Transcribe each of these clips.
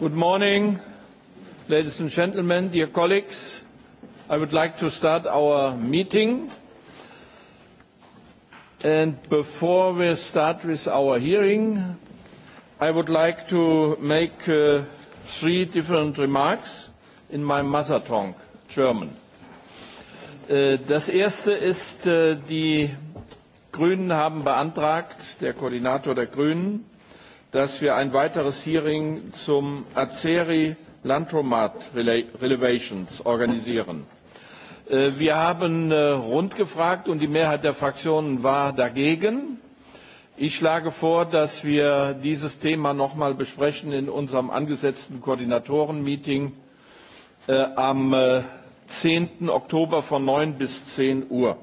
Good morning, ladies and gentlemen, dear colleagues. I would like to start our meeting. And before we start with our hearing, I would like to make three different remarks in my mother tongue, German. Das erste ist, die Grünen haben beantragt, der Koordinator der Grünen, dass wir ein weiteres Hearing zum Aceri Landromat Relevations organisieren. Wir haben rund gefragt und die Mehrheit der Fraktionen war dagegen. Ich schlage vor, dass wir dieses Thema noch einmal besprechen in unserem angesetzten Koordinatorenmeeting am 10. Oktober von 9 bis 10 Uhr.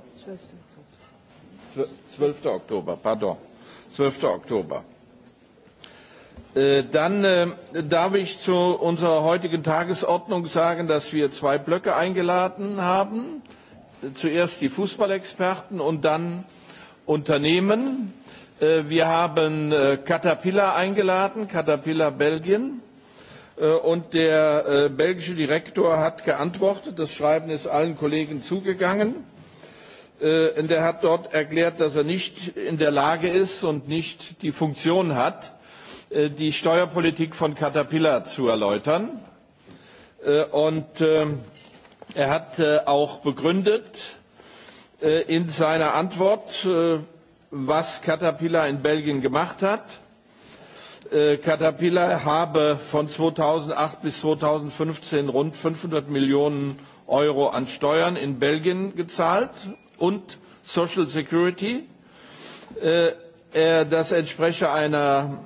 12. Oktober, pardon. 12. Oktober. Dann darf ich zu unserer heutigen Tagesordnung sagen, dass wir zwei Blöcke eingeladen haben. Zuerst die Fußballexperten und dann Unternehmen. Wir haben Caterpillar eingeladen, Caterpillar Belgien. Und der belgische Direktor hat geantwortet. Das Schreiben ist allen Kollegen zugegangen. Und er hat dort erklärt, dass er nicht in der Lage ist und nicht die Funktion hat, die Steuerpolitik von Caterpillar zu erläutern. Und er hat auch begründet in seiner Antwort, was Caterpillar in Belgien gemacht hat. Caterpillar habe von 2008 bis 2015 rund 500 Millionen Euro an Steuern in Belgien gezahlt und Social Security Das entspreche einer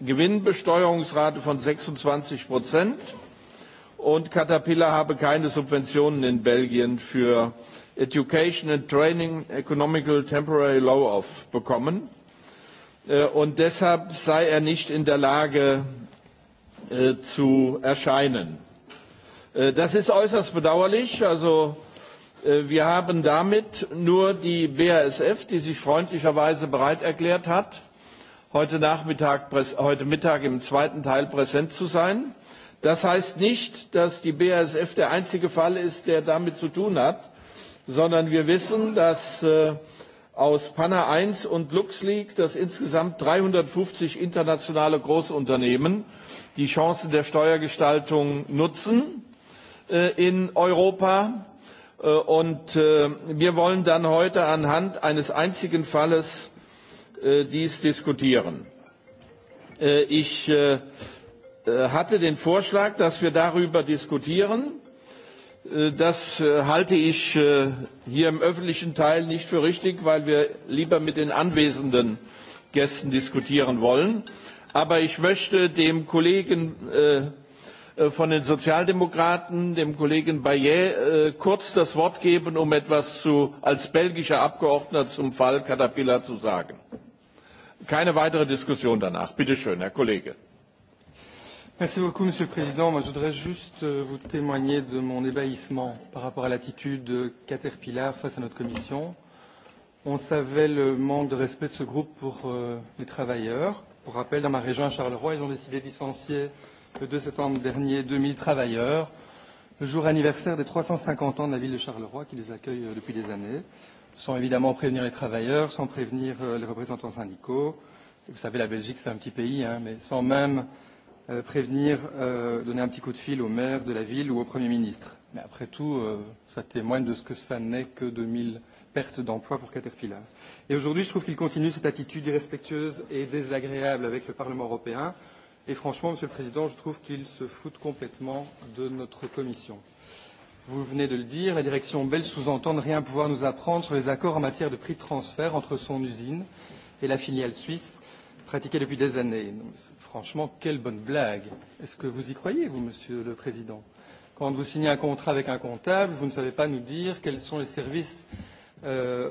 Gewinnbesteuerungsrate von 26 und Caterpillar habe keine Subventionen in Belgien für Education and Training Economical Temporary Low-Off bekommen. Und deshalb sei er nicht in der Lage zu erscheinen. Das ist äußerst bedauerlich. Also Wir haben damit nur die BASF, die sich freundlicherweise bereit erklärt hat, heute Mittag im zweiten Teil präsent zu sein. Das heißt nicht, dass die BASF der einzige Fall ist, der damit zu tun hat, sondern wir wissen, dass aus Panna 1 und LuxLeaks, dass insgesamt 350 internationale Großunternehmen die Chancen der Steuergestaltung nutzen in Europa Und wir wollen dann heute anhand eines einzigen Falles dies diskutieren. Ich hatte den Vorschlag, dass wir darüber diskutieren. Das halte ich hier im öffentlichen Teil nicht für richtig, weil wir lieber mit den anwesenden Gästen diskutieren wollen. Aber ich möchte dem Kollegen von den Sozialdemokraten, dem Kollegen Bayet, kurz das Wort geben, um etwas als belgischer Abgeordneter zum Fall Caterpillar zu sagen. Keine weitere Diskussion danach. Bitte schön, Herr Kollege. Monsieur le Président. je voudrais juste vous témoigner de mon ébahissement par rapport à l'attitude de Caterpillar face à notre commission. On savait le manque de respect de ce groupe pour les travailleurs. Pour rappel, dans ma région, à Charleroi, ils ont décidé de licencier le 2 septembre dernier 2000 travailleurs, le jour anniversaire des 350 ans de la ville de Charleroi qui les accueille depuis des années, sans évidemment prévenir les travailleurs, sans prévenir les représentants syndicaux. Vous savez, la Belgique, c'est un petit pays, hein, mais sans même prévenir, donner un petit coup de fil au maire de la ville ou au Premier ministre. Mais après tout, ça témoigne de ce que ça n'est que 2000 pertes d'emploi pour Caterpillar. Et aujourd'hui, je trouve qu'il continue cette attitude irrespectueuse et désagréable avec le Parlement européen, Et franchement, Monsieur le Président, je trouve qu'il se fout complètement de notre commission. Vous venez de le dire, la direction belge sous-entend ne rien pouvoir nous apprendre sur les accords en matière de prix de transfert entre son usine et la filiale suisse pratiquée depuis des années. Franchement, quelle bonne blague. Est-ce que vous y croyez, vous, Monsieur le Président Quand vous signez un contrat avec un comptable, vous ne savez pas nous dire quels sont les services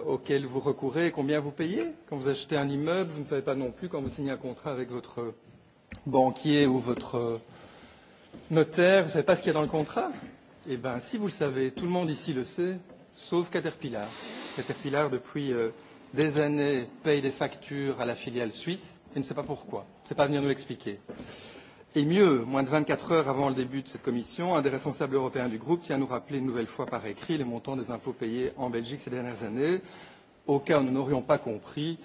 auxquels vous recourez et combien vous payez. Quand vous achetez un immeuble, vous ne savez pas non plus, quand vous signez un contrat avec votre banquier ou votre notaire, vous ne savez pas ce qu'il y a dans le contrat Eh bien, si vous le savez, tout le monde ici le sait, sauf Caterpillar. Caterpillar, depuis des années, paye des factures à la filiale suisse et ne sait pas pourquoi. sait pas venir nous l'expliquer. Et mieux, moins de 24 heures avant le début de cette commission, un des responsables européens du groupe tient à nous rappeler une nouvelle fois par écrit les montants des impôts payés en Belgique ces dernières années, au cas où nous n'aurions pas compris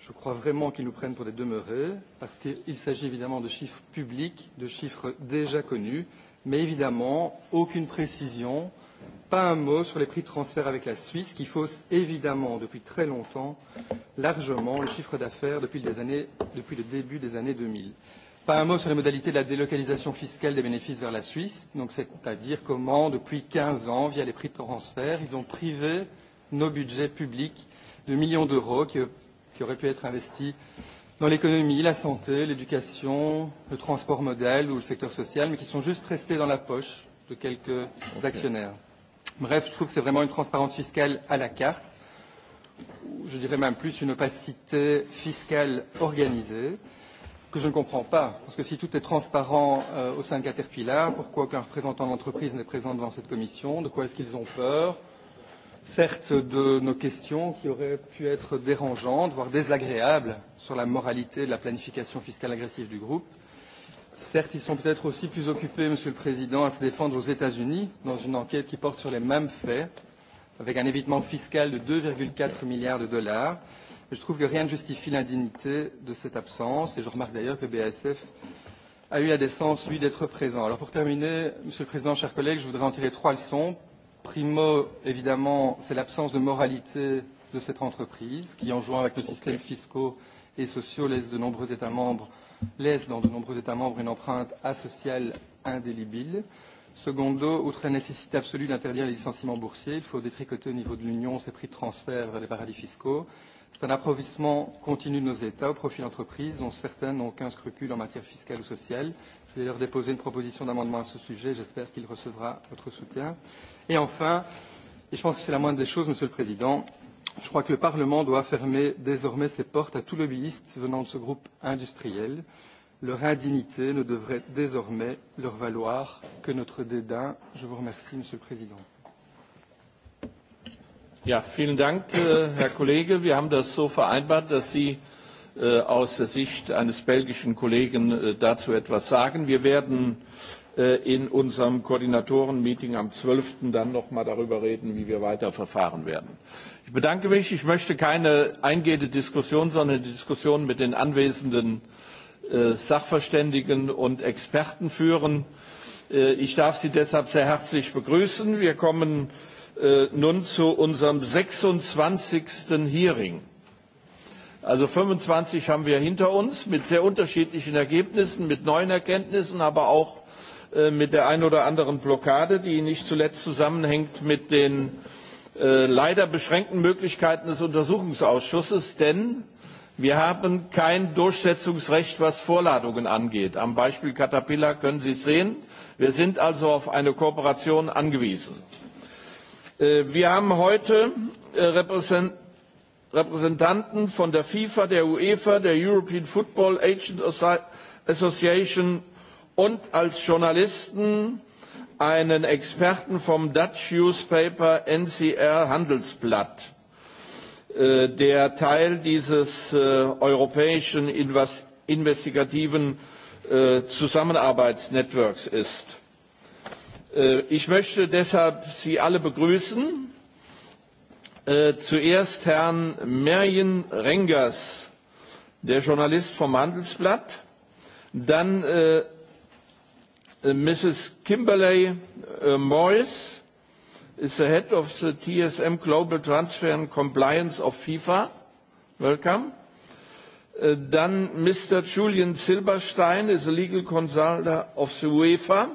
Je crois vraiment qu'ils nous prennent pour des demeurés, parce qu'il s'agit évidemment de chiffres publics, de chiffres déjà connus, mais évidemment, aucune précision, pas un mot sur les prix de transfert avec la Suisse, qui fausse évidemment depuis très longtemps, largement, le chiffre d'affaires depuis le début des années 2000. Pas un mot sur les modalités de la délocalisation fiscale des bénéfices vers la Suisse, donc c'est-à-dire comment, depuis 15 ans, via les prix de transfert, ils ont privé nos budgets publics de millions d'euros qui qui auraient pu être investis dans l'économie, la santé, l'éducation, le transport modèle ou le secteur social, mais qui sont juste restés dans la poche de quelques actionnaires. Bref, je trouve que c'est vraiment une transparence fiscale à la carte, ou je dirais même plus une opacité fiscale organisée, que je ne comprends pas. Parce que si tout est transparent au sein de Caterpillar, pourquoi aucun représentant d'entreprise n'est présent devant cette commission De quoi est-ce qu'ils ont peur certes de nos questions qui auraient pu être dérangeantes, voire désagréables, sur la moralité de la planification fiscale agressive du groupe. Certes, ils sont peut-être aussi plus occupés, Monsieur le Président, à se défendre aux États-Unis dans une enquête qui porte sur les mêmes faits, avec un évitement fiscal de 2,4 milliards de dollars. Je trouve que rien ne justifie l'indignité de cette absence, et je remarque d'ailleurs que BASF a eu la décence, lui, d'être présent. Alors pour terminer, Monsieur le Président, chers collègues, je voudrais en tirer trois leçons. Primo, évidemment, c'est l'absence de moralité de cette entreprise qui, en jouant avec nos systèmes fiscaux et sociaux, laisse, de nombreux États membres, laisse dans de nombreux États membres une empreinte asociale indélébile. Secondo, outre la nécessité absolue d'interdire les licenciements boursiers, il faut détricoter au niveau de l'Union ces prix de transfert vers les paradis fiscaux. C'est un approvisionnement continu de nos États au profit d'entreprises dont certaines n'ont aucun scrupule en matière fiscale ou sociale. Je vais leur déposer une proposition d'amendement à ce sujet. J'espère qu'il recevra votre soutien. Et enfin, et je pense que c'est la moindre des choses, Monsieur le Président, je crois que le Parlement doit fermer désormais ses portes à tout lobbyiste venant de ce groupe industriel. Leur indignité ne devrait désormais leur valoir que notre dédain. Je vous remercie, Monsieur le Président. Ja, vielen Dank, Herr Kollege. Wir haben das so vereinbart, dass Sie aus der Sicht eines belgischen Kollegen dazu etwas sagen. Wir werden in unserem Koordinatoren-Meeting am 12. dann noch mal darüber reden, wie wir weiter verfahren werden. Ich bedanke mich. Ich möchte keine eingehende Diskussion, sondern die Diskussion mit den anwesenden Sachverständigen und Experten führen. Ich darf Sie deshalb sehr herzlich begrüßen. Wir kommen nun zu unserem 26. Hearing. Also 25 haben wir hinter uns mit sehr unterschiedlichen Ergebnissen, mit neuen Erkenntnissen, aber auch mit der einen oder anderen Blockade, die nicht zuletzt zusammenhängt mit den leider beschränkten Möglichkeiten des Untersuchungsausschusses, denn wir haben kein Durchsetzungsrecht, was Vorladungen angeht. Am Beispiel Caterpillar können Sie es sehen. Wir sind also auf eine Kooperation angewiesen. Wir haben heute Repräsentanten von der FIFA, der UEFA, der European Football Agent Association und als Journalisten einen Experten vom Dutch Newspaper NCR Handelsblatt, der Teil dieses europäischen investigativen Zusammenarbeitsnetzwerks ist. Ich möchte deshalb Sie alle begrüßen. Zuerst Herrn Merjen Rengers, der Journalist vom Handelsblatt, dann Mrs. Kimberley Morris is the head of the TSM Global Transfer and Compliance of FIFA. Welcome. Then Mr. Julian Silberstein is a legal consultant of the UEFA.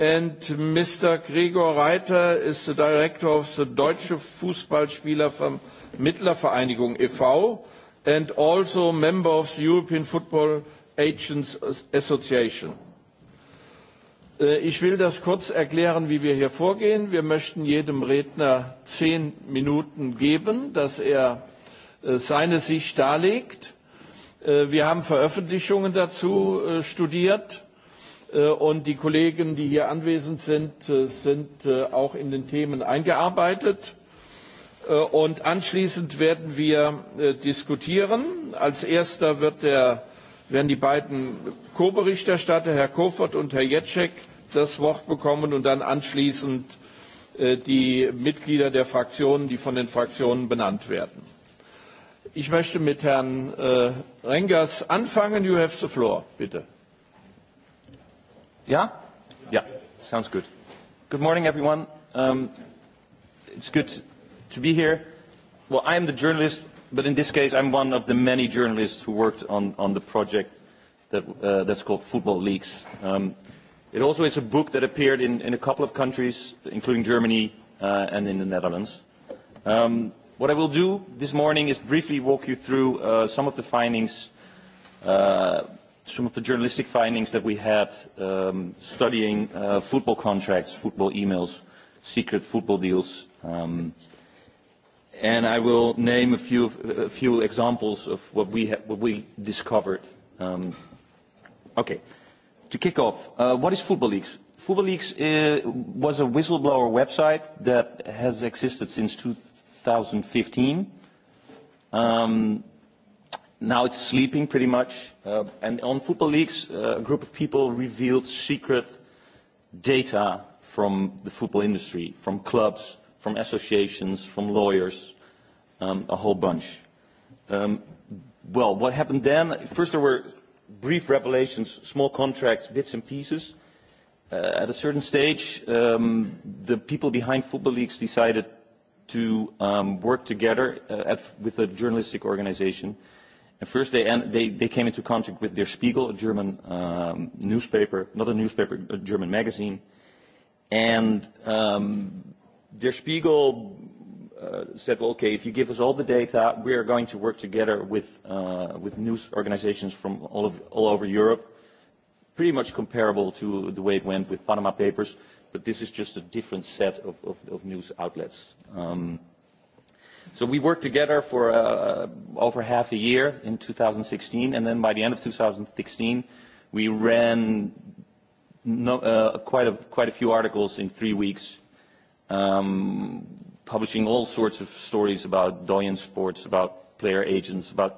And Mr. Gregor Reiter is the director of the Deutsche Fußballspielervermittlervereinigung e.V. and also member of the European Football Agents Association. Ich will das kurz erklären, wie wir hier vorgehen. Wir möchten jedem Redner zehn Minuten geben, dass er seine Sicht darlegt. Wir haben Veröffentlichungen dazu studiert und die Kollegen, die hier anwesend sind, sind auch in den Themen eingearbeitet. Und anschließend werden wir diskutieren. Als erster werden die beiden Co-Berichterstatter, Herr Kofort und Herr Jetschek, das Wort bekommen und dann anschließend die Mitglieder der Fraktionen, die von den Fraktionen benannt werden. Ich möchte mit Herrn Rengers anfangen. You have the floor, bitte. Ja? Ja, sounds good. Good morning, everyone. Um, it's good to be here. Well, I am the journalist, but in this case, I'm one of the many journalists who worked on, on the project that, uh, that's called Football Leaks. Um, It also is a book that appeared in, in a couple of countries, including Germany and in the Netherlands. Um, what I will do this morning is briefly walk you through some of the findings, some of the journalistic findings that we had um, studying football contracts, football emails, secret football deals. Um, and I will name a few, a few examples of what we, what we discovered. Um, okay to kick off, what is Football Leaks? Football Leaks was a whistleblower website that has existed since 2015. Now it's sleeping pretty much. And on Football Leaks, a group of people revealed secret data from the football industry, from clubs, from associations, from lawyers, a whole bunch. Well, what happened then? First, there were brief revelations, small contracts, bits and pieces. At a certain stage, the people behind football leagues decided to work together with a journalistic organization. And first they, they, they came into contact with Der Spiegel, a German um, newspaper, not a newspaper, a German magazine. And um, Der Spiegel said, well, okay, if you give us all the data, we are going to work together with, with news organizations from all, of, all over Europe, pretty much comparable to the way it went with Panama Papers, but this is just a different set of, of, news outlets. Um, so we worked together for over half a year in 2016, and then by the end of 2016, we ran quite, a, quite a few articles in three weeks. Um, publishing all sorts of stories about doyen sports, about player agents, about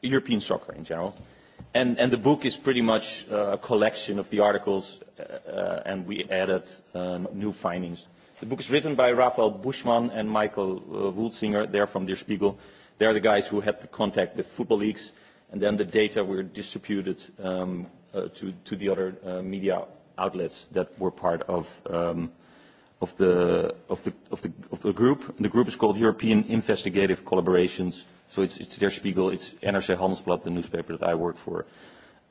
European soccer in general. And, and the book is pretty much a collection of the articles, and we added new findings. The book is written by Raphael Buschmann and Michael Wulzinger. They're from Der Spiegel. They're the guys who had the contact with football leagues, and then the data were distributed to, to the other media outlets that were part of of the of the of the of the group. The group is called European Investigative Collaborations. So it's it's Der Spiegel, it's NRC Handelsblad, the newspaper that I work for.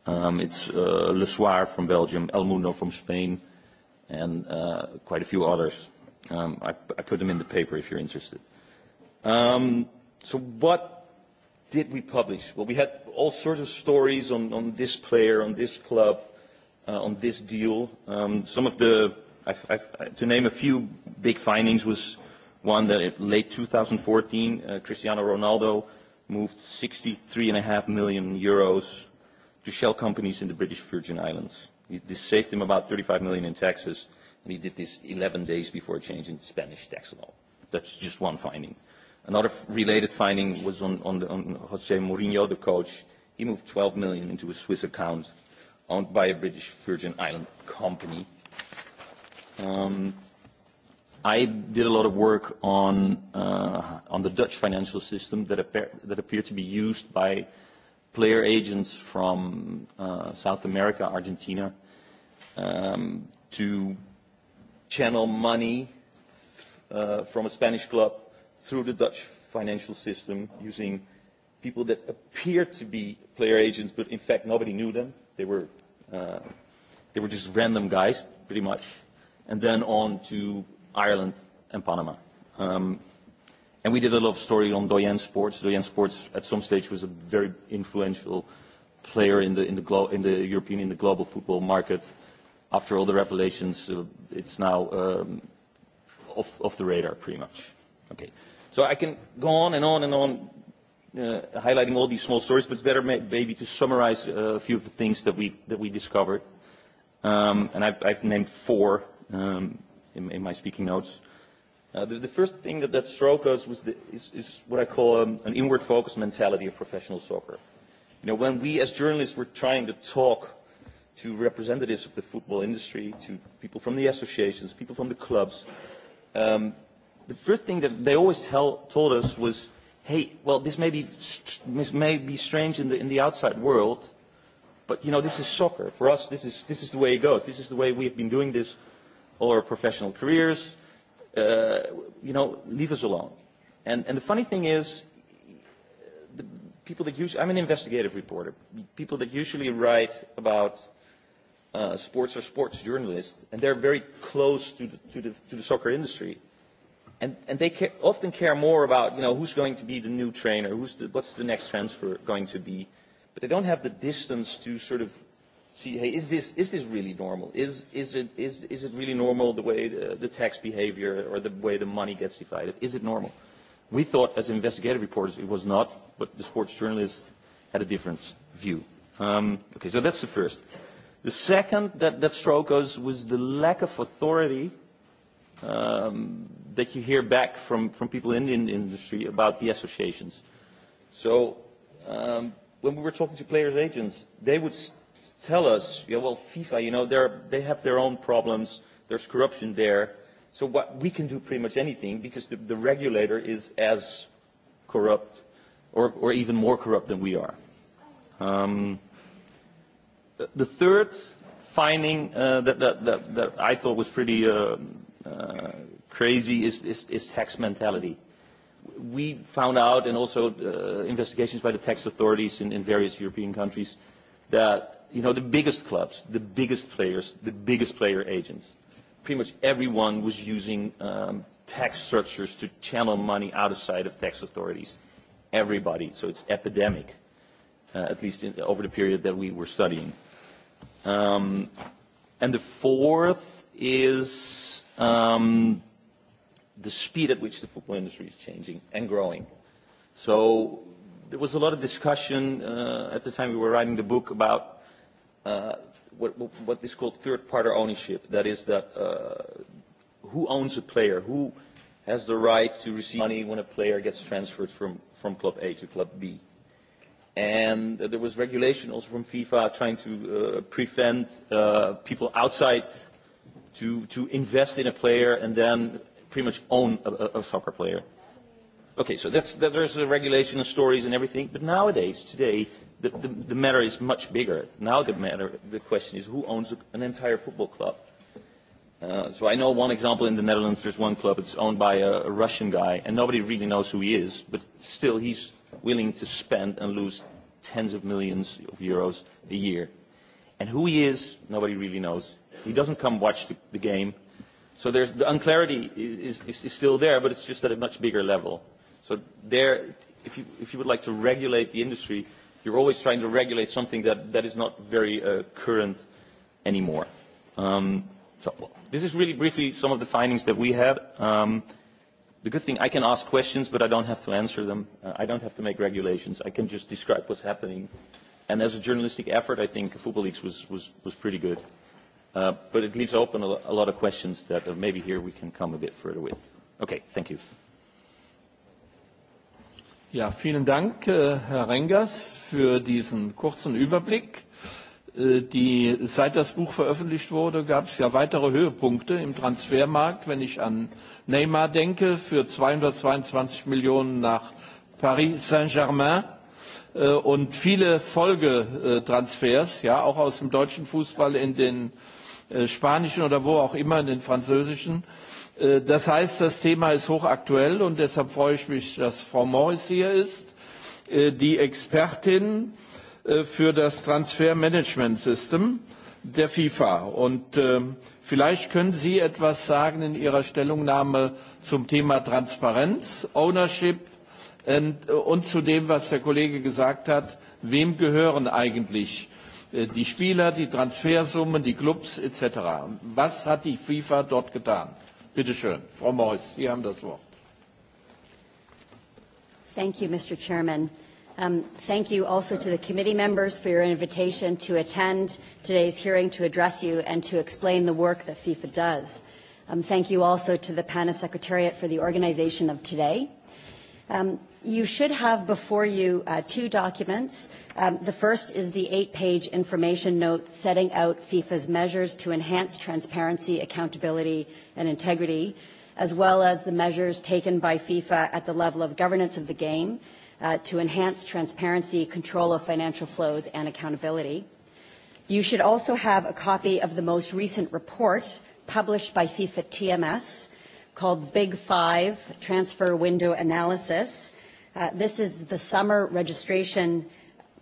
Um, it's uh, Le Soir from Belgium, El Mundo from Spain, and uh, quite a few others. Um, I, I put them in the paper if you're interested. Um, so what did we publish? Well, we had all sorts of stories on, on this player, on this club, uh, on this deal. Um, some of the To name a few big findings was one that in late 2014, Cristiano Ronaldo moved 63.5 million euros to shell companies in the British Virgin Islands. This saved him about 35 million in taxes, and he did this 11 days before changing the Spanish tax law. That's just one finding. Another related finding was on Jose Mourinho, the coach. He moved 12 million into a Swiss account owned by a British Virgin Island company. I did a lot of work on on the Dutch financial system that that appeared to be used by player agents from South America, Argentina, to channel money from a Spanish club through the Dutch financial system using people that appeared to be player agents, but in fact nobody knew them. They were they were just random guys, pretty much and then on to Ireland and Panama. Um, and we did a lot of story on Doyen Sports. Doyen Sports at some stage was a very influential player in the, in the, in the European, in the global football market. After all the revelations, uh, it's now um, off, off the radar pretty much. Okay. So I can go on and on and on uh, highlighting all these small stories, but it's better maybe to summarize a few of the things that we, that we discovered. Um, and I've, I've named four um, in, my speaking notes. the, first thing that, that struck us was the, is, what I call an inward focus mentality of professional soccer. You know, when we as journalists were trying to talk to representatives of the football industry, to people from the associations, people from the clubs, um, the first thing that they always told us was, hey, well, this may be, this may be strange in the, in the outside world, but, you know, this is soccer. For us, this is, this is the way it goes. This is the way we have been doing this or professional careers, you know, leave us alone. And, and the funny thing is, the people that use, I'm an investigative reporter. People that usually write about sports or sports journalists, and they're very close to the, to the, to the soccer industry. And, and they often care more about, you know, who's going to be the new trainer, who's the, what's the next transfer going to be. But they don't have the distance to sort of see, hey, is this is this really normal? Is is it is is it really normal the way the, the tax behavior or the way the money gets divided? Is it normal? We thought as investigative reporters it was not, but the sports journalists had a different view. Um, okay, so that's the first. The second that, that stroke us was the lack of authority um, that you hear back from, from people in the industry about the associations. So um, when we were talking to players' agents, they would tell us, yeah, well, FIFA, you know, they're, they have their own problems. There's corruption there. So what, we can do pretty much anything because the, the regulator is as corrupt or, or even more corrupt than we are. Um, the third finding uh, that, that, that, that I thought was pretty uh, uh, crazy is, is, is tax mentality. We found out, and also uh, investigations by the tax authorities in, in various European countries, that you know, the biggest clubs, the biggest players, the biggest player agents. Pretty much everyone was using um, tax structures to channel money out of sight of tax authorities. Everybody. So it's epidemic, uh, at least in, over the period that we were studying. Um, and the fourth is um, the speed at which the football industry is changing and growing. So there was a lot of discussion uh, at the time we were writing the book about what is called third-party ownership. That is that who owns a player, who has the right to receive money when a player gets transferred from from club A to club B. And there was regulation also from FIFA trying to prevent people outside to to invest in a player and then pretty much own a soccer player. Okay, so that's, that there's the regulation and stories and everything, but nowadays, today, the, the, the matter is much bigger. Now the matter, the question is who owns an entire football club? so I know one example in the Netherlands, there's one club, it's owned by a, Russian guy, and nobody really knows who he is, but still he's willing to spend and lose tens of millions of euros a year. And who he is, nobody really knows. He doesn't come watch the, the game. So there's, the unclarity is, is, is still there, but it's just at a much bigger level So there, if you, would like to regulate the industry, you're always trying to regulate something that, is not very current anymore. this is really briefly some of the findings that we had. the good thing, I can ask questions, but I don't have to answer them. I don't have to make regulations. I can just describe what's happening. And as a journalistic effort, I think Football Leagues was, pretty good. but it leaves open a, lot of questions that maybe here we can come a bit further with. Okay, thank you vielen Dank, Herr Rengers, für diesen kurzen Überblick. Die, seit das Buch veröffentlicht wurde, gab es ja weitere Höhepunkte im Transfermarkt. Wenn ich an Neymar denke, für 222 Millionen nach Paris Saint-Germain und viele Folgetransfers, ja, auch aus dem deutschen Fußball in den spanischen oder wo auch immer, in den französischen Das heißt, das Thema ist hochaktuell und deshalb freue ich mich, dass Frau Morris hier ist, die Expertin für das system der FIFA. Und vielleicht können Sie etwas sagen in Ihrer Stellungnahme zum Thema Transparenz, Ownership und zu dem, was der Kollege gesagt hat, wem gehören eigentlich die Spieler, die Transfersummen, die Clubs etc. Was hat die FIFA dort getan? Bitte schön, Frau Morris, Sie haben das Wort. Thank you, Mr. Chairman. Thank you also to the committee members for your invitation to attend today's hearing to address you and to explain the work that FIFA does. Thank you also to the PANA Secretariat for the organization of today. You should have before you two documents. The first is the eight-page information note setting out FIFA's measures to enhance transparency, accountability, and integrity, as well as the measures taken by FIFA at the level of governance of the game to enhance transparency, control of financial flows, and accountability. You should also have a copy of the most recent report published by FIFA TMS called Big Five Transfer Window Analysis This is the summer registration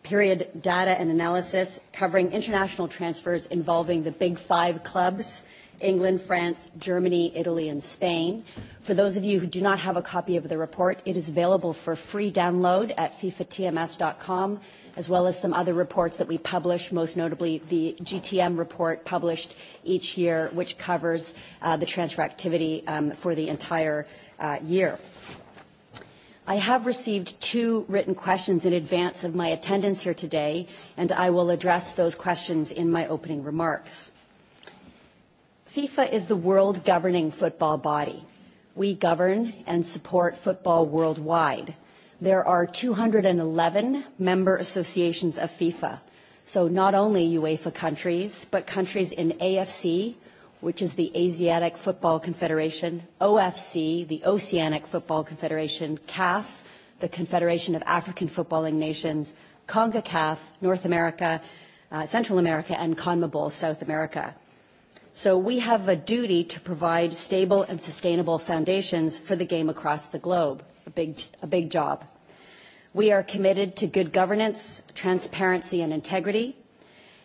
period data and analysis covering international transfers involving the big five clubs, England, France, Germany, Italy, and Spain. For those of you who do not have a copy of the report, it is available for free download at fifatms.com, as well as some other reports that we publish, most notably the GTM report published each year, which covers the transfer activity for the entire year. I have received two written questions in advance of my attendance here today, and I will address those questions in my opening remarks. FIFA is the world governing football body. We govern and support football worldwide. There are 211 member associations of FIFA, so not only UEFA countries, but countries in AFC, which is the Asiatic Football Confederation, OFC, the Oceanic Football Confederation, CAF, the Confederation of African Footballing Nations, CONCACAF, North America, Central America, and CONMEBOL, South America. So we have a duty to provide stable and sustainable foundations for the game across the globe, a big job. We are committed to good governance, transparency, and integrity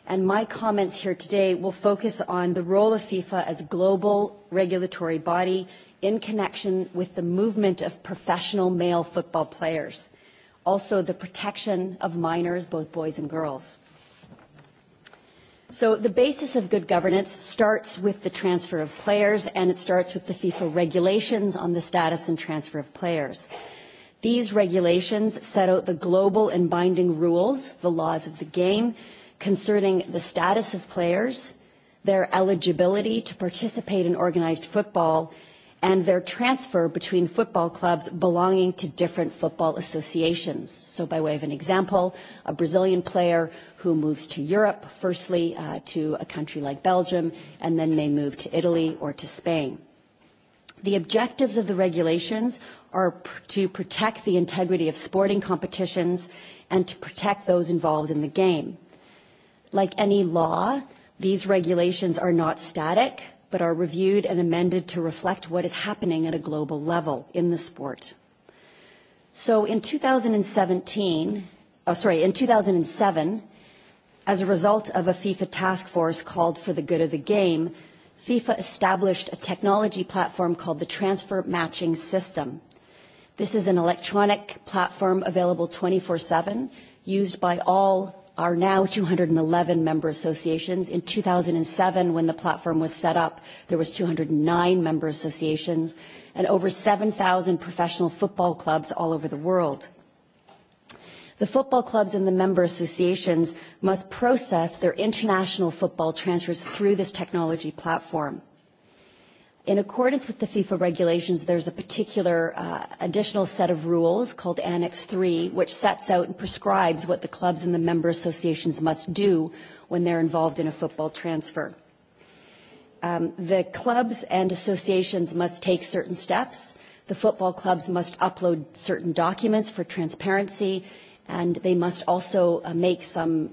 and my comments here today will focus on the role of FIFA as a global regulatory body in connection with the movement of professional male football players, also the protection of minors, both boys and girls. So the basis of good governance starts with the transfer of players, and it starts with the FIFA regulations on the status and transfer of players. These regulations set out the global and binding rules, the laws of the game, concerning the status of players, their eligibility to participate in organized football, and their transfer between football clubs belonging to different football associations. So by way of an example, a Brazilian player who moves to Europe, firstly to a country like Belgium, and then may move to Italy or to Spain. The objectives of the regulations are to protect the integrity of sporting competitions and to protect those involved in the game. Like any law, these regulations are not static, but are reviewed and amended to reflect what is happening at a global level in the sport. So in 2017, oh, sorry, in 2007, as a result of a FIFA task force called for the good of the game, FIFA established a technology platform called the Transfer Matching System. This is an electronic platform available 24-7, used by all are now 211 member associations. In 2007, when the platform was set up, there was 209 member associations and over 7,000 professional football clubs all over the world. The football clubs and the member associations must process their international football transfers through this technology platform. In accordance with the FIFA regulations, there's a particular additional set of rules called Annex 3, which sets out and prescribes what the clubs and the member associations must do when they're involved in a football transfer. The clubs and associations must take certain steps. The football clubs must upload certain documents for transparency, and they must also make some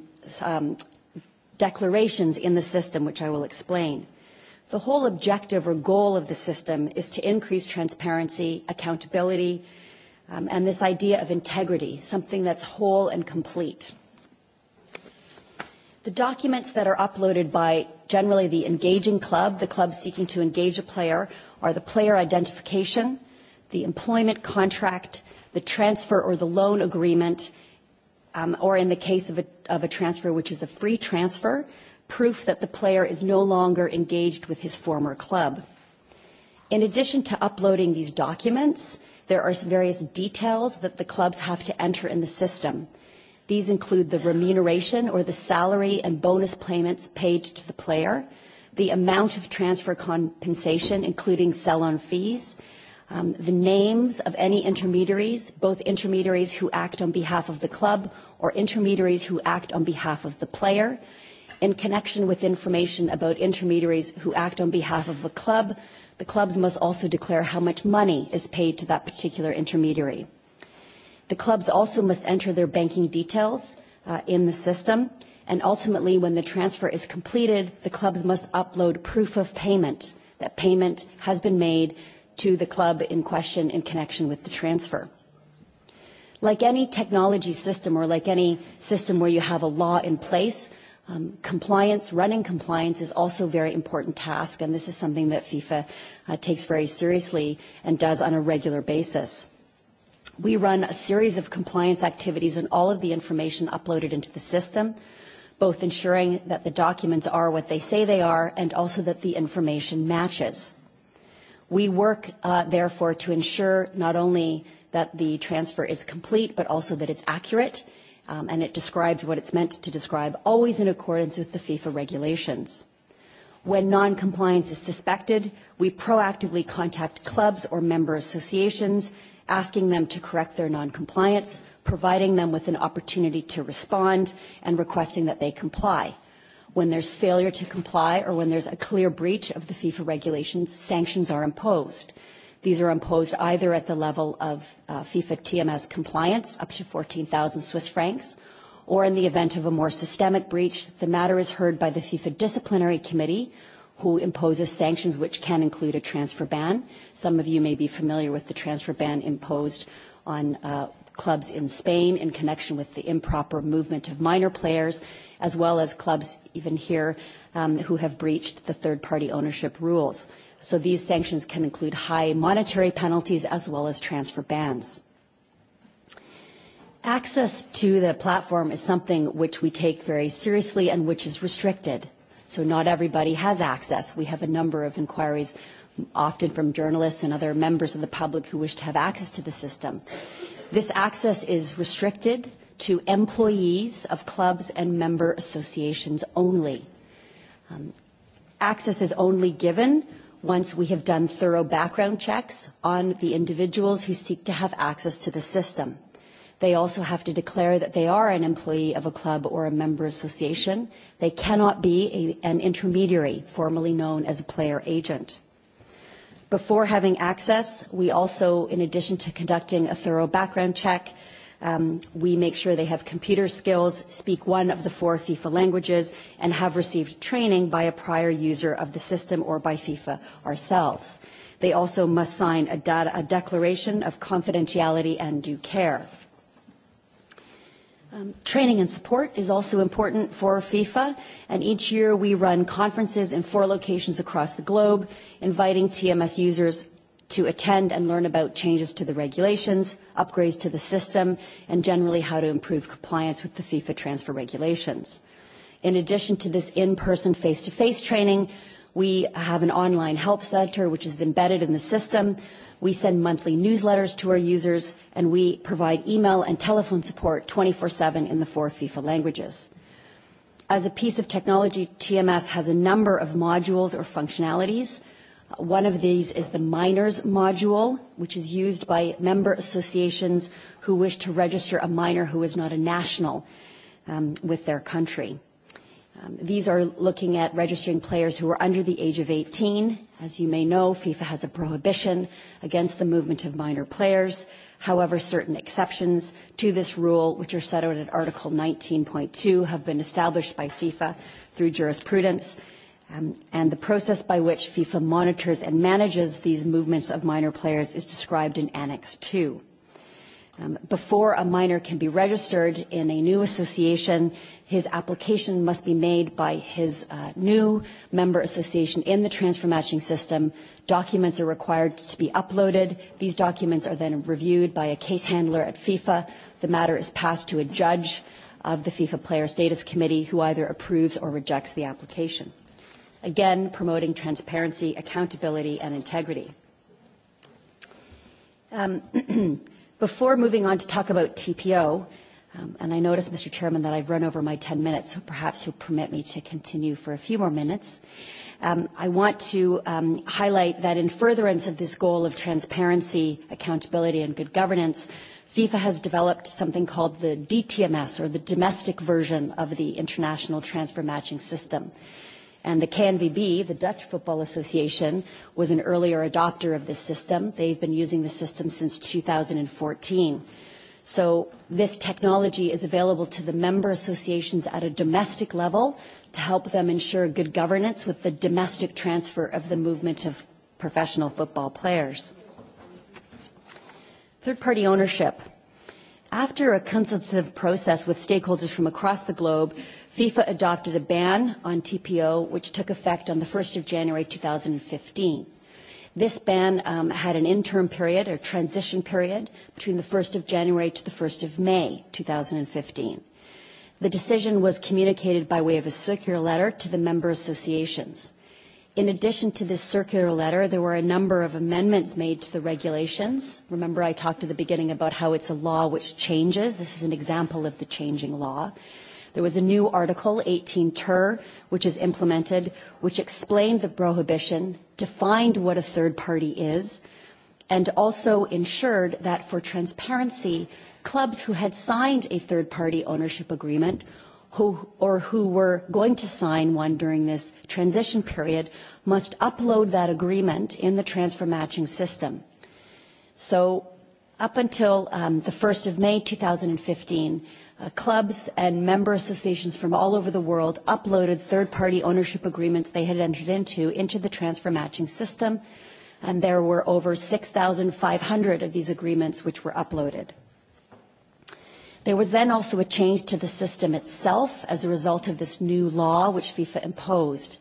declarations in the system, which I will explain. The whole objective or goal of the system is to increase transparency, accountability, and this idea of integrity, something that's whole and complete. The documents that are uploaded by generally the engaging club, the club seeking to engage a player, are the player identification, the employment contract, the transfer or the loan agreement, or in the case of a transfer, which is a free transfer, proof that the player is no longer engaged with his former club. In addition to uploading these documents, there are various details that the clubs have to enter in the system. These include the remuneration or the salary and bonus payments paid to the player, the amount of transfer compensation, including sell-on fees, the names of any intermediaries, both intermediaries who act on behalf of the club or intermediaries who act on behalf of the player, in connection with information about intermediaries who act on behalf of the club, the clubs must also declare how much money is paid to that particular intermediary. The clubs also must enter their banking details in the system, and ultimately, when the transfer is completed, the clubs must upload proof of payment that payment has been made to the club in question in connection with the transfer. Like any technology system or like any system where you have a law in place, Compliance, running compliance is also a very important task, and this is something that FIFA takes very seriously and does on a regular basis. We run a series of compliance activities on all of the information uploaded into the system, both ensuring that the documents are what they say they are and also that the information matches. We work, therefore, to ensure not only that the transfer is complete, but also that it's accurate and it describes what it's meant to describe, always in accordance with the FIFA regulations. When non-compliance is suspected, we proactively contact clubs or member associations, asking them to correct their non-compliance, providing them with an opportunity to respond, and requesting that they comply. When there's failure to comply or when there's a clear breach of the FIFA regulations, sanctions are imposed. These are imposed either at the level of FIFA TMS compliance, up to 14,000 Swiss francs, or in the event of a more systemic breach, the matter is heard by the FIFA Disciplinary Committee, who imposes sanctions which can include a transfer ban. Some of you may be familiar with the transfer ban imposed on clubs in Spain in connection with the improper movement of minor players, as well as clubs even here who have breached the third-party ownership rules. So these sanctions can include high monetary penalties as well as transfer bans. Access to the platform is something which we take very seriously and which is restricted. So not everybody has access. We have a number of inquiries, often from journalists and other members of the public who wish to have access to the system. This access is restricted to employees of clubs and member associations only. Access is only given once we have done thorough background checks on the individuals who seek to have access to the system. They also have to declare that they are an employee of a club or a member association. They cannot be an intermediary, formerly known as a player agent. Before having access, we also, in addition to conducting a thorough background check, we make sure they have computer skills, speak one of the four FIFA languages, and have received training by a prior user of the system or by FIFA ourselves. They also must sign a declaration of confidentiality and due care. Training and support is also important for FIFA, and each year we run conferences in four locations across the globe, inviting TMS users to attend and learn about changes to the regulations, upgrades to the system, and generally how to improve compliance with the FIFA transfer regulations. In addition to this in-person face-to-face training, we have an online help center which is embedded in the system. We send monthly newsletters to our users, and we provide email and telephone support 24/7 in the four FIFA languages. As a piece of technology, TMS has a number of modules or functionalities One of these is the minors module, which is used by member associations who wish to register a minor who is not a national with their country. These are looking at registering players who are under the age of 18. As you may know, FIFA has a prohibition against the movement of minor players. However, certain exceptions to this rule, which are set out in Article 19.2, have been established by FIFA through jurisprudence and the process by which FIFA monitors and manages these movements of minor players is described in Annex 2. Before a minor can be registered in a new association, his application must be made by his new member association in the transfer matching system. Documents are required to be uploaded. These documents are then reviewed by a case handler at FIFA. The matter is passed to a judge of the FIFA Player Status Committee who either approves or rejects the application again promoting transparency, accountability, and integrity. Before moving on to talk about TPO, and I notice, Mr. Chairman, that I've run over my 10 minutes, so perhaps you'll permit me to continue for a few more minutes. I want to highlight that in furtherance of this goal of transparency, accountability, and good governance, FIFA has developed something called the DTMS, or the domestic version of the International Transfer Matching System. And the KNVB, the Dutch Football Association, was an earlier adopter of this system. They've been using the system since 2014. So this technology is available to the member associations at a domestic level to help them ensure good governance with the domestic transfer of the movement of professional football players. Third-party ownership. After a consultative process with stakeholders from across the globe, FIFA adopted a ban on TPO, which took effect on the 1st of January 2015. This ban had an interim period, a transition period, between the 1st of January to the 1st of May 2015. The decision was communicated by way of a circular letter to the member associations. In addition to this circular letter, there were a number of amendments made to the regulations. Remember, I talked at the beginning about how it's a law which changes. This is an example of the changing law. There was a new Article 18 ter, which is implemented, which explained the prohibition, defined what a third party is, and also ensured that for transparency, clubs who had signed a third party ownership agreement who or who were going to sign one during this transition period must upload that agreement in the transfer matching system. So up until the 1st of May 2015, clubs and member associations from all over the world uploaded third-party ownership agreements they had entered into into the transfer matching system, and there were over 6,500 of these agreements which were uploaded. There was then also a change to the system itself as a result of this new law which FIFA imposed.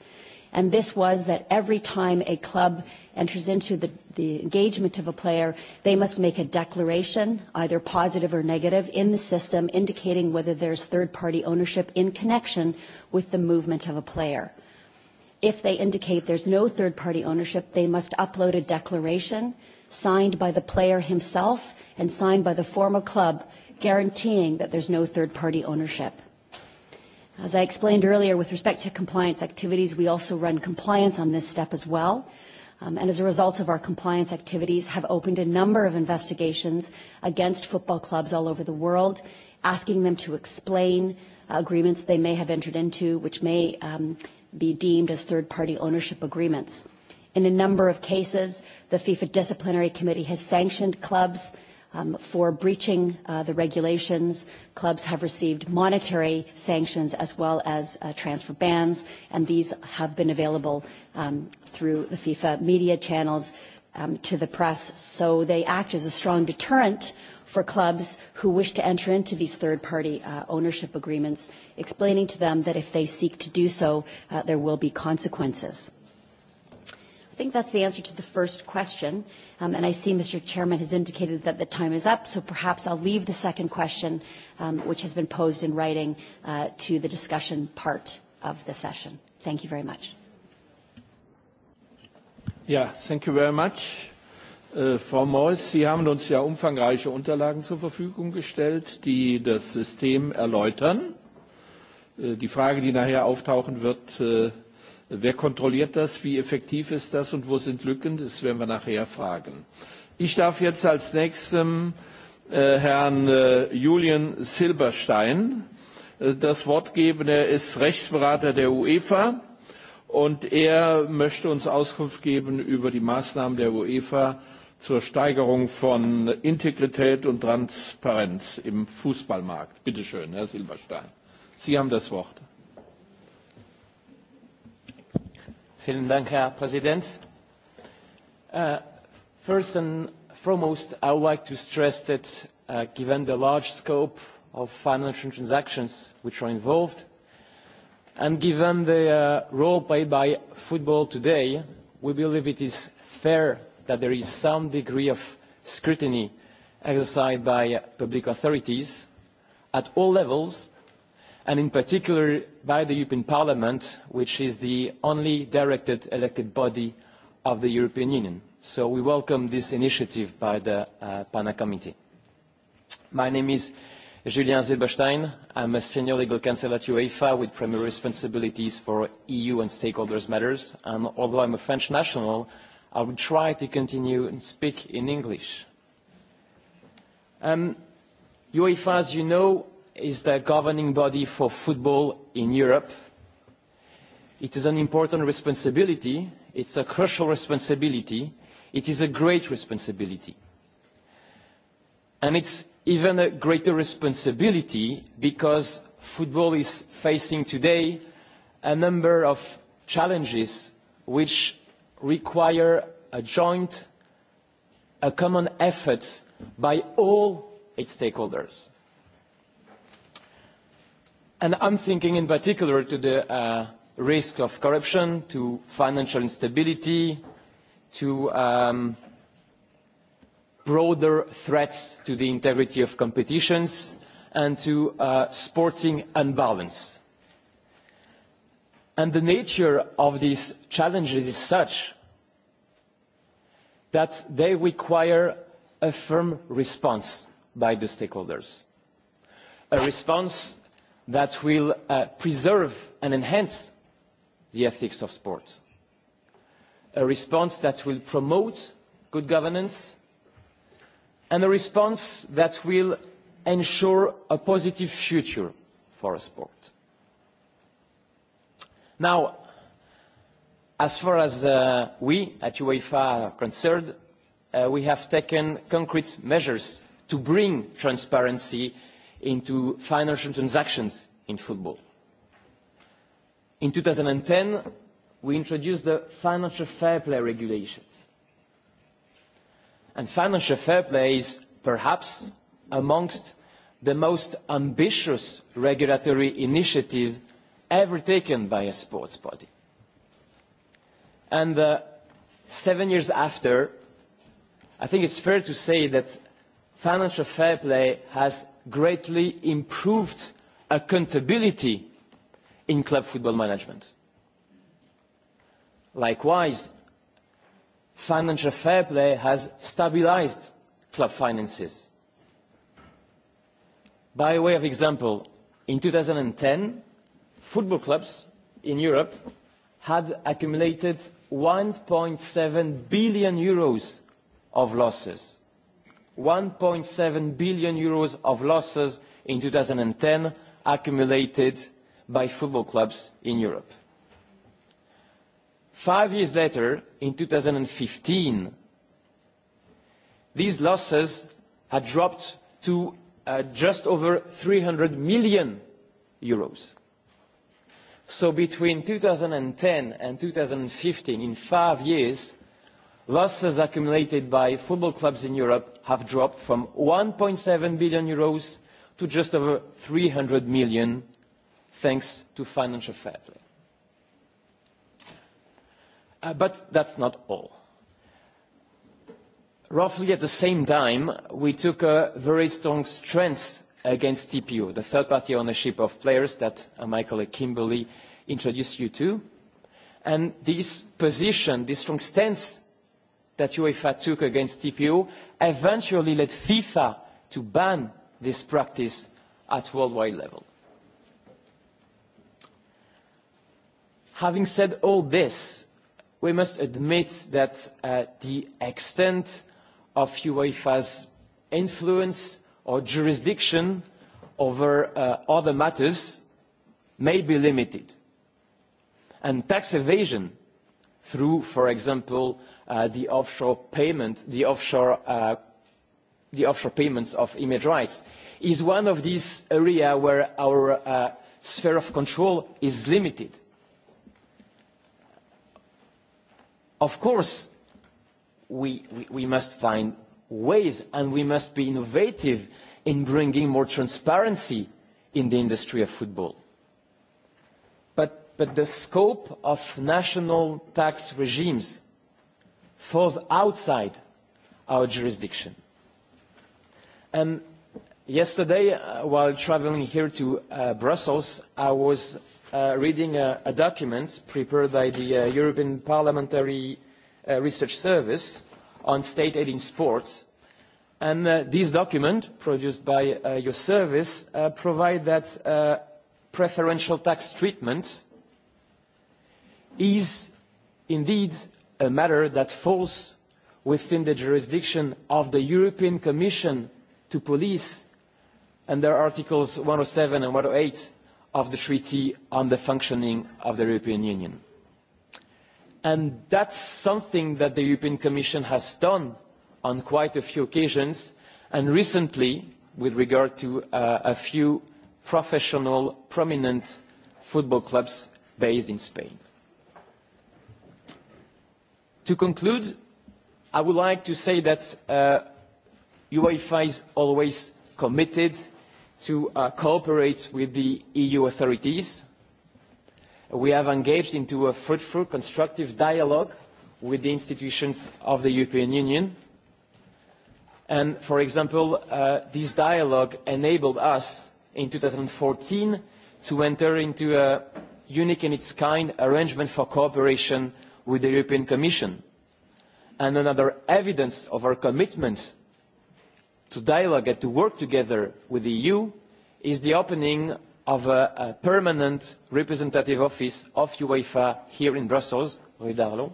And this was that every time a club enters into the engagement of a player, they must make a declaration, either positive or negative, in the system indicating whether there's third-party ownership in connection with the movement of a player. If they indicate there's no third-party ownership, they must upload a declaration signed by the player himself and signed by the former club guaranteeing that there's no third-party ownership. As I explained earlier, with respect to compliance activities, we also run compliance on this step as well. And as a result of our compliance activities, have opened a number of investigations against football clubs all over the world, asking them to explain agreements they may have entered into, which may be deemed as third-party ownership agreements. In a number of cases, the FIFA Disciplinary Committee has sanctioned clubs for breaching the regulations. Clubs have received monetary sanctions as well as transfer bans, and these have been available through the FIFA media channels to the press. So they act as a strong deterrent for clubs who wish to enter into these third-party ownership agreements, explaining to them that if they seek to do so, there will be consequences. I think that's the answer to the first question. And I see Mr. Chairman has indicated that the time is up, so perhaps I'll leave the second question, which has been posed in writing, to the discussion part of the session. Thank you very much. Ja, thank you very much. Frau Moyes, Sie haben uns ja umfangreiche Unterlagen zur Verfügung gestellt, die das System erläutern. Die Frage, die nachher auftauchen wird, Wer kontrolliert das? Wie effektiv ist das? Und wo sind Lücken? Das werden wir nachher fragen. Ich darf jetzt als Nächstem Herrn Julian Silberstein das Wort geben. Er ist Rechtsberater der UEFA und er möchte uns Auskunft geben über die Maßnahmen der UEFA zur Steigerung von Integrität und Transparenz im Fußballmarkt. Bitte schön, Herr Silberstein. Sie haben das Wort. Vielen Dank, Herr Präsident. First and foremost, I would like to stress that given the large scope of financial transactions which are involved, and given the role played by football today, we believe it is fair that there is some degree of scrutiny exercised by public authorities at all levels and in particular by the European Parliament, which is the only directed elected body of the European Union. So we welcome this initiative by the PANA Committee. My name is Julien Silberstein. am a senior legal counsel at UEFA with primary responsibilities for EU and stakeholders matters. And although I am a French national, I will try to continue and speak in English. UEFA, as you know, is the governing body for football in Europe. It is an important responsibility. It's a crucial responsibility. It is a great responsibility. And it's even a greater responsibility because football is facing today a number of challenges which require a joint, a common effort by all its stakeholders. I I'm thinking in particular to the risk of corruption, to financial instability, to broader threats to the integrity of competitions, and to sporting unbalance. And the nature of these challenges is such that they require a firm response by the stakeholders. A response that will preserve and enhance the ethics of sport. A response that will promote good governance and a response that will ensure a positive future for sport. Now, as far as we at UEFA are concerned, we have taken concrete measures to bring transparency into financial transactions in football. In 2010, we introduced the financial fair play regulations. And financial fair play is perhaps amongst the most ambitious regulatory initiatives ever taken by a sports body. And seven years after, I think it's fair to say that financial fair play has greatly improved accountability in club football management. Likewise, financial fair play has stabilised club finances. By way of example, in 2010, football clubs in Europe had accumulated 1.7 billion euros of losses. 1.7 billion euros of losses in 2010 accumulated by football clubs in Europe. Five years later, in 2015, these losses had dropped to just over 300 million euros. So between 2010 and 2015, in five years, losses accumulated by football clubs in Europe have dropped from 1.7 billion euros to just over 300 million, thanks to financial fair play. But that's not all. Roughly at the same time, we took a very strong stance against TPO, the third-party ownership of players that my colleague Kimberly introduced you to. And this position, this strong stance that UEFA took against TPO eventually led FIFA to ban this practice at worldwide level. Having said all this, we must admit that the extent of UEFA's influence or jurisdiction over other matters may be limited. And tax evasion through, for example, the offshore payment, the offshore payments of image rights, is one of these areas where our sphere of control is limited. Of course, we must find ways and we must be innovative in bringing more transparency in the industry of football. But the scope of national tax regimes falls outside our jurisdiction. And yesterday, while traveling here to Brussels, I was reading a document prepared by the European Parliamentary Research Service on state aid in sports, And this document, produced by your service, provides that preferential tax treatment is indeed a matter that falls within the jurisdiction of the European Commission to police under Articles 107 and 108 of the Treaty on the Functioning of the European Union. And that's something that the European Commission has done on quite a few occasions, and recently with regard to a few professional, prominent football clubs based in Spain. To conclude, I would like to say that UEFA is always committed to cooperate with the EU authorities. We have engaged into a fruitful, constructive dialogue with the institutions of the European Union. And, for example, this dialogue enabled us in 2014 to enter into a unique in its kind arrangement for cooperation with the European Commission. And another evidence of our commitment to dialogue and to work together with the EU is the opening of a permanent representative office of UEFA here in Brussels, Rue d'Arlon.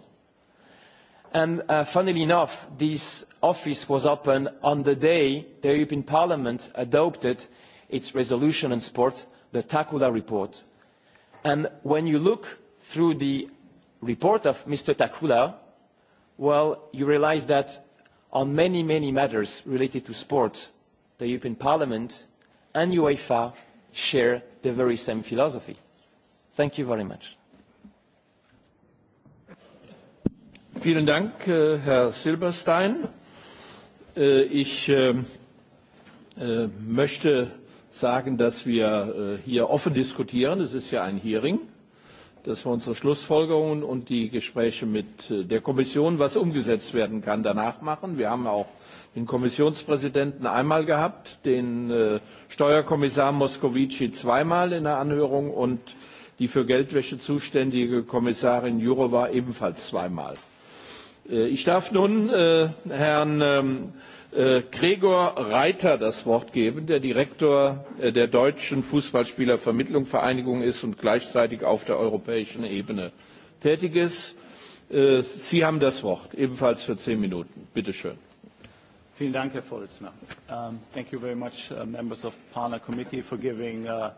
And funnily enough, this office was opened on the day the European Parliament adopted its resolution on sport, the Tacula report. And when you look through the report of Mr. Takula, well, you realize that on many, many matters related to sport, the European Parliament and UEFA share the very same philosophy. Thank you very much. Vielen Dank, Herr Silberstein. Ich möchte sagen, dass wir hier offen diskutieren. Es ist ja ein Hearing dass wir unsere Schlussfolgerungen und die Gespräche mit der Kommission, was umgesetzt werden kann, danach machen. Wir haben auch den Kommissionspräsidenten einmal gehabt, den Steuerkommissar Moscovici zweimal in der Anhörung und die für Geldwäsche zuständige Kommissarin Jourova ebenfalls zweimal. Ich darf nun Herrn Gregor Reiter das Wort geben, der Direktor der Deutschen Fußballspielervermittlungsvereinigung ist und gleichzeitig auf der europäischen Ebene tätig ist. Sie haben das Wort, ebenfalls für zehn Minuten. Bitte schön. Vielen Dank, Herr Vorsitzender. Thank you very much, members of Parliament Committee, for giving A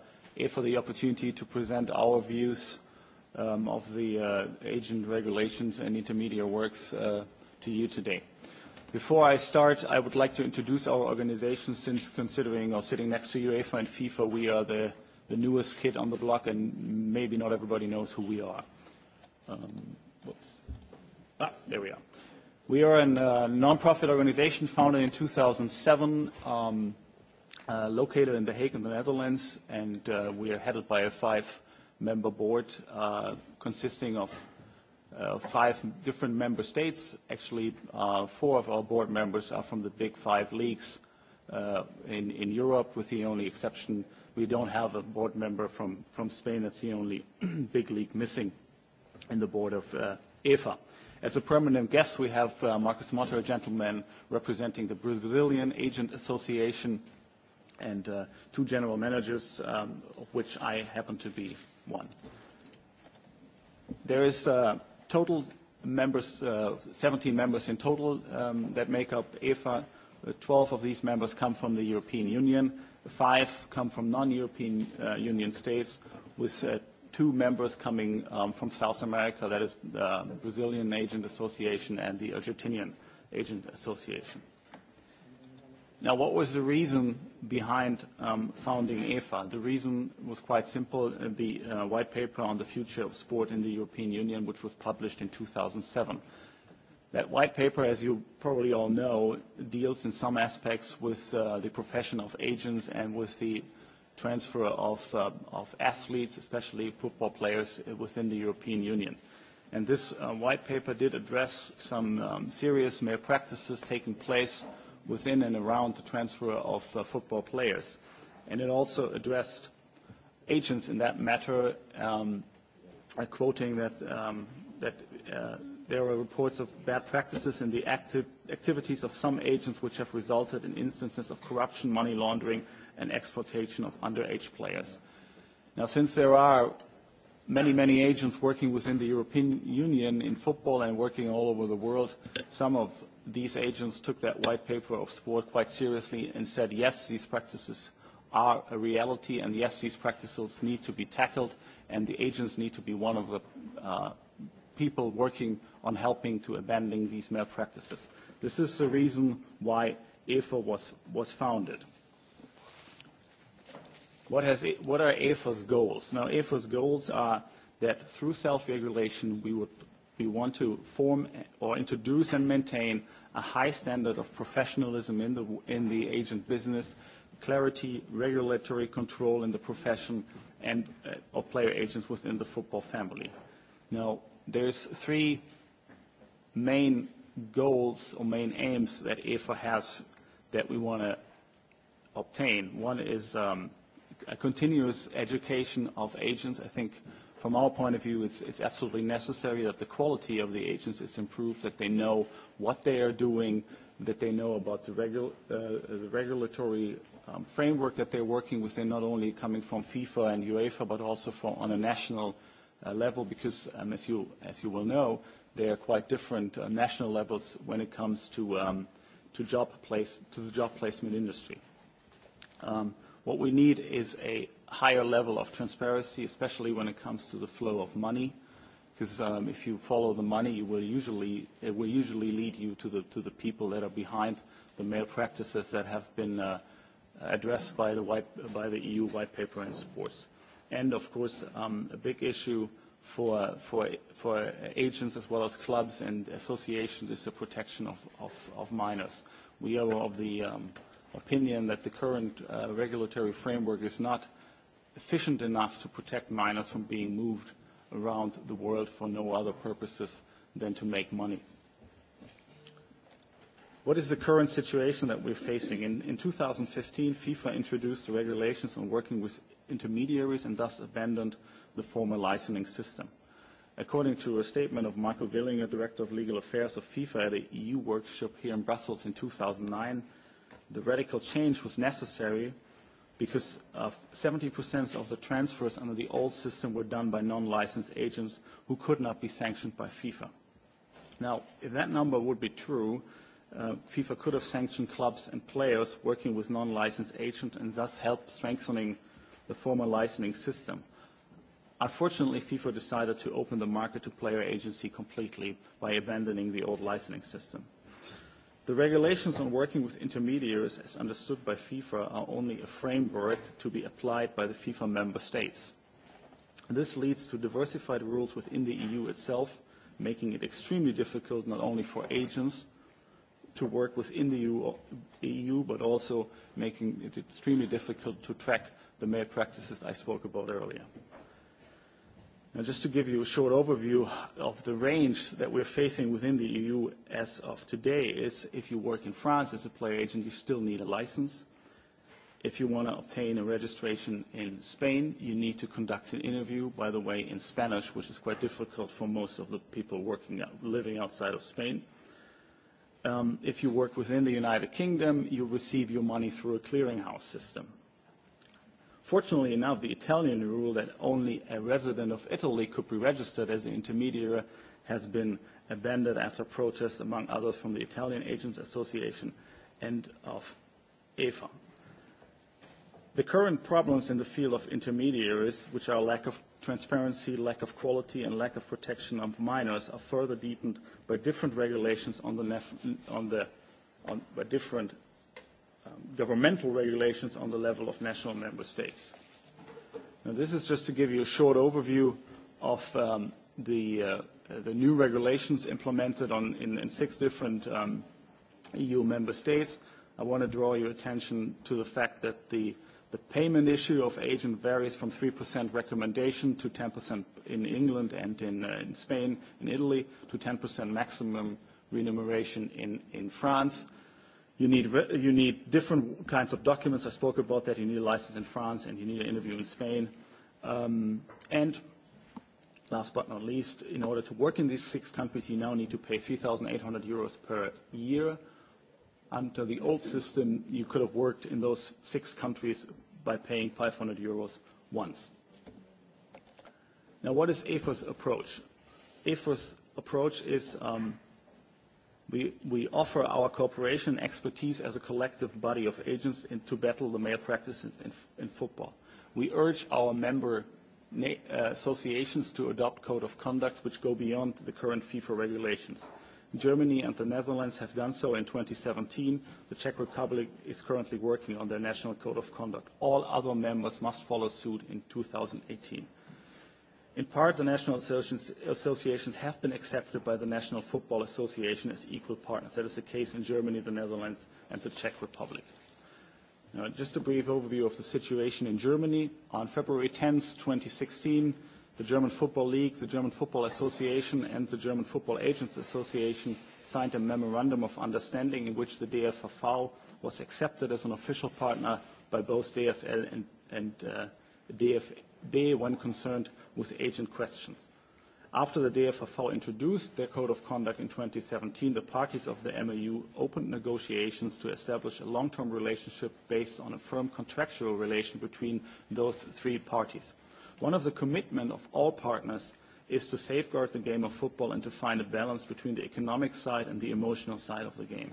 for the opportunity to present our views of the agent regulations and intermediate works to you today. Before I start, I would like to introduce our organization since considering or sitting next to UEFA and FIFA, we are the newest kid on the block and maybe not everybody knows who we are. There we are. We are a non-profit organization founded in 2007, located in The Hague in the Netherlands, and we are headed by a five-member board consisting of five different member states. Actually, four of our board members are from the big five leagues in Europe, with the only exception we don't have a board member from Spain. That's the only big league missing in the board of EFA. As a permanent guest, we have Marcus Motta, a gentleman representing the Brazilian Agent Association, and two general managers, of which I happen to be one. There is total members, 17 members in total that make up EFA. 12 of these members come from the European Union. Five come from non-European Union states, with two members coming from South America, that is the Brazilian Agent Association and the Argentinian Agent Association. Now, what was the reason behind founding EFA? The reason was quite simple. The white paper on the future of sport in the European Union, which was published in 2007. That white paper, as you probably all know, deals in some aspects with the profession of agents and with the transfer of athletes, especially football players, within the European Union. And this white paper did address some serious malpractices taking place within and around the transfer of football players. And it also addressed agents in that matter, quoting that there are reports of bad practices in the activities of some agents which have resulted in instances of corruption, money laundering, and exploitation of underage players. Now, since there are many, many agents working within the European Union in football and working all over the world, some of these agents took that white paper of sport quite seriously and said, yes, these practices are a reality, and yes, these practices need to be tackled, and the agents need to be one of the people working on helping to abandon these malpractices. This is the reason why AFA was, was founded. What, has, what are AFA's goals? Now, AFA's goals are that through self-regulation, we would we want to form or introduce and maintain a high standard of professionalism in the in the agent business, clarity, regulatory control in the profession and of player agents within the football family. Now, there's three main goals or main aims that EFA has that we want to obtain. One is a continuous education of agents. I think from our point of view, it's, it's absolutely necessary that the quality of the agents is improved, that they know what they are doing, that they know about the, the regulatory framework that they're working within, not only coming from FIFA and UEFA, but also from on a national level, because as, you, as you will know, they are quite different national levels when it comes to, to, job to the job placement industry. Um, What we need is a higher level of transparency, especially when it comes to the flow of money, because if you follow the money, you will usually, it will usually lead you to the, to the people that are behind the male practices that have been addressed by the, by the EU white paper and sports. And, of course, a big issue for, for, for agents as well as clubs and associations is the protection of, of, minors. We are of the opinion that the current regulatory framework is not efficient enough to protect minors from being moved around the world for no other purposes than to make money. What is the current situation that we're facing? In 2015, FIFA introduced regulations on working with intermediaries and thus abandoned the former licensing system. According to a statement of Michael Willinger, Director of Legal Affairs of FIFA at an EU workshop here in Brussels in 2009, the radical change was necessary because 70% of the transfers under the old system were done by non-licensed agents who could not be sanctioned by FIFA. Now, if that number would be true, FIFA could have sanctioned clubs and players working with non-licensed agents and thus helped strengthening the former licensing system. Unfortunately, FIFA decided to open the market to player agency completely by abandoning the old licensing system. The regulations on working with intermediaries as understood by FIFA are only a framework to be applied by the FIFA member states. This leads to diversified rules within the EU itself, making it extremely difficult not only for agents to work within the EU, but also making it extremely difficult to track the mere practices I spoke about earlier. Just to give you a short overview of the range that we're facing within the EU as of today is if you work in France as a player agent, you still need a license. If you want to obtain a registration in Spain, you need to conduct an interview, by the way, in Spanish, which is quite difficult for most of the people working living outside of Spain. If you work within the United Kingdom, you receive your money through a clearinghouse system. Fortunately enough, the Italian rule that only a resident of Italy could be registered as an intermediary has been abandoned after protests, among others, from the Italian Agents Association and of EFA. The current problems in the field of intermediaries, which are lack of transparency, lack of quality, and lack of protection of minors, are further deepened by different regulations on the, on the by different governmental regulations on the level of national member states. Now, this is just to give you a short overview of the new regulations implemented in six different EU member states. I want to draw your attention to the fact that the payment issue of agent varies from 3% recommendation to 10% in England and in Spain, and Italy, to 10% maximum remuneration in France You need, different kinds of documents. I spoke about that. You need a license in France and you need an interview in Spain. and last but not least, in order to work in these six countries, you now need to pay 3,800 euros per year. Under the old system, you could have worked in those six countries by paying 500 euros once. Now, what is AFOS approach? AFOS approach is We offer our cooperation expertise as a collective body of agents to battle the male practices in football. We urge our member associations to adopt code of conduct which go beyond the current FIFA regulations. Germany and the Netherlands have done so in 2017. The Czech Republic is currently working on their national code of conduct. All other members must follow suit in 2018. In part, the national associations have been accepted by the National Football Association as equal partners. That is the case in Germany, the Netherlands, and the Czech Republic. Now, just a brief overview of the situation in Germany. On February 10, 2016, the German Football League, the German Football Association, and the German Football Agents Association signed a memorandum of understanding in which the DFV was accepted as an official partner by both DFL and, and DFA B when concerned with agent questions. After the DFFV introduced their code of conduct in 2017, the parties of the MOU opened negotiations to establish a long-term relationship based on a firm contractual relation between those three parties. One of the commitment of all partners is to safeguard the game of football and to find a balance between the economic side and the emotional side of the game.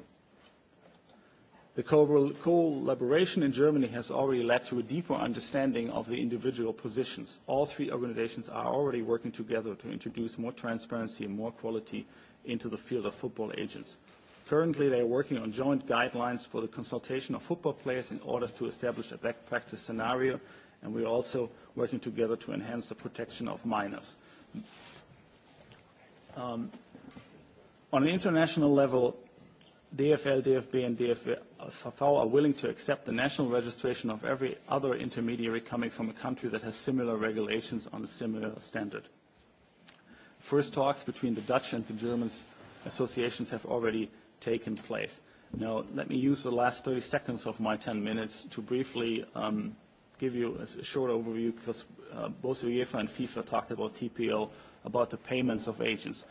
The collaboration in Germany has already led to a deeper understanding of the individual positions. All three organizations are already working together to introduce more transparency and more quality into the field of football agents. Currently, they are working on joint guidelines for the consultation of football players in order to establish a best practice scenario, and we are also working together to enhance the protection of minors. On an international level, DFL, DFB, and DFV are willing to accept the national registration of every other intermediary coming from a country that has similar regulations on a similar standard. First talks between the Dutch and the German associations have already taken place. Now, let me use the last 30 seconds of my 10 minutes to briefly give you a short overview because both UEFA and FIFA talked about TPO, about the payments of agents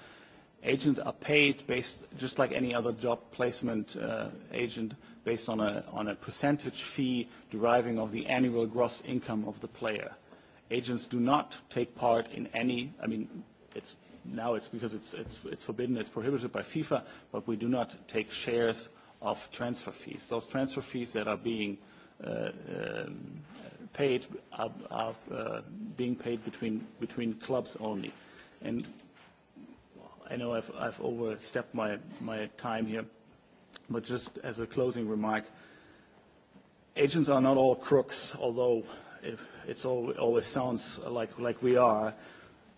agents are paid based just like any other job placement agent based on a on a percentage fee deriving of the annual gross income of the player agents do not take part in any i mean it's now it's because it's it's it's forbidden it's prohibited by fifa but we do not take shares of transfer fees those transfer fees that are being paid are being paid between between clubs only and I know I've overstepped my my time here, but just as a closing remark, agents are not all crooks, although it always sounds like like we are.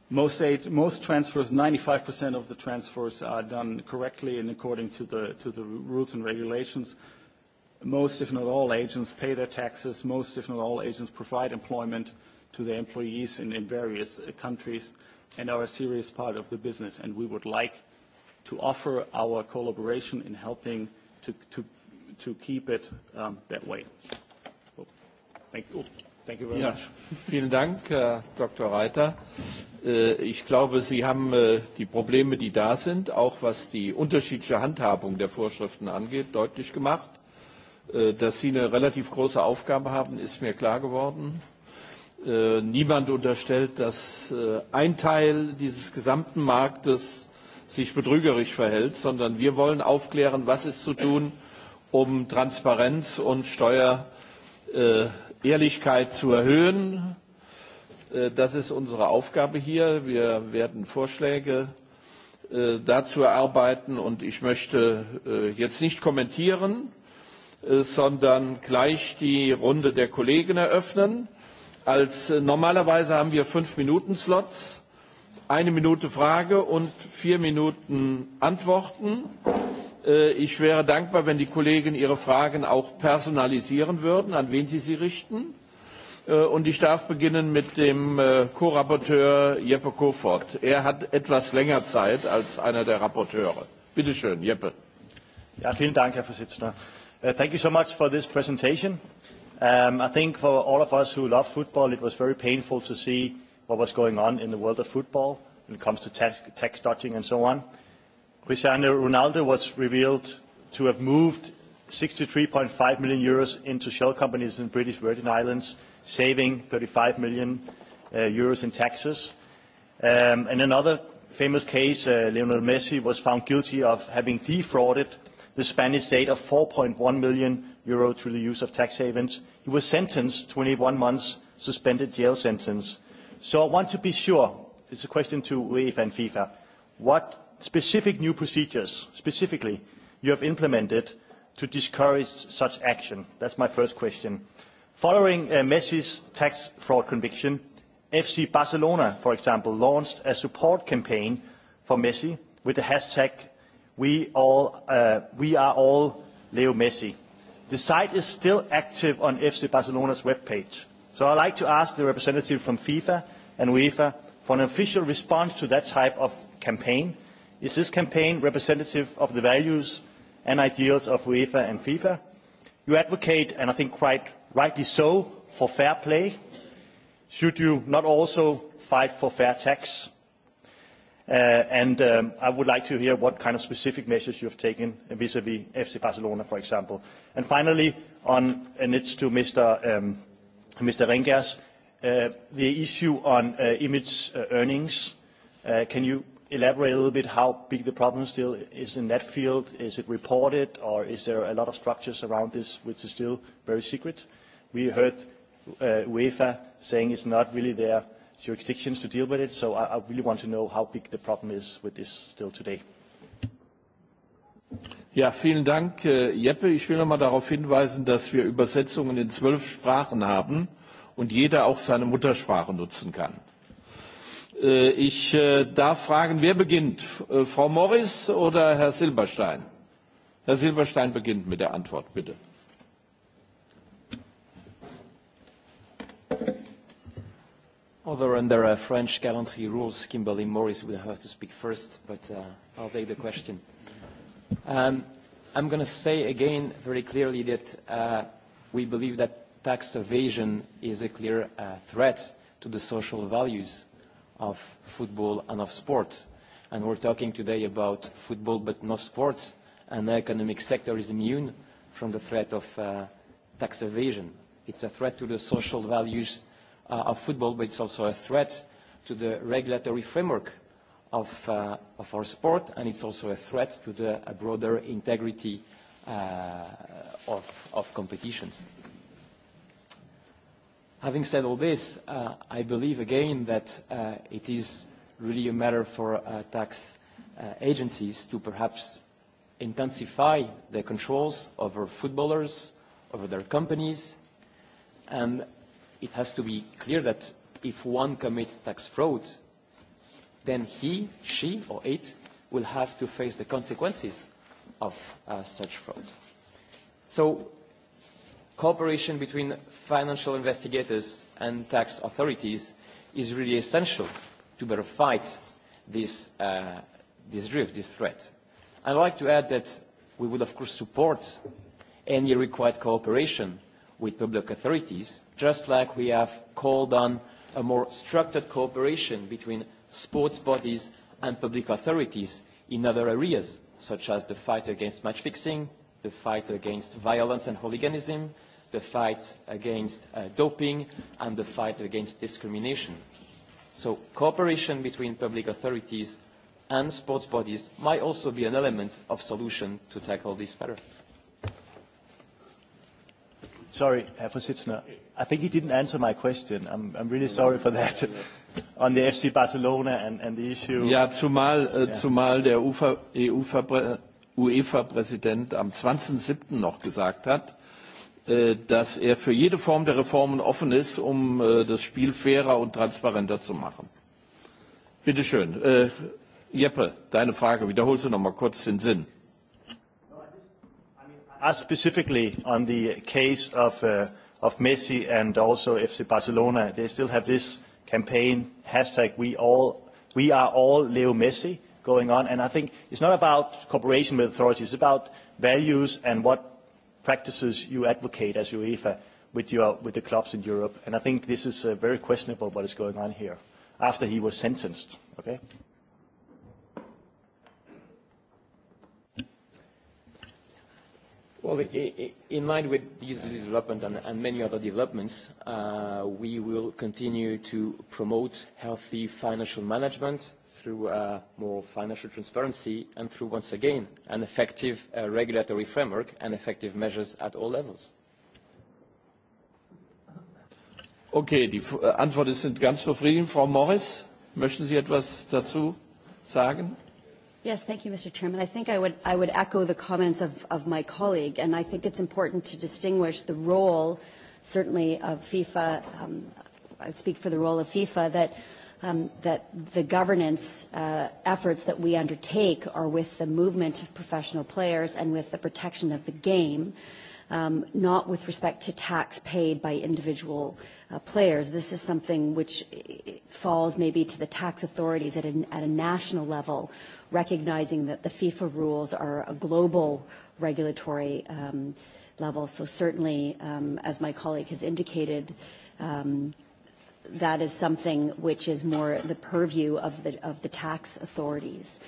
Most most transfers, 95% of the transfers are done correctly and according to the to the rules and regulations. Most, if not all, agents pay their taxes. Most, if not all, agents provide employment to their employees in various countries and are a serious part of the business. And we would like to offer our collaboration in helping to keep it that way. Thank you. Thank you very much. Vielen Dank, Dr. Reiter. Ich glaube, Sie haben die Probleme, die da sind, auch was die unterschiedliche Handhabung der Vorschriften angeht, deutlich gemacht. Dass Sie eine relativ große Aufgabe haben, ist mir klar geworden niemand unterstellt, dass ein Teil dieses gesamten Marktes sich betrügerisch verhält, sondern wir wollen aufklären, was ist zu tun, um Transparenz und Steuerehrlichkeit zu erhöhen. Das ist unsere Aufgabe hier. Wir werden Vorschläge dazu erarbeiten und ich möchte jetzt nicht kommentieren, sondern gleich die Runde der Kollegen eröffnen. Als normalerweise haben wir fünf Minuten Slots, eine Minute Frage und vier Minuten Antworten. Ich wäre dankbar, wenn die Kollegen ihre Fragen auch personalisieren würden, an wen sie sie richten. Und ich darf beginnen mit dem Co-Rapporteur Jeppe Kofort, Er hat etwas länger Zeit als einer der Rapporteure. Bitte schön, Jeppe. Ja, vielen Dank, Herr Vorsitzender. so much for this I think for all of us who love football, it was very painful to see what was going on in the world of football when it comes to tax dodging and so on. Cristiano Ronaldo was revealed to have moved 63.5 million euros into shell companies in British Virgin Islands, saving 35 million euros in taxes. In another famous case, Lionel Messi was found guilty of having defrauded the Spanish state of 4.1 million euro through the use of tax havens. He was sentenced to 21 months suspended jail sentence. So I want to be sure, it's a question to UEFA and FIFA, what specific new procedures, specifically, you have implemented to discourage such action. That's my first question. Following Messi's tax fraud conviction, FC Barcelona, for example, launched a support campaign for Messi with the hashtag We are all Leo Messi. The site is still active on FC Barcelona's webpage. So I'd like to ask the representative from FIFA and UEFA for an official response to that type of campaign. Is this campaign representative of the values and ideals of UEFA and FIFA? You advocate, and I think quite rightly so, for fair play. Should you not also fight for fair tax? And I would like to hear what kind of specific measures you have taken vis-à-vis FC Barcelona, for example. And finally, on, and it's to Mr. Rengers, the issue on image earnings. Can you elaborate a little bit how big the problem still is in that field? Is it reported, or is there a lot of structures around this which is still very secret? We heard UEFA saying it's not really there jurisdictions to deal with it. So I really want to know how big the problem is with this still today. Ja, vielen Dank, Jeppe. Ich will noch mal darauf hinweisen, dass wir Übersetzungen in zwölf Sprachen haben und jeder auch seine Muttersprache nutzen kann. Ich darf fragen, wer beginnt? Frau Morris oder Herr Silberstein? Herr Silberstein beginnt mit der Antwort, bitte. Although under French gallantry rules, Kimberly Morris would have to speak first, but I'll take the question. I'm going to say again very clearly that we believe that tax evasion is a clear threat to the social values of football and of sport. And we're talking today about football but not sport, and the economic sector is immune from the threat of tax evasion. It's a threat to the social values of football, but it's also a threat to the regulatory framework of our sport, and it's also a threat to the broader integrity of competitions. Having said all this, I believe again that it is really a matter for tax agencies to perhaps intensify their controls over footballers, over their companies, and it has to be clear that if one commits tax fraud, then he, she, or it will have to face the consequences of such fraud. So cooperation between financial investigators and tax authorities is really essential to better fight this drift, this threat. I'd like to add that we would, of course, support any required cooperation with public authorities just like we have called on a more structured cooperation between sports bodies and public authorities in other areas, such as the fight against match fixing, the fight against violence and hooliganism, the fight against doping, and the fight against discrimination. So cooperation between public authorities and sports bodies might also be an element of solution to tackle this matter. Sorry, Herr Vorsitzender. I think he didn't answer my question. I'm, I'm really sorry for that. On the FC Barcelona and, and the issue. Ja, zumal, äh, zumal der UEFA-Präsident am 20.07. noch gesagt hat, dass er für jede Form der Reformen offen ist, um das Spiel fairer und transparenter zu machen. Bitte schön. Jeppe, deine Frage. Wiederholst du noch mal kurz den Sinn. Specifically on the case of of Messi and also FC Barcelona. They still have this campaign, hashtag we all, we are all Leo Messi going on. And I think it's not about cooperation with authorities, it's about values and what practices you advocate as UEFA with, your, with the clubs in Europe. And I think this is very questionable what is going on here after he was sentenced. Okay? Well, in line with these development and many other developments, we will continue to promote healthy financial management through more financial transparency and through, once again, an effective regulatory framework and effective measures at all levels. Okay, die Antworten sind ganz zufrieden. Frau Morris, möchten Sie etwas dazu sagen? Yes, thank you, Mr. Chairman. I think I would, I would echo the comments of, of my colleague, and I think it's important to distinguish the role, certainly, of FIFA. Um, I speak for the role of FIFA, that, um, that the governance efforts that we undertake are with the movement of professional players and with the protection of the game, um, not with respect to tax paid by individual players. This is something which falls maybe to the tax authorities at at a national level recognizing that the FIFA rules are a global regulatory level. So certainly, as my colleague has indicated, that is something which is more the purview of the of the tax authorities.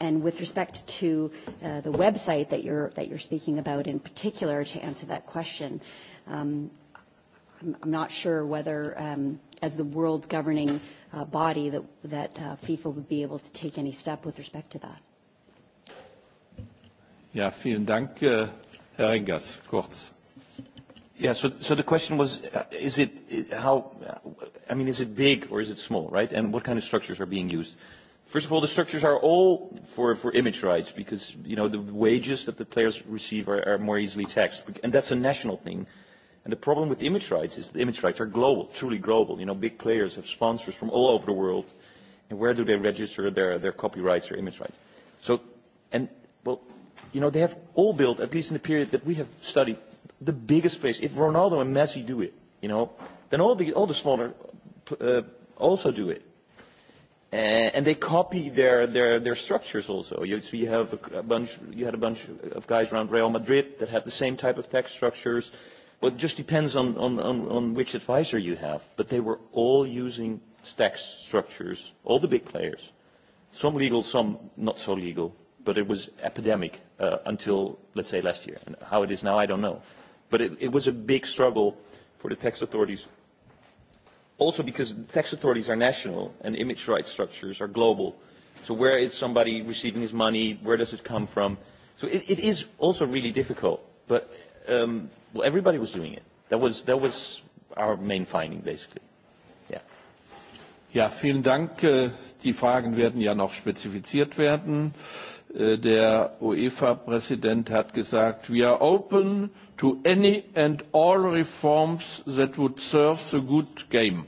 And with respect to the website that you're that you're speaking about in particular, to answer that question, I'm not sure whether as the world governing body that that FIFA would be able to take any step with respect to that. Ja, vielen Dank, Herr Engers, kurz. Yeah, so so the question was, is it how? I mean, is it big or is it small, right? And what kind of structures are being used? First of all, the structures are all for for image rights because you know the wages that the players receive are are more easily taxed, and that's a national thing And the problem with image rights is that image rights are global, truly global. You know, big players have sponsors from all over the world. And where do they register their, their copyrights or image rights? So, and, well, you know, they have all built, at least in the period that we have studied, the biggest space. If Ronaldo and Messi do it, you know, then all the, all the smaller uh, also do it. And they copy their, their, their structures also. You, so you have a bunch, you had a bunch of guys around Real Madrid that had the same type of tax structures Well, it just depends on, on, on, on which advisor you have. But they were all using stack structures, all the big players. Some legal, some not so legal. But it was epidemic uh, until, let's say, last year. And how it is now, I don't know. But it, it was a big struggle for the tax authorities. Also because tax authorities are national and image rights structures are global. So where is somebody receiving his money? Where does it come from? So it, it is also really difficult. But um, well, everybody was doing it. That was, that was our main finding, basically. Yeah. Ja, vielen Dank. Die Fragen werden ja noch spezifiziert werden. Der UEFA-Präsident hat gesagt, we are open to any and all reforms that would serve the good game.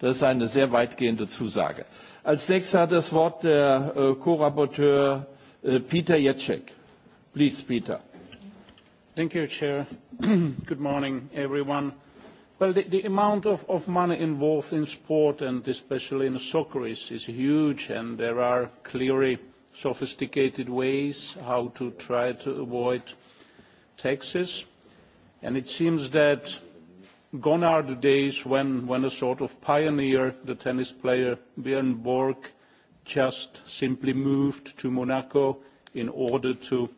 Das ist eine sehr weitgehende Zusage. Als nächster hat das Wort der Co-Rapporteur Peter Jetschek. Please, Peter. Thank you, Chair. Good morning, everyone. Well, the amount of money involved in sport, and especially in soccer, is huge, and there are clearly sophisticated ways how to try to avoid taxes. And it seems that gone are the days when a sort of pioneer, the tennis player Björn Borg, just simply moved to Monaco in order to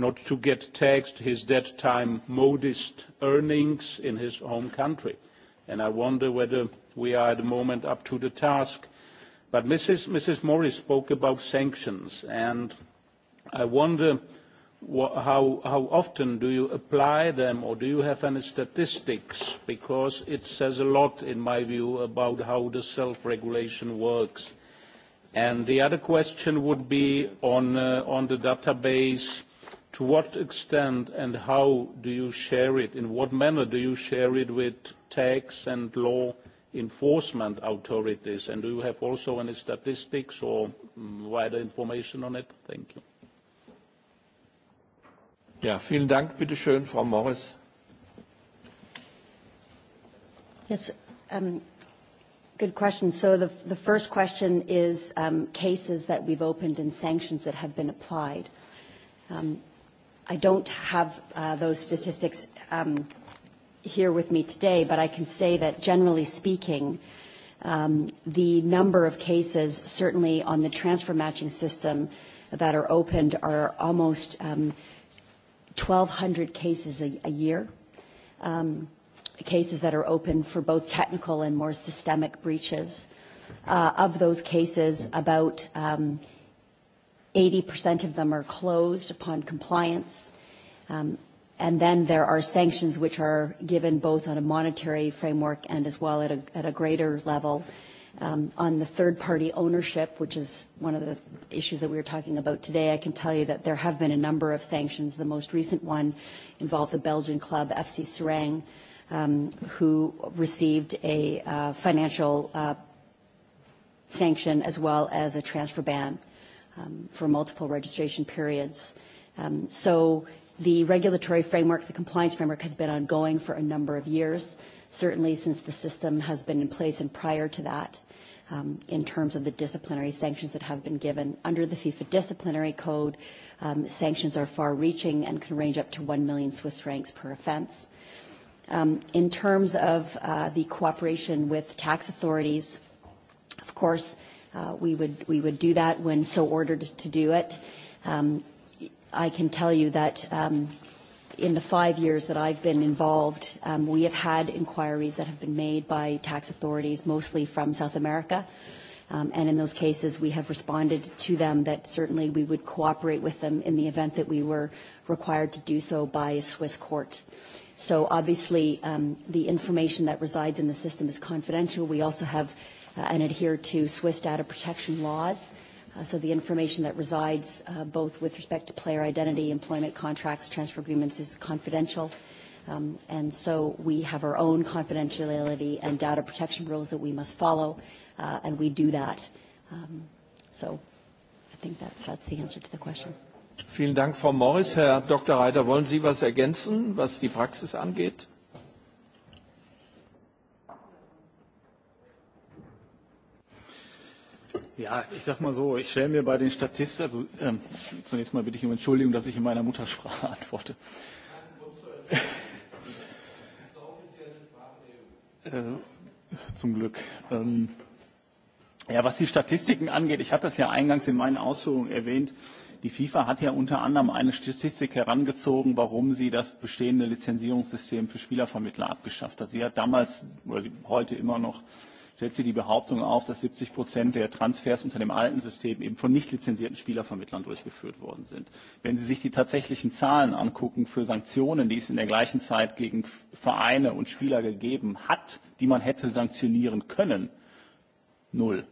not to get taxed his that time modest earnings in his home country. And I wonder whether we are at the moment up to the task. But Mrs. Morris spoke about sanctions, and I wonder how often do you apply them, or do you have any statistics? Because it says a lot, in my view, about how the self-regulation works. And the other question would be on the database to what extent and how do you share it? In what manner do you share it with tax and law enforcement authorities? And do you have also any statistics or wider information on it? Thank you. Ja, vielen Dank. Bitte schön, Frau Morris. Yes, good question. So the, the first question is um, cases that we've opened and sanctions that have been applied. Um, I don't have those statistics here with me today, but I can say that generally speaking, the number of cases, certainly on the transfer matching system, that are opened are almost 1,200 cases a year, cases that are open for both technical and more systemic breaches. Of those cases, about 80% of them are closed upon compliance. And then there are sanctions which are given both on a monetary framework and as well at a greater level on the third-party ownership, which is one of the issues that we were talking about today. I can tell you that there have been a number of sanctions. The most recent one involved the Belgian club FC Serang, who received a financial sanction as well as a transfer ban for multiple registration periods. So the regulatory framework, the compliance framework, has been ongoing for a number of years, certainly since the system has been in place and prior to that in terms of the disciplinary sanctions that have been given. Under the FIFA disciplinary code, sanctions are far-reaching and can range up to 1 million Swiss francs per offense. In terms of the cooperation with tax authorities, of course, we would we would do that when so ordered to do it. I can tell you that in the five years that I've been involved, we have had inquiries that have been made by tax authorities, mostly from South America. And in those cases, we have responded to them that certainly we would cooperate with them in the event that we were required to do so by a Swiss court. So obviously, the information that resides in the system is confidential. We also have and adhere to Swiss data protection laws. So the information that resides both with respect to player identity, employment contracts, transfer agreements is confidential. And so we have our own confidentiality and data protection rules that we must follow, and we do that. So I think that that's the answer to the question. Vielen Dank, Frau Morris. Herr Dr. Reiter, wollen Sie was ergänzen, was die Praxis angeht? Ja, ich sag mal so, ich stelle mir bei den Statisten, also zunächst mal bitte ich um Entschuldigung, dass ich in meiner Muttersprache antworte. Zum Glück. Ähm, ja, was die Statistiken angeht, ich habe das ja eingangs in meinen Ausführungen erwähnt, die FIFA hat ja unter anderem eine Statistik herangezogen, warum sie das bestehende Lizenzierungssystem für Spielervermittler abgeschafft hat. Sie hat damals, oder heute immer noch, stellt sie die Behauptung auf, dass 70 Prozent der Transfers unter dem alten System eben von nicht lizenzierten Spielervermittlern durchgeführt worden sind. Wenn Sie sich die tatsächlichen Zahlen angucken für Sanktionen, die es in der gleichen Zeit gegen Vereine und Spieler gegeben hat, die man hätte sanktionieren können, null.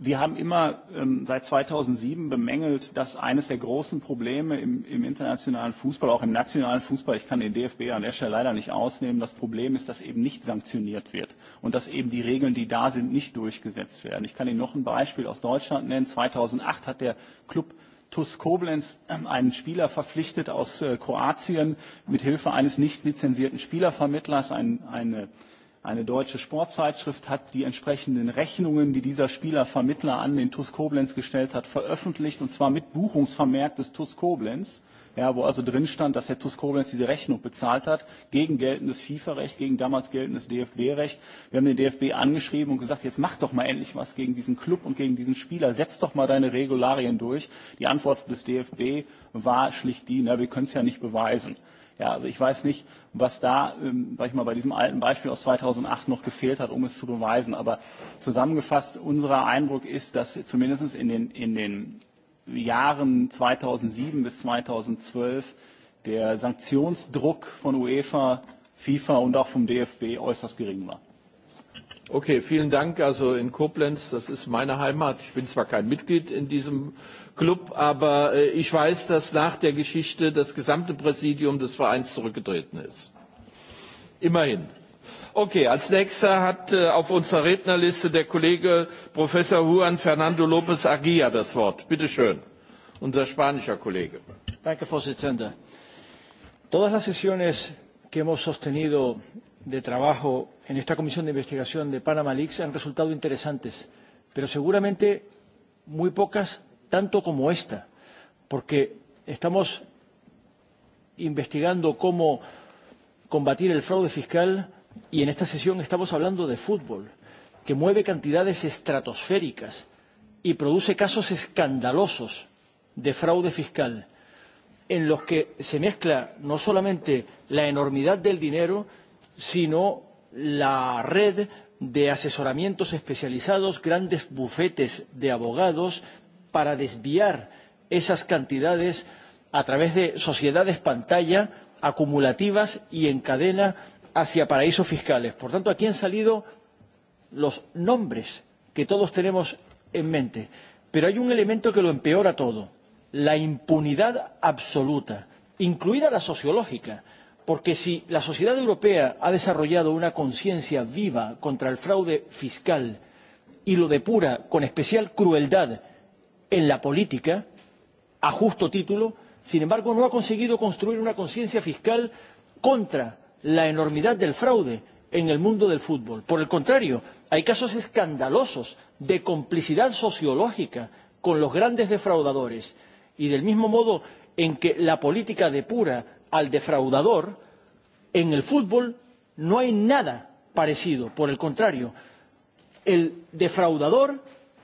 Wir haben immer seit 2007 bemängelt, dass eines der großen Probleme im internationalen Fußball, auch im nationalen Fußball, ich kann den DFB an der Stelle leider nicht ausnehmen, das Problem ist, dass eben nicht sanktioniert wird und dass eben die Regeln, die da sind, nicht durchgesetzt werden. Ich kann Ihnen noch ein Beispiel aus Deutschland nennen. 2008 hat der Club TuS Koblenz einen Spieler verpflichtet aus Kroatien mit Hilfe eines nicht lizenzierten Spielervermittlers, eine Eine deutsche Sportzeitschrift hat die entsprechenden Rechnungen, die dieser Spielervermittler an den TUS Koblenz gestellt hat, veröffentlicht, und zwar mit Buchungsvermerk des TUS Koblenz, wo also drin stand, dass der TUS Koblenz diese Rechnung bezahlt hat, gegen geltendes FIFA-Recht, gegen damals geltendes DFB-Recht. Wir haben den DFB angeschrieben und gesagt, jetzt mach doch mal endlich was gegen diesen Klub und gegen diesen Spieler, setz doch mal deine Regularien durch. Die Antwort des DFB war schlicht die, na, wir können es ja nicht beweisen. Ja, also ich weiß nicht, was da, ich mal, bei diesem alten Beispiel aus 2008 noch gefehlt hat, um es zu beweisen. Aber zusammengefasst, unser Eindruck ist, dass zumindest in den, in den Jahren 2007 bis 2012 der Sanktionsdruck von UEFA, FIFA und auch vom DFB äußerst gering war. Okay, vielen Dank. Also in Koblenz, das ist meine Heimat. Ich bin zwar kein Mitglied in diesem Club, aber ich weiß, dass nach der Geschichte das gesamte Präsidium des Vereins zurückgetreten ist. Immerhin. Okay, als nächster hat auf unserer Rednerliste der Kollege Professor Juan Fernando López Aguilla das Wort. Bitte schön, unser spanischer Kollege. Danke, Vorsitzender. Todas las sesiones que hemos sostenido de trabajo en esta comisión de investigación de Panama Leaks han resultado interesantes, pero seguramente muy pocas tanto como esta, porque estamos investigando cómo combatir el fraude fiscal y en esta sesión estamos hablando de fútbol, que mueve cantidades estratosféricas y produce casos escandalosos de fraude fiscal, en los que se mezcla no solamente la enormidad del dinero, sino la red de asesoramientos especializados, grandes bufetes de abogados para desviar esas cantidades a través de sociedades pantalla acumulativas y en cadena hacia paraísos fiscales. Por tanto, aquí han salido los nombres que todos tenemos en mente. Pero hay un elemento que lo empeora todo, la impunidad absoluta, incluida la sociológica Porque si la sociedad europea ha desarrollado una conciencia viva contra el fraude fiscal y lo depura con especial crueldad en la política, a justo título, sin embargo, no ha conseguido construir una conciencia fiscal contra la enormidad del fraude en el mundo del fútbol. Por el contrario, hay casos escandalosos de complicidad sociológica con los grandes defraudadores y del mismo modo en que la política depura al defraudador, en el fútbol no hay nada parecido. Por el contrario, el defraudador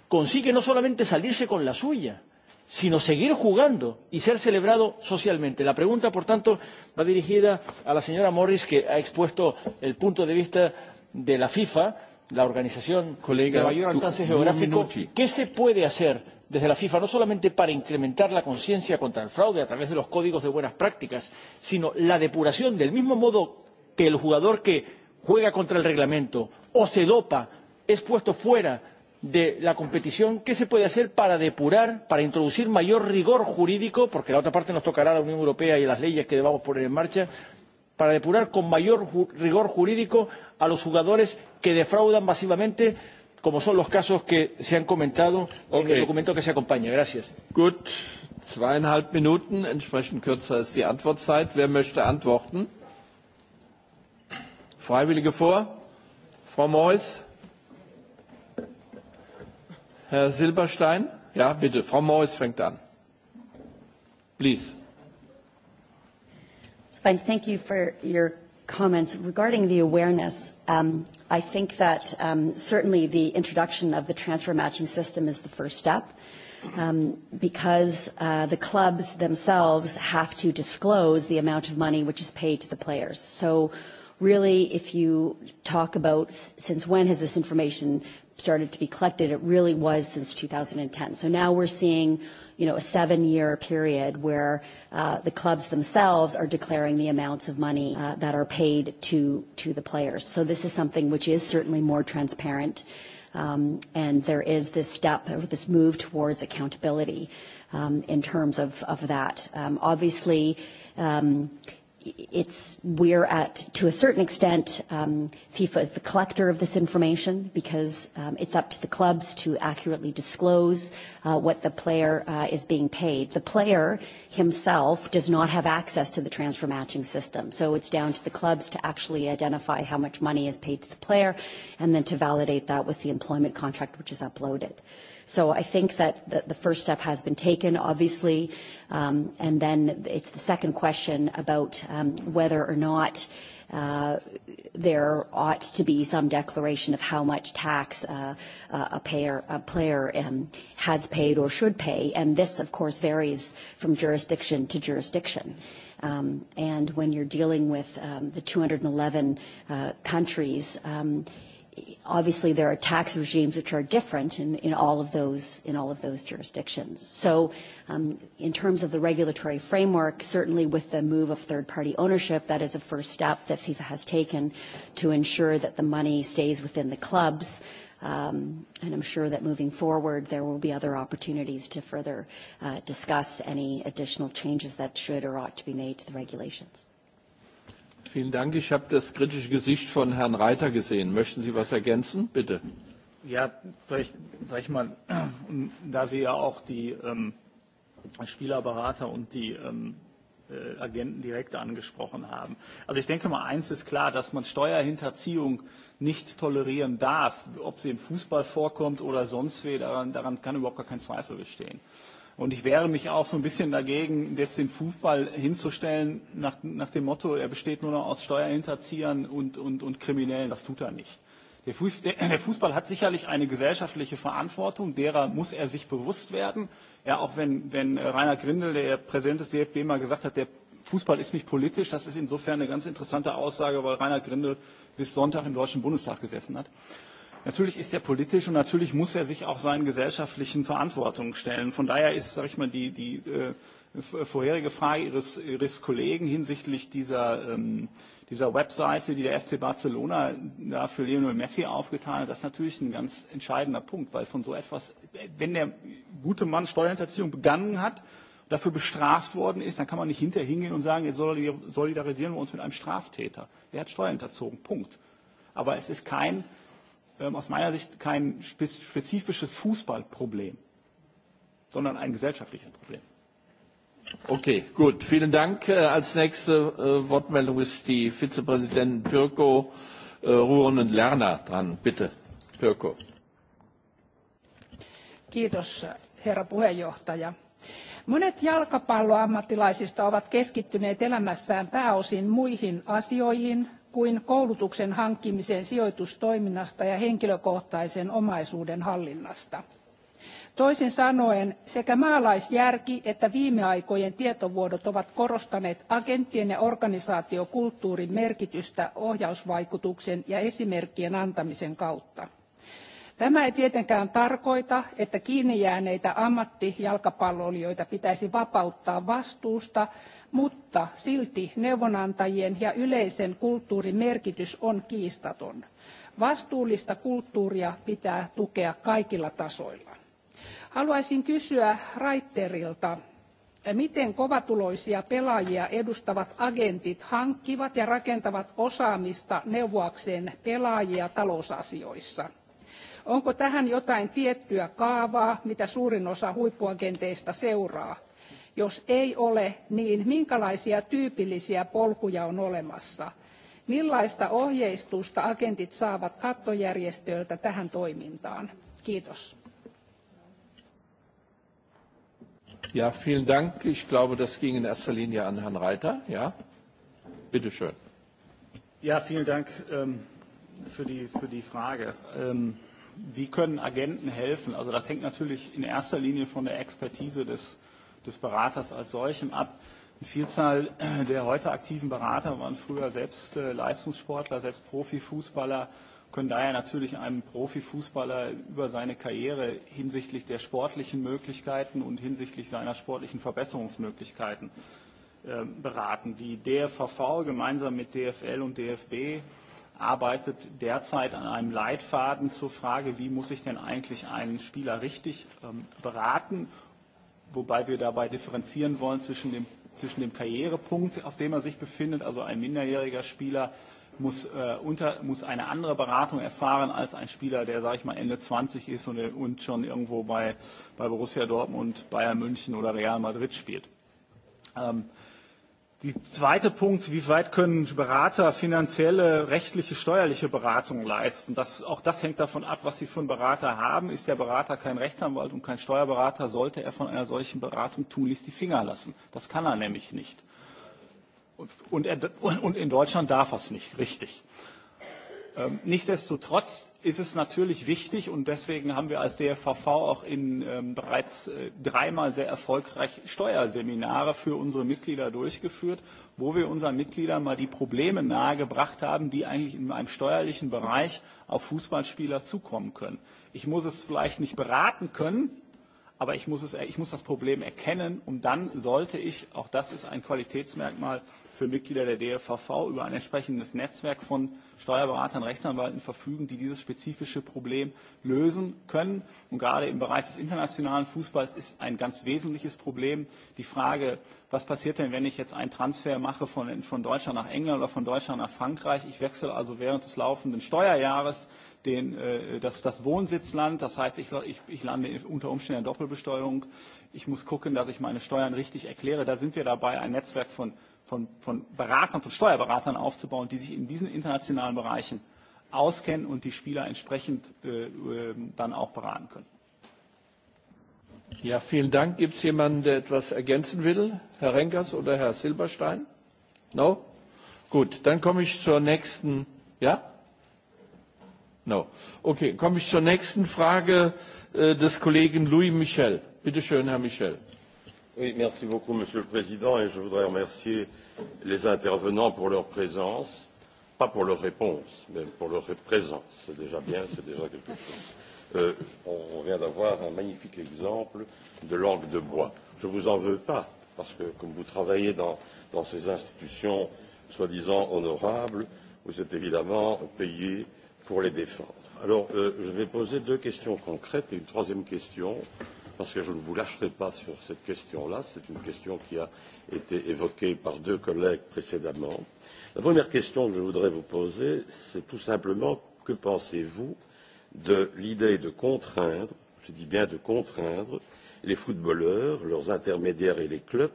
consigue no solamente salirse con la suya, sino seguir jugando y ser celebrado socialmente. La pregunta, por tanto, va dirigida a la señora Morris, que ha expuesto el punto de vista de la FIFA, la organización de mayor alcance geográfico. ¿Qué se puede hacer desde la FIFA no solamente para incrementar la conciencia contra el fraude a través de los códigos de buenas prácticas, sino la depuración del mismo modo que el jugador que juega contra el reglamento o se dopa es puesto fuera de la competición, ¿qué se puede hacer para depurar, para introducir mayor rigor jurídico, porque la otra parte nos tocará la Unión Europea y las leyes que debamos poner en marcha, para depurar con mayor rigor jurídico a los jugadores que defraudan masivamente? como son los casos que se han comentado en el documento que se acompaña. Gracias. Gut, zweieinhalb Minuten, entsprechend kürzer ist die Antwortzeit. Wer möchte antworten? Freiwillige vor? Frau Mois? Herr Silberstein? Ja, bitte. Frau Mois fängt an. Please. Thank you for your comments regarding the awareness. I think that certainly the introduction of the transfer matching system is the first step because the clubs themselves have to disclose the amount of money which is paid to the players. So really, if you talk about since when has this information started to be collected, it really was since 2010. So now we're seeing you know, a seven-year period where the clubs themselves are declaring the amounts of money that are paid to to the players. So this is something which is certainly more transparent, and there is this step, this move towards accountability in terms of of that. Obviously it's we're at to a certain extent FIFA is the collector of this information because it's up to the clubs to accurately disclose what the player is being paid. The player himself does not have access to the transfer matching system, so it's down to the clubs to actually identify how much money is paid to the player and then to validate that with the employment contract which is uploaded. So I think that the first step has been taken, obviously, and then it's the second question about whether or not there ought to be some declaration of how much tax a a player has paid or should pay and this of course varies from jurisdiction to jurisdiction and when you're dealing with the 211 countries obviously there are tax regimes which are different in, in all of those in all of those jurisdictions. So in terms of the regulatory framework, certainly with the move of third-party ownership, that is a first step that FIFA has taken to ensure that the money stays within the clubs. and I'm sure that moving forward, there will be other opportunities to further discuss any additional changes that should or ought to be made to the regulations. Vielen Dank. Ich habe das kritische Gesicht von Herrn Reiter gesehen. Möchten Sie was ergänzen? Bitte. Ja, vielleicht, sag ich mal, da Sie ja auch die Spielerberater und die Agenten direkt angesprochen haben. Also ich denke mal, eins ist klar, dass man Steuerhinterziehung nicht tolerieren darf. Ob sie im Fußball vorkommt oder sonst weh, daran, daran kann überhaupt gar kein Zweifel bestehen. Und ich wehre mich auch so ein bisschen dagegen, jetzt den Fußball hinzustellen nach, nach dem Motto, er besteht nur noch aus Steuerhinterziehern und, und, und Kriminellen. Das tut er nicht. Der, Fußball, der Fußball hat sicherlich eine gesellschaftliche Verantwortung, derer muss er sich bewusst werden. Ja, auch wenn, wenn Rainer Grindel, der Präsident des DFB, mal gesagt hat, der Fußball ist nicht politisch, das ist insofern eine ganz interessante Aussage, weil Rainer Grindel bis Sonntag im Deutschen Bundestag gesessen hat. Natürlich ist er politisch und natürlich muss er sich auch seinen gesellschaftlichen Verantwortungen stellen. Von daher ist, sage ich mal, die, die vorherige Frage Ihres, Ihres Kollegen hinsichtlich dieser, dieser Webseite, die der FC Barcelona da für Lionel Messi aufgetan hat, das natürlich ein ganz entscheidender Punkt, weil von so etwas, wenn der gute Mann Steuerhinterziehung begangen hat, dafür bestraft worden ist, dann kann man nicht hinterher hingehen und sagen, jetzt solidarisieren wir uns mit einem Straftäter. Der hat Steuern Punkt. Aber es ist kein aus meiner Sicht kein spezifisches Fußballproblem, sondern ein gesellschaftliches Problem. Okay, gut. Vielen Dank. Als nächste Wortmeldung ist die Vizepräsidentin Pirko und Lerner dran. Bitte, Pirko. Kiitos, herra puheenjohtaja. Monet jalkapalloammattilaisista ovat keskittyneet elämässään pääosin muihin asioihin, kuin koulutuksen hankkimiseen sijoitustoiminnasta ja henkilökohtaisen omaisuuden hallinnasta. Toisin sanoen sekä maalaisjärki että viime aikojen tietovuodot ovat korostaneet agenttien ja organisaatiokulttuurin merkitystä ohjausvaikutuksen ja esimerkkien antamisen kautta. Tämä ei tietenkään tarkoita, että kiinni jääneitä ammattijalkapalloilijoita pitäisi vapauttaa vastuusta, mutta silti neuvonantajien ja yleisen kulttuurin merkitys on kiistaton. Vastuullista kulttuuria pitää tukea kaikilla tasoilla. Haluaisin kysyä Raitterilta, miten kovatuloisia pelaajia edustavat agentit hankkivat ja rakentavat osaamista neuvoakseen pelaajia talousasioissa. Onko tähän jotain tiettyä kaavaa, mitä suurin osa huippuagenteista seuraa? Jos ei ole, niin minkälaisia tyypillisiä polkuja on olemassa? Millaista ohjeistusta agentit saavat kattojärjestöiltä tähän toimintaan? Kiitos. Ja, vielen Dank. Ich glaube, das ging in erster Linie an Herrn Reiter. Ja, bitte schön. Ja, vielen Dank für die, für die Frage. Wie können Agenten helfen? Also das hängt natürlich in erster Linie von der Expertise des des Beraters als solchem ab. Eine Vielzahl der heute aktiven Berater waren früher selbst Leistungssportler, selbst Profifußballer, können daher natürlich einem Profifußballer über seine Karriere hinsichtlich der sportlichen Möglichkeiten und hinsichtlich seiner sportlichen Verbesserungsmöglichkeiten beraten. Die DFVV gemeinsam mit DFL und DFB arbeitet derzeit an einem Leitfaden zur Frage, wie muss ich denn eigentlich einen Spieler richtig beraten wobei wir dabei differenzieren wollen zwischen dem, zwischen dem Karrierepunkt, auf dem er sich befindet. Also ein minderjähriger Spieler muss, unter, muss eine andere Beratung erfahren als ein Spieler, der, sage ich mal, Ende 20 ist und, und schon irgendwo bei, bei Borussia Dortmund, Bayern München oder Real Madrid spielt. Ähm, Der zweite Punkt, wie weit können Berater finanzielle, rechtliche, steuerliche Beratungen leisten? Das, auch das hängt davon ab, was sie für einen Berater haben. Ist der Berater kein Rechtsanwalt und kein Steuerberater, sollte er von einer solchen Beratung tunlichst die Finger lassen. Das kann er nämlich nicht. Und, und, in Deutschland darf er es nicht, richtig. Nichtsdestotrotz ist es natürlich wichtig und deswegen haben wir als DFVV auch in bereits dreimal sehr erfolgreich Steuerseminare für unsere Mitglieder durchgeführt, wo wir unseren Mitgliedern mal die Probleme nahegebracht haben, die eigentlich in einem steuerlichen Bereich auf Fußballspieler zukommen können. Ich muss es vielleicht nicht beraten können, aber ich muss das Problem erkennen und dann sollte ich, auch das ist ein Qualitätsmerkmal, für Mitglieder der DFVV über ein entsprechendes Netzwerk von Steuerberatern, Rechtsanwälten verfügen, die dieses spezifische Problem lösen können. Und gerade im Bereich des internationalen Fußballs ist ein ganz wesentliches Problem die Frage, was passiert denn, wenn ich jetzt einen Transfer mache von, von Deutschland nach England oder von Deutschland nach Frankreich? Ich wechsle also während des laufenden Steuerjahres den, das, das Wohnsitzland. Das heißt, ich, ich lande unter Umständen der Doppelbesteuerung ich muss gucken, dass ich meine Steuern richtig erkläre. Da sind wir dabei, ein Netzwerk von, von, von Beratern, von Steuerberatern aufzubauen, die sich in diesen internationalen Bereichen auskennen und die Spieler entsprechend dann auch beraten können. Ja, vielen Dank. Gibt es jemanden, der etwas ergänzen will? Herr Renkers oder Herr Silberstein? No? Gut, dann komme ich zur nächsten. Ja? No. Okay, komme ich zur nächsten Frage des Kollegen Louis Michel schön, Herr Michel. Oui, merci beaucoup, Monsieur le Président, et je voudrais remercier les intervenants pour leur présence, pas pour leur réponse, mais pour leur présence. C'est déjà bien, c'est déjà quelque chose. on vient d'avoir un magnifique exemple de langue de bois. Je ne vous en veux pas, parce que comme vous travaillez dans, dans ces institutions soi-disant honorables, vous êtes évidemment payé pour les défendre. Alors, je vais poser deux questions concrètes et une troisième question parce que je ne vous lâcherai pas sur cette question-là. C'est une question qui a été évoquée par deux collègues précédemment. La première question que je voudrais vous poser, c'est tout simplement que pensez-vous de l'idée de contraindre, je dis bien de contraindre, les footballeurs, leurs intermédiaires et les clubs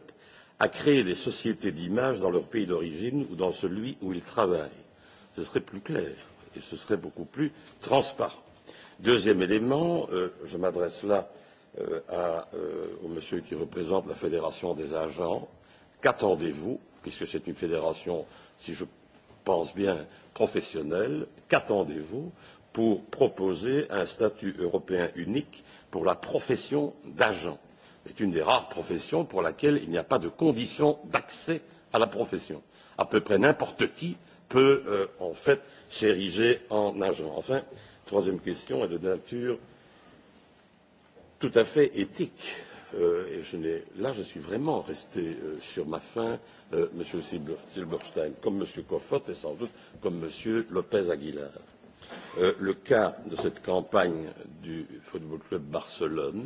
à créer des sociétés d'image dans leur pays d'origine ou dans celui où ils travaillent. Ce serait plus clair et ce serait beaucoup plus transparent. Deuxième élément, je m'adresse là au monsieur qui représente la Fédération des agents. Qu'attendez-vous, puisque c'est une fédération, si je pense bien, professionnelle, qu'attendez-vous pour proposer un statut européen unique pour la profession d'agent C'est une des rares professions pour laquelle il n'y a pas de conditions d'accès à la profession. À peu près n'importe qui peut, en fait, s'ériger en agent. Enfin, troisième question est de nature tout à fait éthique. Et je là je suis vraiment resté sur ma faim, Monsieur Silberstein, comme Monsieur Coffert et sans doute comme Monsieur Lopez Aguilar. Le cas de cette campagne du Football Club Barcelone,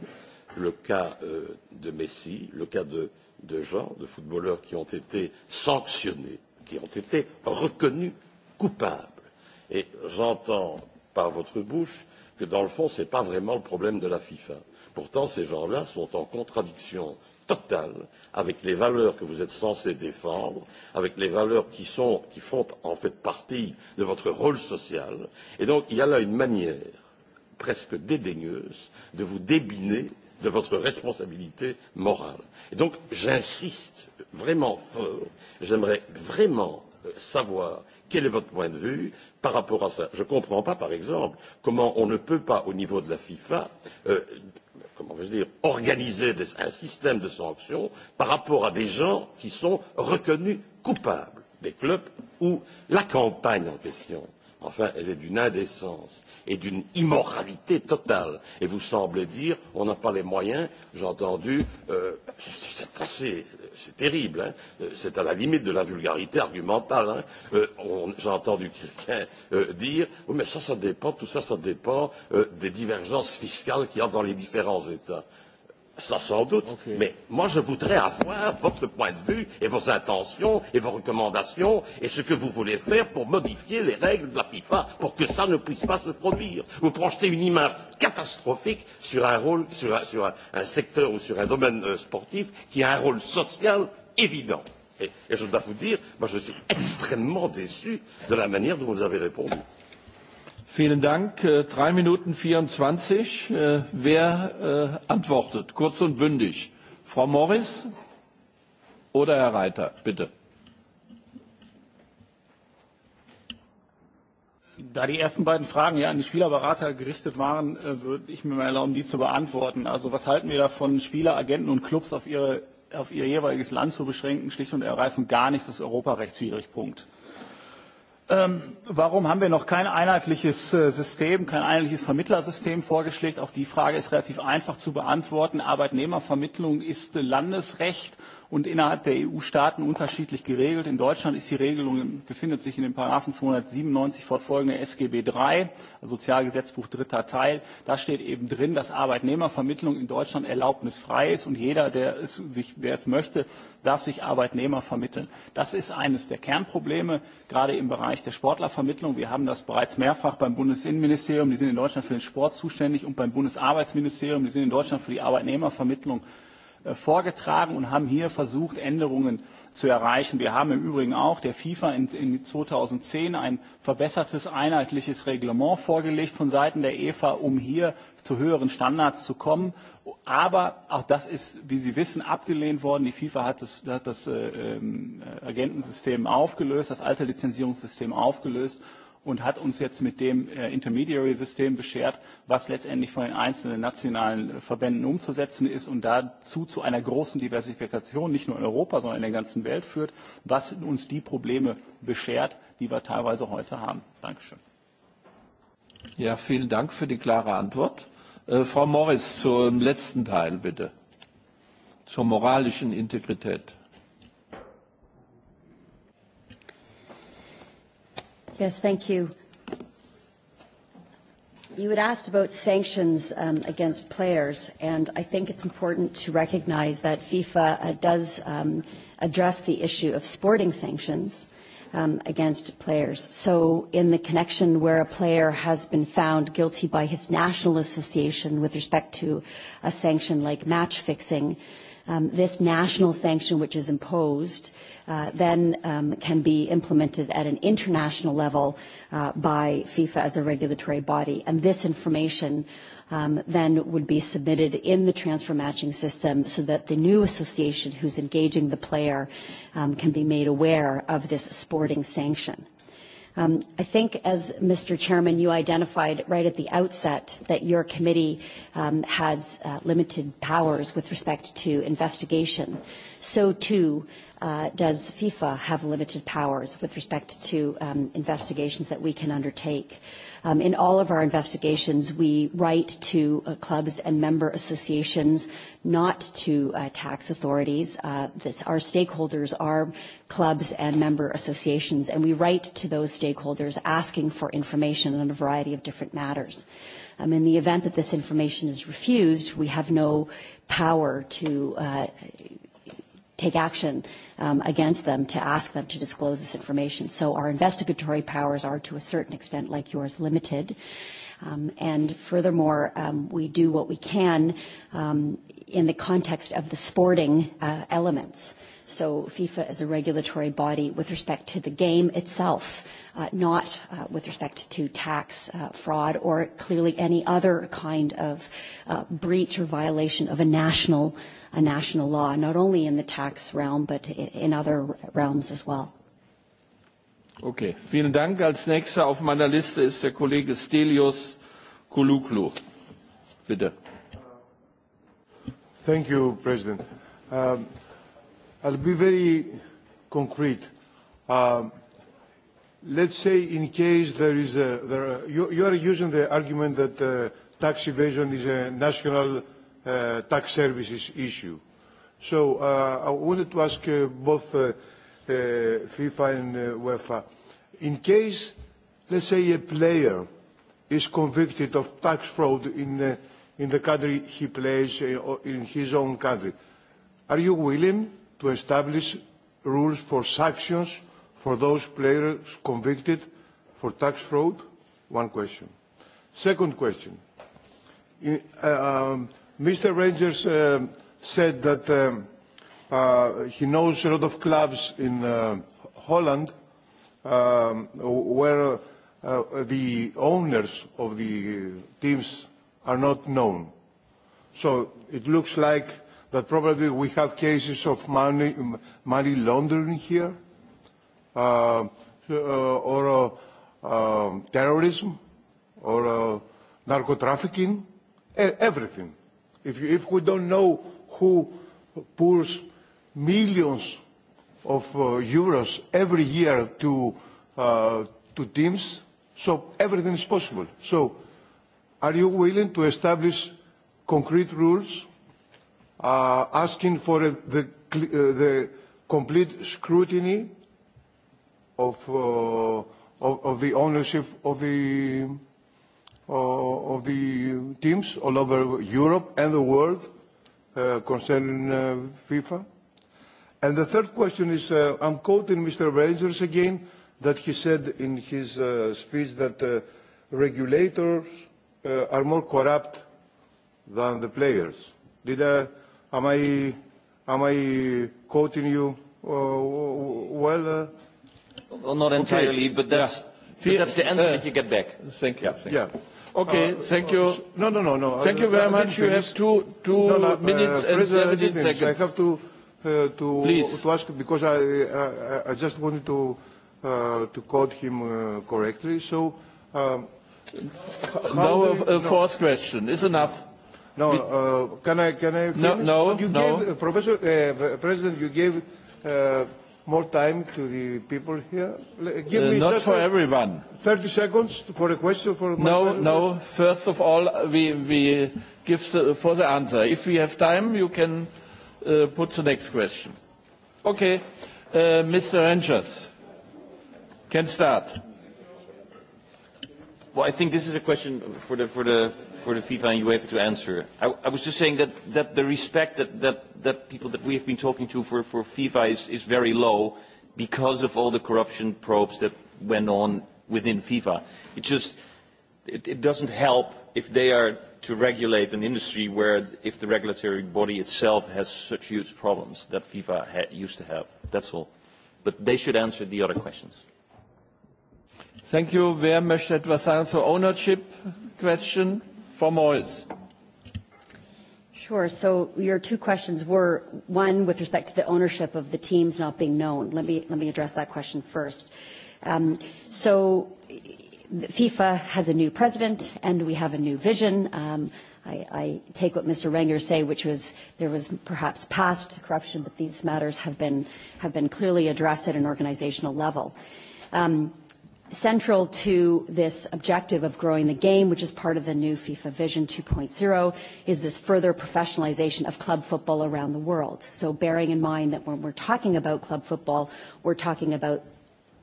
le cas de Messi, le cas de de gens, de footballeurs qui ont été sanctionnés, qui ont été reconnus coupables. Et j'entends par votre bouche que, dans le fond, ce n'est pas vraiment le problème de la FIFA. Pourtant, ces gens-là sont en contradiction totale avec les valeurs que vous êtes censés défendre, avec les valeurs qui font en fait partie de votre rôle social. Et donc, il y a là une manière presque dédaigneuse de vous débiner de votre responsabilité morale. Et donc, j'insiste vraiment fort, j'aimerais vraiment savoir Quel est votre point de vue par rapport à ça Je ne comprends pas, par exemple, comment on ne peut pas, au niveau de la FIFA, comment veux dire, organiser un système de sanctions par rapport à des gens qui sont reconnus coupables des clubs ou la campagne en question. Enfin, elle est d'une indécence et d'une immoralité totale. Et vous semblez dire, on n'a pas les moyens. J'ai entendu, c'est c'est terrible, c'est à la limite de la vulgarité argumentale. J'ai entendu quelqu'un dire, oui mais ça, ça dépend, tout ça, ça dépend des divergences fiscales qu'il y a dans les différents États. Ça sans doute, mais moi je voudrais avoir votre point de vue et vos intentions et vos recommandations et ce que vous voulez faire pour modifier les règles de la FIFA pour que cela ne puisse pas se produire. Vous projetez une image catastrophique sur un rôle, sur un secteur ou sur un domaine sportif qui a un rôle social évident. Et je dois vous dire, moi je suis extrêmement déçu de la manière dont vous avez répondu. Vielen Dank. Drei Minuten 24. Wer antwortet? Kurz und bündig. Frau Morris oder Herr Reiter, bitte. Da die ersten beiden Fragen ja an die Spielerberater gerichtet waren, würde ich mir mal erlauben, die zu beantworten. Also was halten wir davon, Spieler, Agenten und Clubs auf, ihre, auf ihr jeweiliges Land zu beschränken? Schlicht und ergreifend gar nichts Das ist europarechtswidrig. Punkt. Warum haben wir noch kein einheitliches System, kein einheitliches Vermittlersystem vorgeschlägt? Auch die Frage ist relativ einfach zu beantworten. Arbeitnehmervermittlung ist Landesrecht und innerhalb der EU-Staaten unterschiedlich geregelt. In Deutschland ist die Regelung, befindet sich in den Paragraphen 297 fortfolgende SGB III, Sozialgesetzbuch dritter Teil. Da steht eben drin, dass Arbeitnehmervermittlung in Deutschland erlaubnisfrei ist und jeder, der es, sich, der es möchte, darf sich Arbeitnehmer vermitteln. Das ist eines der Kernprobleme, gerade im Bereich der Sportlervermittlung. Wir haben das bereits mehrfach beim Bundesinnenministerium, die sind in Deutschland für den Sport zuständig, und beim Bundesarbeitsministerium, die sind in Deutschland für die Arbeitnehmervermittlung vorgetragen und haben hier versucht, Änderungen zu erreichen. Wir haben im Übrigen auch der FIFA in 2010 ein verbessertes, einheitliches Reglement vorgelegt von Seiten der EFA, um hier zu höheren Standards zu kommen. Aber auch das ist, wie Sie wissen, abgelehnt worden. Die FIFA hat das Agentensystem aufgelöst, das alte Lizenzierungssystem aufgelöst und hat uns jetzt mit dem Intermediary-System beschert, was letztendlich von den einzelnen nationalen Verbänden umzusetzen ist und dazu zu einer großen Diversifikation, nicht nur in Europa, sondern in der ganzen Welt führt, was uns die Probleme beschert, die wir teilweise heute haben. Dankeschön. Ja, vielen Dank für die klare Antwort. Frau Morris, zum letzten Teil bitte, zur moralischen Integrität. Yes, thank you. You had asked about sanctions against players, and I think it's important to recognize that FIFA does address the issue of sporting sanctions against players. So in the connection where a player has been found guilty by his national association with respect to a sanction like match fixing, this national sanction which is imposed then can be implemented at an international level by FIFA as a regulatory body. And this information then would be submitted in the transfer matching system so that the new association who's engaging the player can be made aware of this sporting sanction. I think, as Mr. Chairman, you identified right at the outset that your committee has limited powers with respect to investigation. So, too, does FIFA have limited powers with respect to investigations that we can undertake. In all of our investigations, we write to clubs and member associations, not to tax authorities. Our stakeholders are clubs and member associations, and we write to those stakeholders asking for information on a variety of different matters. In the event that this information is refused, we have no power to take action against them to ask them to disclose this information. So our investigatory powers are to a certain extent, like yours, limited. And furthermore, we do what we can in the context of the sporting elements. So FIFA is a regulatory body with respect to the game itself, not with respect to tax fraud or clearly any other kind of breach or violation of a national a national law, not only in the tax realm, but in other realms as well. Okay, vielen Dank. Als nächster auf meiner Liste ist der Kollege Stelios Kouloukou. Bitte. Thank you, President. Um, I'll be very concrete. Um, let's say in case there is a, there are, you, you are using the argument that uh, tax evasion is a national tax services issue. So I wanted to ask both FIFA and UEFA, in case, let's say, a player is convicted of tax fraud in in the country he plays in his own country, are you willing to establish rules for sanctions for those players convicted for tax fraud? One question. Second question. Mr. Rangers said that he knows a lot of clubs in Holland where the owners of the teams are not known. So it looks like that probably we have cases of money money laundering here or terrorism or narco trafficking everything If, you, if we don't know who pours millions of euros every year to, to teams, so everything is possible. So are you willing to establish concrete rules asking for the, the complete scrutiny of, of, of the ownership of the of the teams all over Europe and the world concerning FIFA. And the third question is, I'm quoting Mr. Rangers again, that he said in his speech that regulators are more corrupt than the players. Did I, am I, am I quoting you well? Well, not entirely, but that's, that's the answer that you get back. Thank you. Okay, thank you. No, no, no, no. Thank you very much. You have two, two no, no, minutes and 17 seconds. I have to, uh, to, Please. to ask because I, I, I just wanted to, uh, to quote him uh, correctly. So, um, a, fourth question is enough. No, uh, can I, can I finish? No, no, you no. Gave, Professor, uh, President, you gave uh, more time to the people here? Give me Not for everyone. 30 seconds for a question for. No, no. First of all, we we give the, for the answer. If we have time, you can put the next question. Okay, Mr. Rangers, can start. Well, I think this is a question for the, for the, for the FIFA and UEFA to answer. I, I was just saying that, that the respect that, that, that people that we have been talking to for, for FIFA is, is very low because of all the corruption probes that went on within FIFA. It just it, it doesn't help if they are to regulate an industry where if the regulatory body itself has such huge problems that FIFA ha used to have. That's all. But they should answer the other questions. Thank you. Wer möchte etwas sagen zur ownership question? Frau Moyes. Sure. So your two questions were, one, with respect to the ownership of the teams not being known. Let me let me address that question first. So FIFA has a new president, and we have a new vision. I take what Mr. Renger say, which was there was perhaps past corruption, but these matters have been have been clearly addressed at an organizational level. Um Central to this objective of growing the game, which is part of the new FIFA Vision 2.0, is this further professionalization of club football around the world. So bearing in mind that when we're talking about club football, we're talking about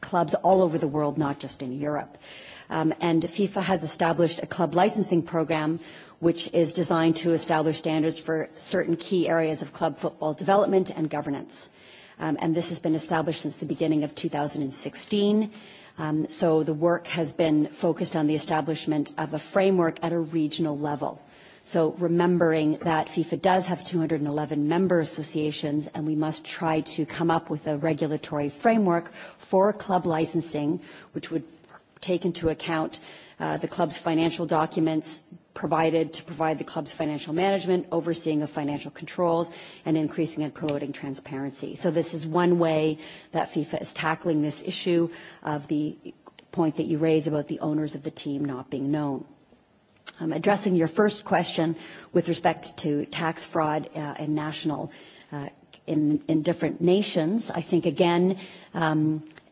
clubs all over the world, not just in Europe. And FIFA has established a club licensing program which is designed to establish standards for certain key areas of club football development and governance and this has been established since the beginning of 2016. So the work has been focused on the establishment of a framework at a regional level. So remembering that FIFA does have 211 member associations and we must try to come up with a regulatory framework for club licensing, which would take into account the club's financial documents, provided to provide the club's financial management, overseeing of financial controls, and increasing and promoting transparency. So this is one way that FIFA is tackling this issue of the point that you raise about the owners of the team not being known. Addressing your first question with respect to tax fraud and national in different nations, I think, again,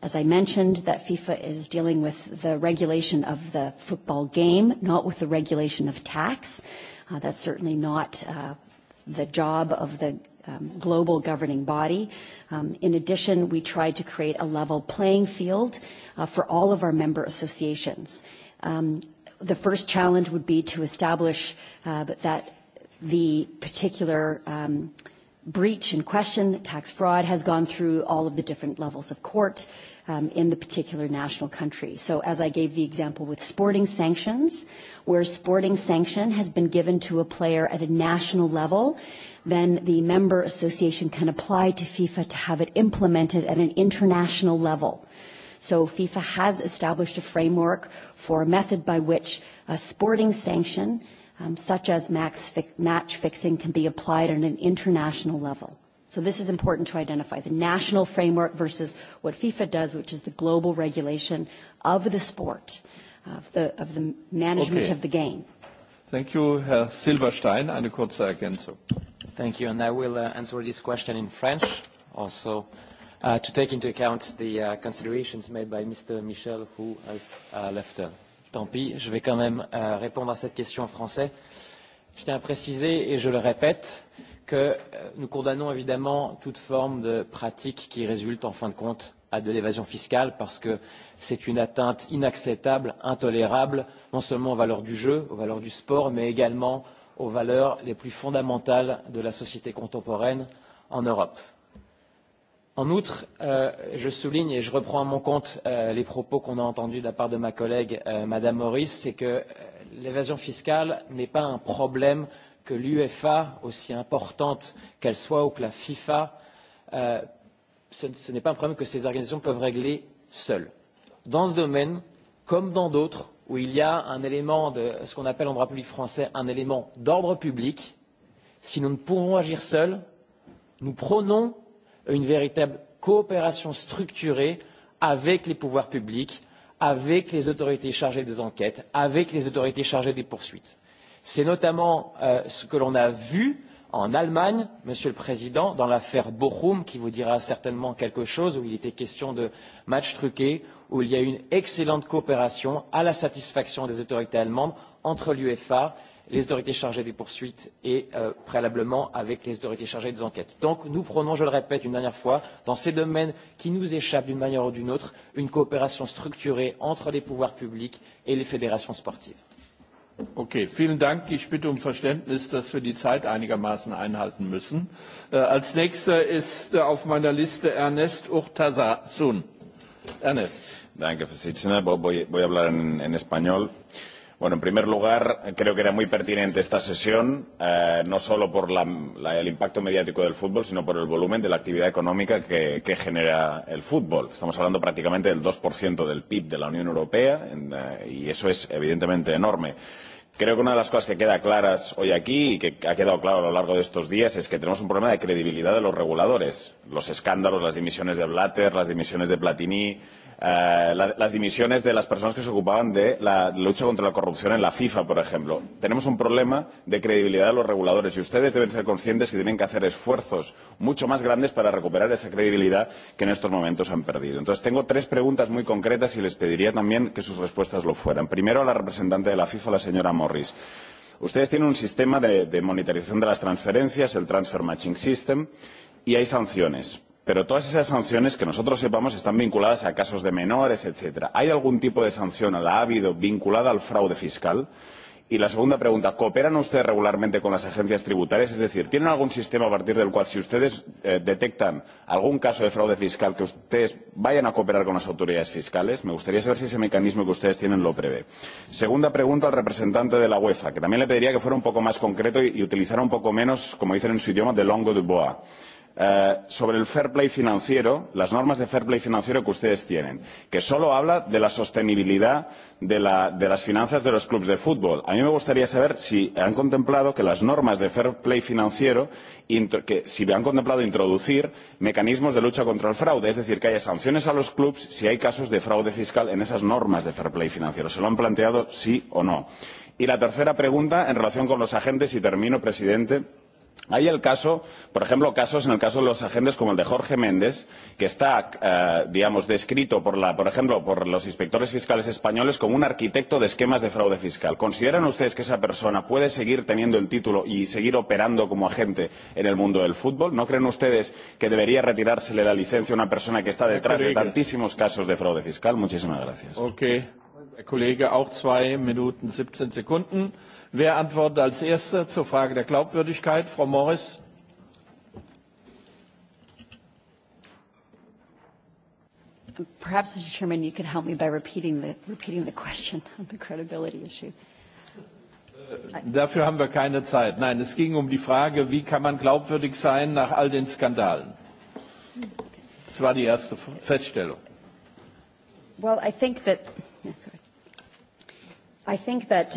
As I mentioned, that FIFA is dealing with the regulation of the football game, not with the regulation of tax. That's certainly not the job of the global governing body. In addition, we tried to create a level playing field for all of our member associations. The first challenge would be to establish that the particular breach in question, tax fraud, has gone through all of the different levels of court in the particular national country. So as I gave the example with sporting sanctions, where sporting sanction has been given to a player at a national level, then the member association can apply to FIFA to have it implemented at an international level. So FIFA has established a framework for a method by which a sporting sanction such as match fixing, can be applied on an international level. So this is important to identify, the national framework versus what FIFA does, which is the global regulation of the sport, of the management of the game. Thank you, Herr Silberstein. Eine kurze Ergänzung. Thank you, and I will answer this question in French also to take into account the considerations made by Mr. Michel, who has left Tant pis, je vais quand même répondre à cette question en français. Je tiens à préciser, et je le répète, que nous condamnons évidemment toute forme de pratique qui résulte en fin de compte à de l'évasion fiscale parce que c'est une atteinte inacceptable, intolérable, non seulement aux valeurs du jeu, aux valeurs du sport, mais également aux valeurs les plus fondamentales de la société contemporaine en Europe. En outre, je souligne et je reprends à mon compte les propos qu'on a entendus de la part de ma collègue Madame Maurice, c'est que l'évasion fiscale n'est pas un problème que l'UFA, aussi importante qu'elle soit, ou que la FIFA, ce n'est pas un problème que ces organisations peuvent régler seules. Dans ce domaine, comme dans d'autres, où il y a un élément de ce qu'on appelle en droit public français un élément d'ordre public, si nous ne pouvons agir seuls, nous prônons une véritable coopération structurée avec les pouvoirs publics, avec les autorités chargées des enquêtes, avec les autorités chargées des poursuites. C'est notamment ce que l'on a vu en Allemagne, Monsieur le Président, dans l'affaire Bochum, qui vous dira certainement quelque chose, où il était question de matchs truqués, où il y a une excellente coopération à la satisfaction des autorités allemandes entre l'UFA les autorités chargées des poursuites et préalablement avec les autorités chargées des enquêtes. Donc nous prenons, je le répète une dernière fois, dans ces domaines qui nous échappent d'une manière ou d'une autre, une coopération structurée entre les pouvoirs publics et les fédérations sportives. Ok, vielen Dank. Ich bitte um Verständnis, dass wir die Zeit einigermaßen einhalten müssen. Als nächster ist auf meiner Liste Ernest Urtasun. Ernest. Danke, Herr Voy a hablar en español. Bueno, en primer lugar, creo que era muy pertinente esta sesión, no solo por el impacto mediático del fútbol, sino por el volumen de la actividad económica que genera el fútbol. Estamos hablando prácticamente del 2% del PIB de la Unión Europea y eso es evidentemente enorme. Creo que una de las cosas que queda claras hoy aquí y que ha quedado claro a lo largo de estos días es que tenemos un problema de credibilidad de los reguladores. Los escándalos, las dimisiones de Blatter, las dimisiones de Platini, las dimisiones de las personas que se ocupaban de la lucha contra la corrupción en la FIFA, por ejemplo. Tenemos un problema de credibilidad de los reguladores y ustedes deben ser conscientes que tienen que hacer esfuerzos mucho más grandes para recuperar esa credibilidad que en estos momentos han perdido. Entonces, tengo tres preguntas muy concretas y les pediría también que sus respuestas lo fueran. Primero, a la representante de la FIFA, la señora Morris. Ustedes tienen un sistema de monitorización de las transferencias, el Transfer Matching System, y hay sanciones Pero todas esas sanciones que nosotros sepamos están vinculadas a casos de menores, etcétera. ¿Hay algún tipo de sanción, la ha habido, vinculada al fraude fiscal? Y la segunda pregunta, ¿cooperan ustedes regularmente con las agencias tributarias? Es decir, ¿tienen algún sistema a partir del cual, si ustedes detectan algún caso de fraude fiscal, que ustedes vayan a cooperar con las autoridades fiscales? Me gustaría saber si ese mecanismo que ustedes tienen lo prevé. Segunda pregunta al representante de la UEFA, que también le pediría que fuera un poco más concreto y utilizara un poco menos, como dicen en su idioma, de longo de bois sobre el fair play financiero, las normas de fair play financiero que ustedes tienen, que solo habla de la sostenibilidad de las finanzas de los clubes de fútbol. A mí me gustaría saber si han contemplado que las normas de fair play financiero, si han contemplado introducir mecanismos de lucha contra el fraude, es decir, que haya sanciones a los clubes si hay casos de fraude fiscal en esas normas de fair play financiero. ¿Se lo han planteado sí o no? Y la tercera pregunta, en relación con los agentes, y termino, presidente Hay el caso, por ejemplo, casos en el caso de los agentes como el de Jorge Méndez, que está, digamos, descrito, por, la, por ejemplo, por los inspectores fiscales españoles como un arquitecto de esquemas de fraude fiscal. ¿Consideran ustedes que esa persona puede seguir teniendo el título y seguir operando como agente en el mundo del fútbol? ¿No creen ustedes que debería retirársele la licencia a una persona que está detrás de tantísimos casos de fraude fiscal? Muchísimas gracias. Okay. auch zwei Minuten 17 Sekunden. Wer antwortet als Erster zur Frage der Glaubwürdigkeit? Frau Morris. Perhaps, Mr. Chairman, you could help me by repeating the, repeating the question on the credibility issue. Dafür haben wir keine Zeit. Nein, es ging um die Frage, wie kann man glaubwürdig sein nach all den Skandalen. Das war die erste Feststellung. Well, I think that... Yeah, sorry. I think that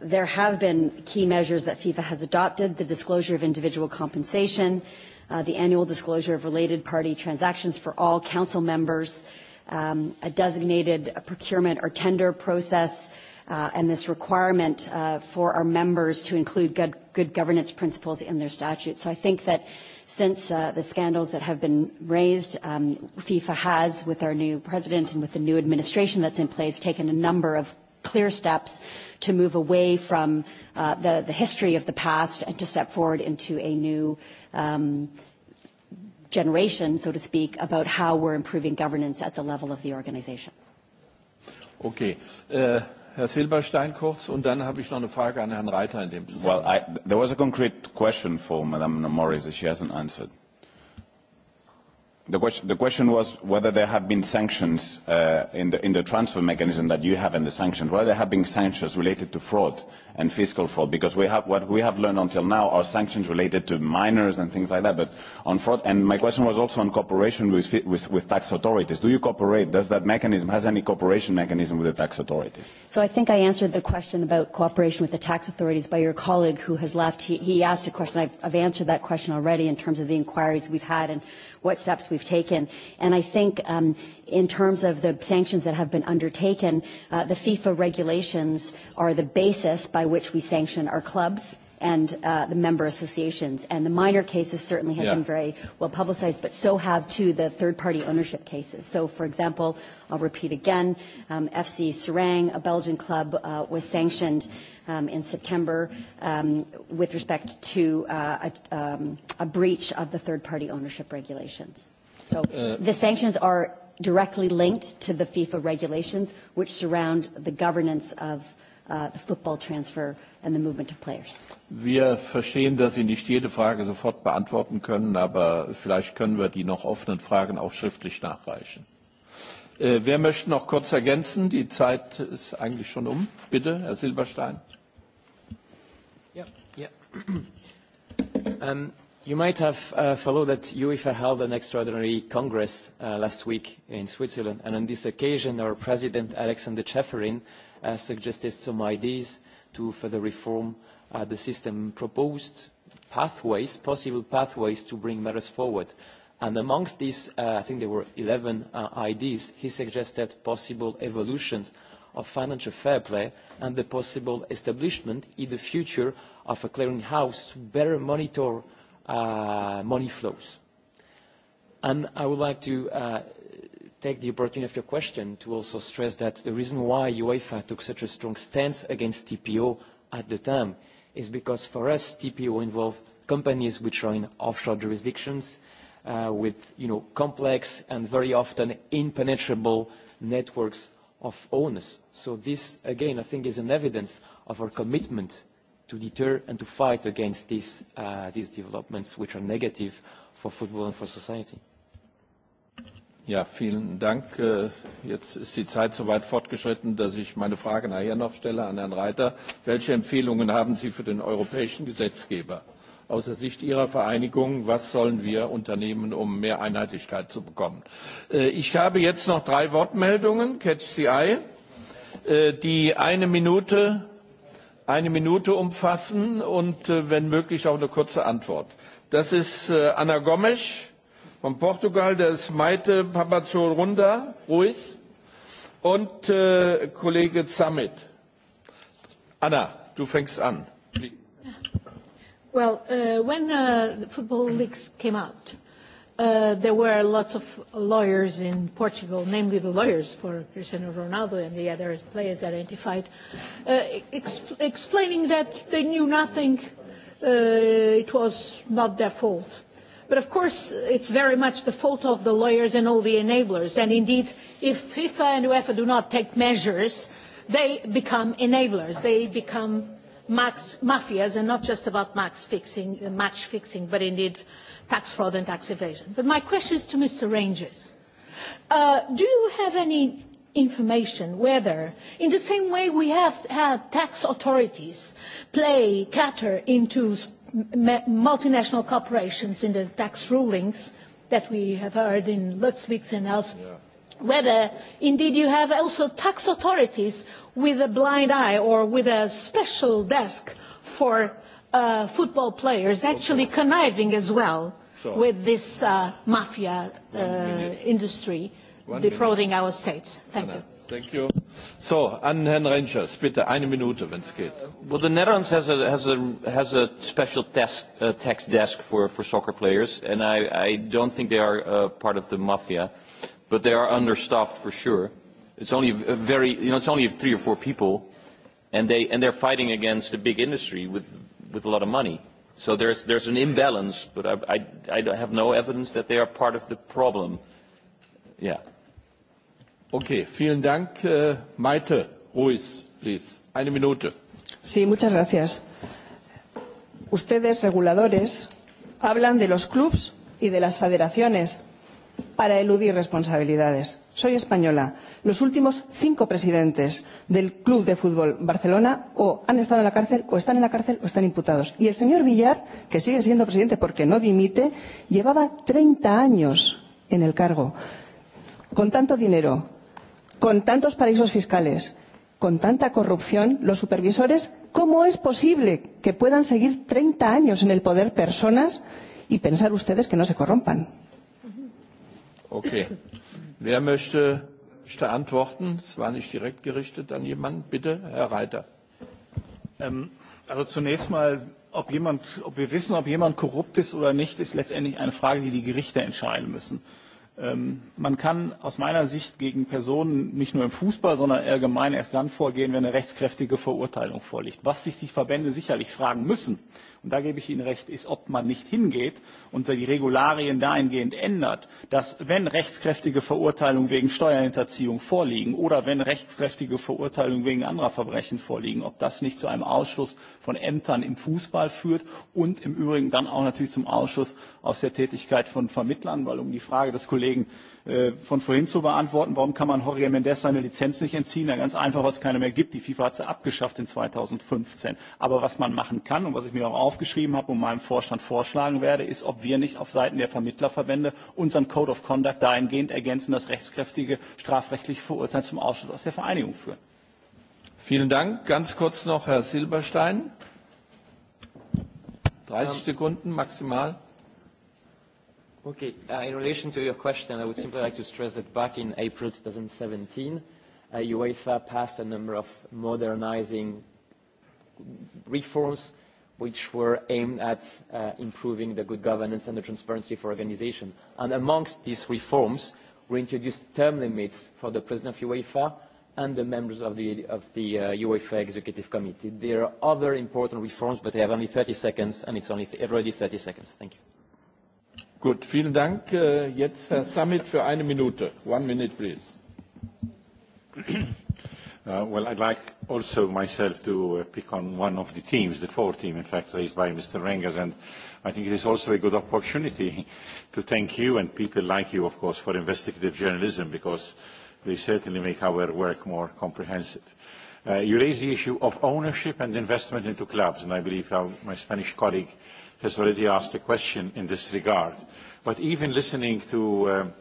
there have been key measures that FIFA has adopted, the disclosure of individual compensation, the annual disclosure of related party transactions for all council members, a designated procurement or tender process, and this requirement for our members to include good governance principles in their statutes. So I think that since the scandals that have been raised, FIFA has, with our new president and with the new administration that's in place, taken a number of clear steps to move away from the history of the past and to step forward into a new generation, so to speak, about how we're improving governance at the level of the organization. Okay. Herr Silberstein kurz und dann habe ich noch eine Frage an Herrn Reiter in dem Well, there was a concrete question for Madame Morris that she hasn't answered. The question was whether there have been sanctions in the transfer mechanism that you have in the sanctions, whether there have been sanctions related to fraud and fiscal fraud, because we have what we have learned until now are sanctions related to minors and things like that, but on fraud. And my question was also on cooperation with tax authorities. Do you cooperate? Does that mechanism has any cooperation mechanism with the tax authorities? So I think I answered the question about cooperation with the tax authorities by your colleague who has left. He asked a question. I've answered that question already in terms of the inquiries we've had and what steps we've taken. And I think um in terms of the sanctions that have been undertaken, the FIFA regulations are the basis by which we sanction our clubs and the member associations. And the minor cases certainly have been very well publicized, but so have, too, the third-party ownership cases. So, for example, I'll repeat again, FC Serang, a Belgian club, was sanctioned in September with respect to a breach of the third-party ownership regulations. So the sanctions are directly linked to the FIFA regulations which surround the governance of the football transfer and the movement of players. Wir verstehen, dass Sie nicht jede Frage sofort beantworten können, aber vielleicht können wir die noch offenen Fragen auch schriftlich nachreichen. Wer möchte noch kurz ergänzen? Die Zeit ist eigentlich schon um. Bitte, Herr Silberstein. Ja, ja. You might have followed that UEFA held an extraordinary congress last week in Switzerland, and on this occasion, our president, Alexander uh, suggested some ideas to further reform the system, proposed pathways, possible pathways to bring matters forward. And amongst these, I think there were 11 ideas, he suggested possible evolutions of financial fair play and the possible establishment in the future of a clearing house to better monitor money flows. And I would like to take the opportunity of your question to also stress that the reason why UEFA took such a strong stance against TPO at the time is because for us TPO involved companies which are in offshore jurisdictions with complex and very often impenetrable networks of owners. So this, again, I think is an evidence of our commitment to deter and to fight against these developments which are negative for football and for society. Ja, vielen Dank. Jetzt ist die Zeit so weit fortgeschritten, dass ich meine Frage nachher noch stelle an Herrn Reiter. Welche Empfehlungen haben Sie für den europäischen Gesetzgeber? Aus der Sicht Ihrer Vereinigung, was sollen wir unternehmen, um mehr Einheitlichkeit zu bekommen? Ich habe jetzt noch drei Wortmeldungen, Catch the Eye. Die eine Minute eine Minute umfassen und wenn möglich auch eine kurze Antwort. Das ist Ana Gomes von Portugal, das ist Maite Papazorunda Ruiz und Kollege Zamit. Anna, du fängst an. Well, when the football came out, There were lots of lawyers in Portugal, namely the lawyers for Cristiano Ronaldo and the other players identified, explaining that they knew nothing, it was not their fault. But of course, it's very much the fault of the lawyers and all the enablers. And indeed, if FIFA and UEFA do not take measures, they become enablers, they become max mafias, and not just about max match fixing, but indeed tax fraud and tax evasion. But my question is to Mr. Rangers. Do you have any information whether, in the same way we have tax authorities play, cater into multinational corporations in the tax rulings that we have heard in LuxLeaks and elsewhere, whether indeed you have also tax authorities with a blind eye or with a special desk for football players actually conniving as well with this mafia industry defrauding our states. Thank you. Thank you. So, an Herrn Rangers, bitte eine Minute, wenn es geht. Well, the Netherlands has a has a special test tax desk for for soccer players, and I I don't think they are part of the mafia, but they are understaffed for sure. It's only very you know it's only three or four people, and they and they're fighting against a big industry with with a lot of money. So there's there's an imbalance, but I I I have no evidence that they are part of the problem. Yeah. Okay, vielen Dank. Maite Ruiz, please. Eine Minute. Sí, muchas gracias. Ustedes, reguladores, hablan de los clubs y de las federaciones, para eludir responsabilidades. Soy española. Los últimos cinco presidentes del Club de Fútbol Barcelona o han estado en la cárcel, o están en la cárcel, o están imputados. Y el señor Villar, que sigue siendo presidente porque no dimite, llevaba treinta años en el cargo. Con tanto dinero, con tantos paraísos fiscales, con tanta corrupción, los supervisores, ¿cómo es posible que puedan seguir treinta años en el poder personas y pensar ustedes que no se corrompan? Okay. Wer möchte antworten? Es war nicht direkt gerichtet an jemanden. Bitte, Herr Reiter. Also zunächst mal, ob, jemand, ob wir wissen, ob jemand korrupt ist oder nicht, ist letztendlich eine Frage, die die Gerichte entscheiden müssen. Man kann aus meiner Sicht gegen Personen nicht nur im Fußball, sondern allgemein erst dann vorgehen, wenn eine rechtskräftige Verurteilung vorliegt. Was sich die Verbände sicherlich fragen müssen, und da gebe ich Ihnen recht, ist, ob man nicht hingeht und die Regularien dahingehend ändert, dass wenn rechtskräftige Verurteilungen wegen Steuerhinterziehung vorliegen oder wenn rechtskräftige Verurteilungen wegen anderer Verbrechen vorliegen, ob das nicht zu einem Ausschluss von Ämtern im Fußball führt und im Übrigen dann auch natürlich zum Ausschuss aus der Tätigkeit von Vermittlern, weil um die Frage des Kollegen von vorhin zu beantworten. Warum kann man Jorge Mendes seine Lizenz nicht entziehen? ganz einfach, weil es keine mehr gibt. Die FIFA hat sie abgeschafft in 2015. Aber was man machen kann und was ich mir auch aufgeschrieben habe und meinem Vorstand vorschlagen werde, ist, ob wir nicht auf Seiten der Vermittlerverbände unseren Code of Conduct dahingehend ergänzen, dass rechtskräftige strafrechtliche Verurteilungen zum Ausschuss aus der Vereinigung führen. Vielen Dank. Ganz kurz noch Herr Silberstein. 30 Sekunden maximal. Okay. In relation to your question, I would simply like to stress that back in April 2017, UEFA passed a number of modernizing reforms which were aimed at improving the good governance and the transparency for organization. And amongst these reforms, we introduced term limits for the president of UEFA and the members of the UEFA Executive Committee. There are other important reforms, but I have only 30 seconds, and it's only already 30 seconds. Thank you. Gut, vielen Dank. Jetzt Herr für eine Minute. One minute, please. Well, I'd like also myself to pick on one of the teams, the four team, in fact, raised by Mr. Rengas, and I think it is also a good opportunity to thank you and people like you, of course, for investigative journalism, because they certainly make our work more comprehensive. You raise the issue of ownership and investment into clubs, and I believe my Spanish colleague has already asked a question in this regard. But even listening to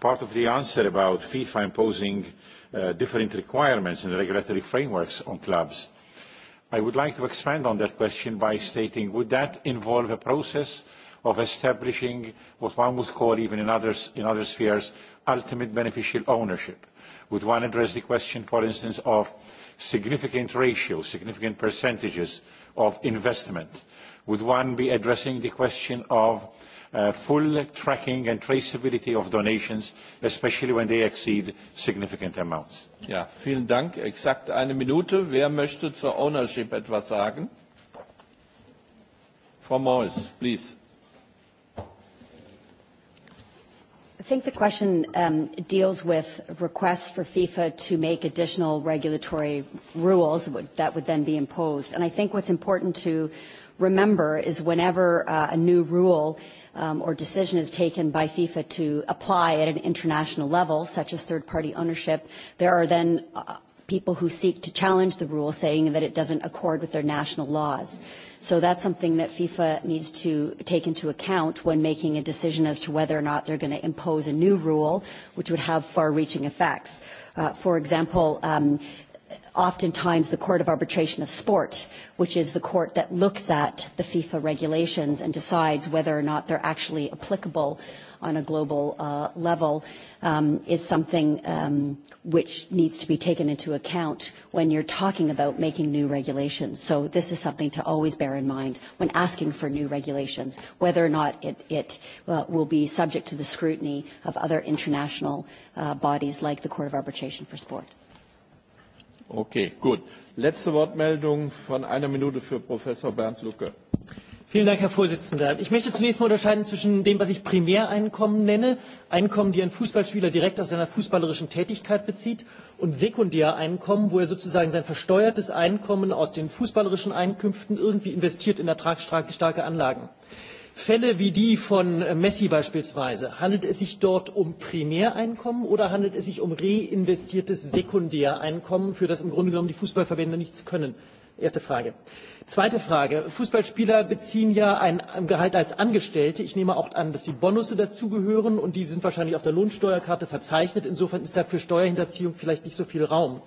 part of the answer about FIFA imposing different requirements in the regulatory frameworks on clubs, I would like to expand on that question by stating, would that involve a process of establishing what one would call, even in other spheres, ultimate beneficial ownership? Would one address the question, for instance, of significant ratios, significant percentages of investment? Would one be addressing the question of full tracking and traceability of donations, especially when they exceed significant amounts? Ja, vielen Dank. Exakt eine Minute. Wer möchte zur Ownership etwas sagen? Frau Morris, please. I think the question um, deals with requests for FIFA to make additional regulatory rules that would then be imposed. And I think what's important to remember is whenever a new rule or decision is taken by FIFA to apply at an international level, such as third-party ownership, there are then people who seek to challenge the rule, saying that it doesn't accord with their national laws. So that's something that FIFA needs to take into account when making a decision as to whether or not they're going to impose a new rule, which would have far-reaching effects. For example, oftentimes the Court of Arbitration of Sport, which is the court that looks at the FIFA regulations and decides whether or not they're actually applicable on a global level, is something which needs to be taken into account when you're talking about making new regulations. So this is something to always bear in mind when asking for new regulations, whether or not it will be subject to the scrutiny of other international bodies like the Court of Arbitration for Sport. Okay, gut. Letzte Wortmeldung von einer Minute für Professor Bernd Lucke. Vielen Dank, Herr Vorsitzender. Ich möchte zunächst mal unterscheiden zwischen dem, was ich Primäreinkommen nenne, Einkommen, die ein Fußballspieler direkt aus seiner fußballerischen Tätigkeit bezieht, und Sekundäreinkommen, wo er sozusagen sein versteuertes Einkommen aus den fußballerischen Einkünften irgendwie investiert in ertragsstarke Anlagen. Fälle wie die von Messi beispielsweise, handelt es sich dort um Primäreinkommen oder handelt es sich um reinvestiertes Sekundäreinkommen, für das im Grunde genommen die Fußballverbände nichts können? Erste Frage. Zweite Frage. Fußballspieler beziehen ja ein Gehalt als Angestellte. Ich nehme auch an, dass die Bonusse dazugehören und die sind wahrscheinlich auf der Lohnsteuerkarte verzeichnet. Insofern ist da für Steuerhinterziehung vielleicht nicht so viel Raum.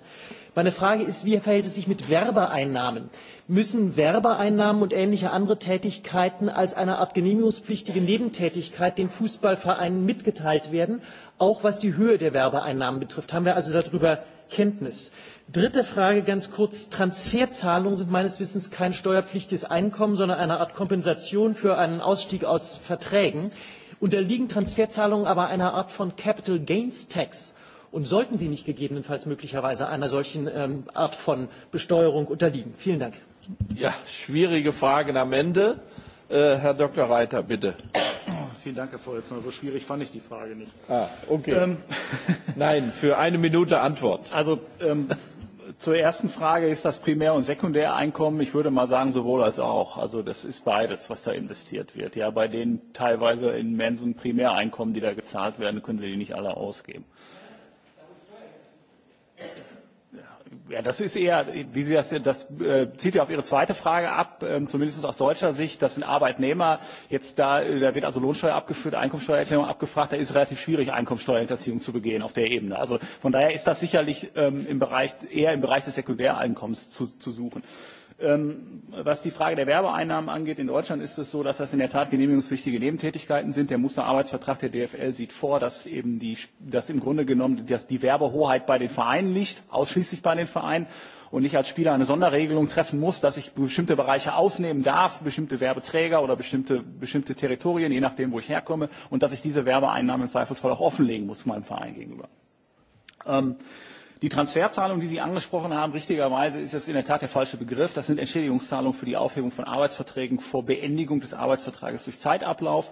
Meine Frage ist, wie verhält es sich mit Werbeeinnahmen? Müssen Werbeeinnahmen und ähnliche andere Tätigkeiten als eine Art genehmigungspflichtige Nebentätigkeit den Fußballvereinen mitgeteilt werden, auch was die Höhe der Werbeeinnahmen betrifft? Haben wir also darüber Kenntnis? Dritte Frage ganz kurz. Transferzahlungen sind meines Wissens kein steuerpflichtiges Einkommen, sondern eine Art Kompensation für einen Ausstieg aus Verträgen. Unterliegen Transferzahlungen aber einer Art von Capital Gains Tax? und sollten sie nicht gegebenenfalls möglicherweise einer solchen Art von Besteuerung unterliegen? Vielen Dank. Ja, schwierige Fragen am Ende. Herr Dr. Reiter, bitte. Vielen Dank, Herr Vorsitzender. So schwierig fand ich die Frage nicht. Ah, okay. Nein, für eine Minute Antwort. Also zur ersten Frage ist das Primär- und Sekundäreinkommen, ich würde mal sagen, sowohl als auch. Also das ist beides, was da investiert wird. Ja, bei den teilweise immensen Primäreinkommen, die da gezahlt werden, können Sie die nicht alle ausgeben. Ja, das ist eher, wie Sie das, das äh, zieht ja auf Ihre zweite Frage ab, ähm, zumindest aus deutscher Sicht, dass ein Arbeitnehmer jetzt da, da wird also Lohnsteuer abgeführt, Einkommensteuererklärung abgefragt, da ist relativ schwierig, Einkommensteuerhinterziehung zu begehen auf der Ebene. Also von daher ist das sicherlich ähm, im Bereich, eher im Bereich des Sekundäreinkommens zu, zu suchen. Was die Frage der Werbeeinnahmen angeht, in Deutschland ist es so, dass das in der Tat genehmigungspflichtige Nebentätigkeiten sind. Der Musterarbeitsvertrag der DFL sieht vor, dass eben die, dass im Grunde genommen, dass die Werbehoheit bei den Vereinen liegt, ausschließlich bei den Vereinen und ich als Spieler eine Sonderregelung treffen muss, dass ich bestimmte Bereiche ausnehmen darf, bestimmte Werbeträger oder bestimmte, bestimmte Territorien, je nachdem, wo ich herkomme, und dass ich diese Werbeeinnahmen im Zweifelsfall auch offenlegen muss meinem Verein gegenüber. Ähm, Die Transferzahlung, die Sie angesprochen haben, richtigerweise ist das in der Tat der falsche Begriff. Das sind Entschädigungszahlungen für die Aufhebung von Arbeitsverträgen vor Beendigung des Arbeitsvertrages durch Zeitablauf.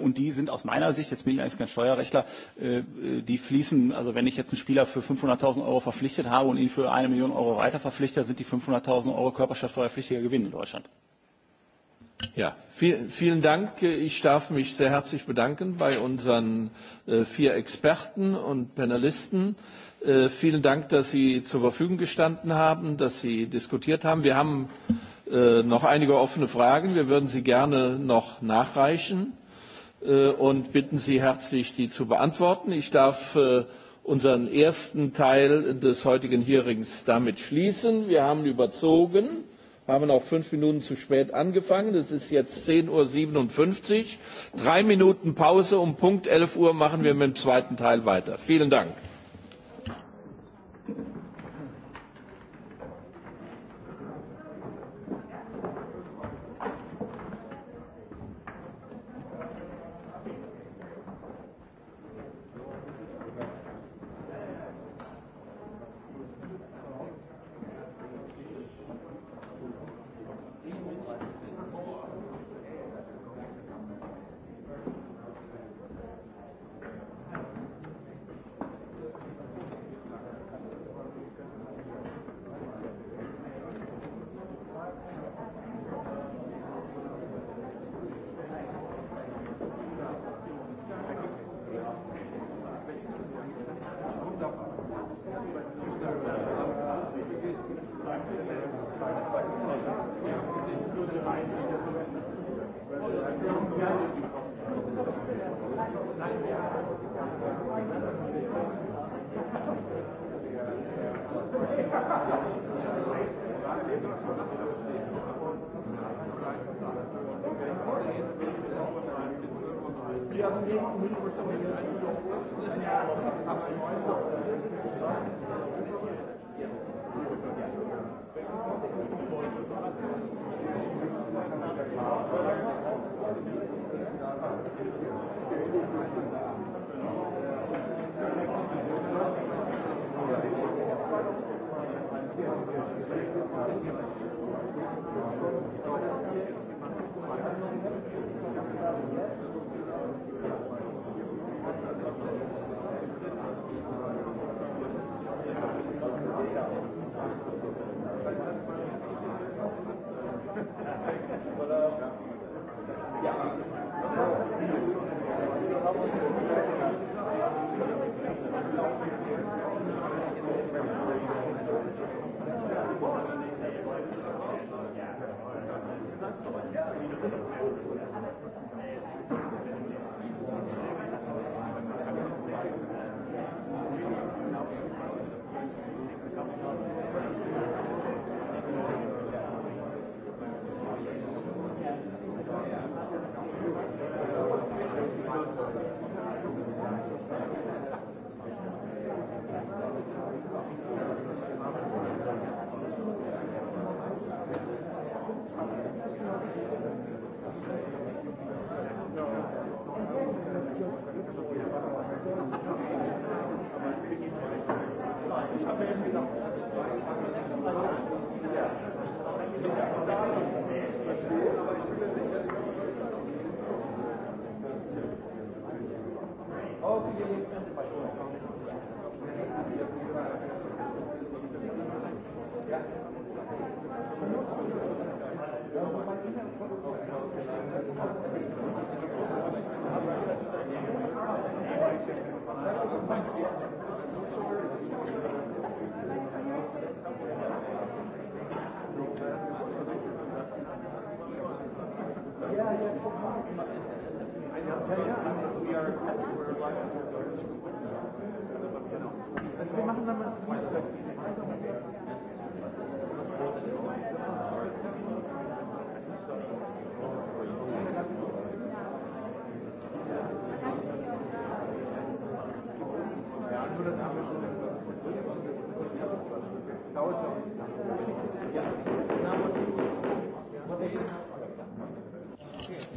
Und die sind aus meiner Sicht, jetzt bin ich eigentlich kein Steuerrechtler, die fließen, also wenn ich jetzt einen Spieler für 500.000 Euro verpflichtet habe und ihn für eine Million Euro weiter verpflichte, sind die 500.000 Euro körperschaftsteuerpflichtiger Gewinn in Deutschland. Ja, vielen Dank. Ich darf mich sehr herzlich bedanken bei unseren vier Experten und Panelisten. Vielen Dank, dass Sie zur Verfügung gestanden haben, dass Sie diskutiert haben. Wir haben noch einige offene Fragen. Wir würden sie gerne noch nachreichen und bitten Sie herzlich, die zu beantworten. Ich darf unseren ersten Teil des heutigen Hearings damit schließen. Wir haben überzogen, haben auch fünf Minuten zu spät angefangen. Es ist jetzt 10.57 Uhr. Drei Minuten Pause. Um Punkt 11 Uhr machen wir mit dem zweiten Teil weiter. Vielen Dank.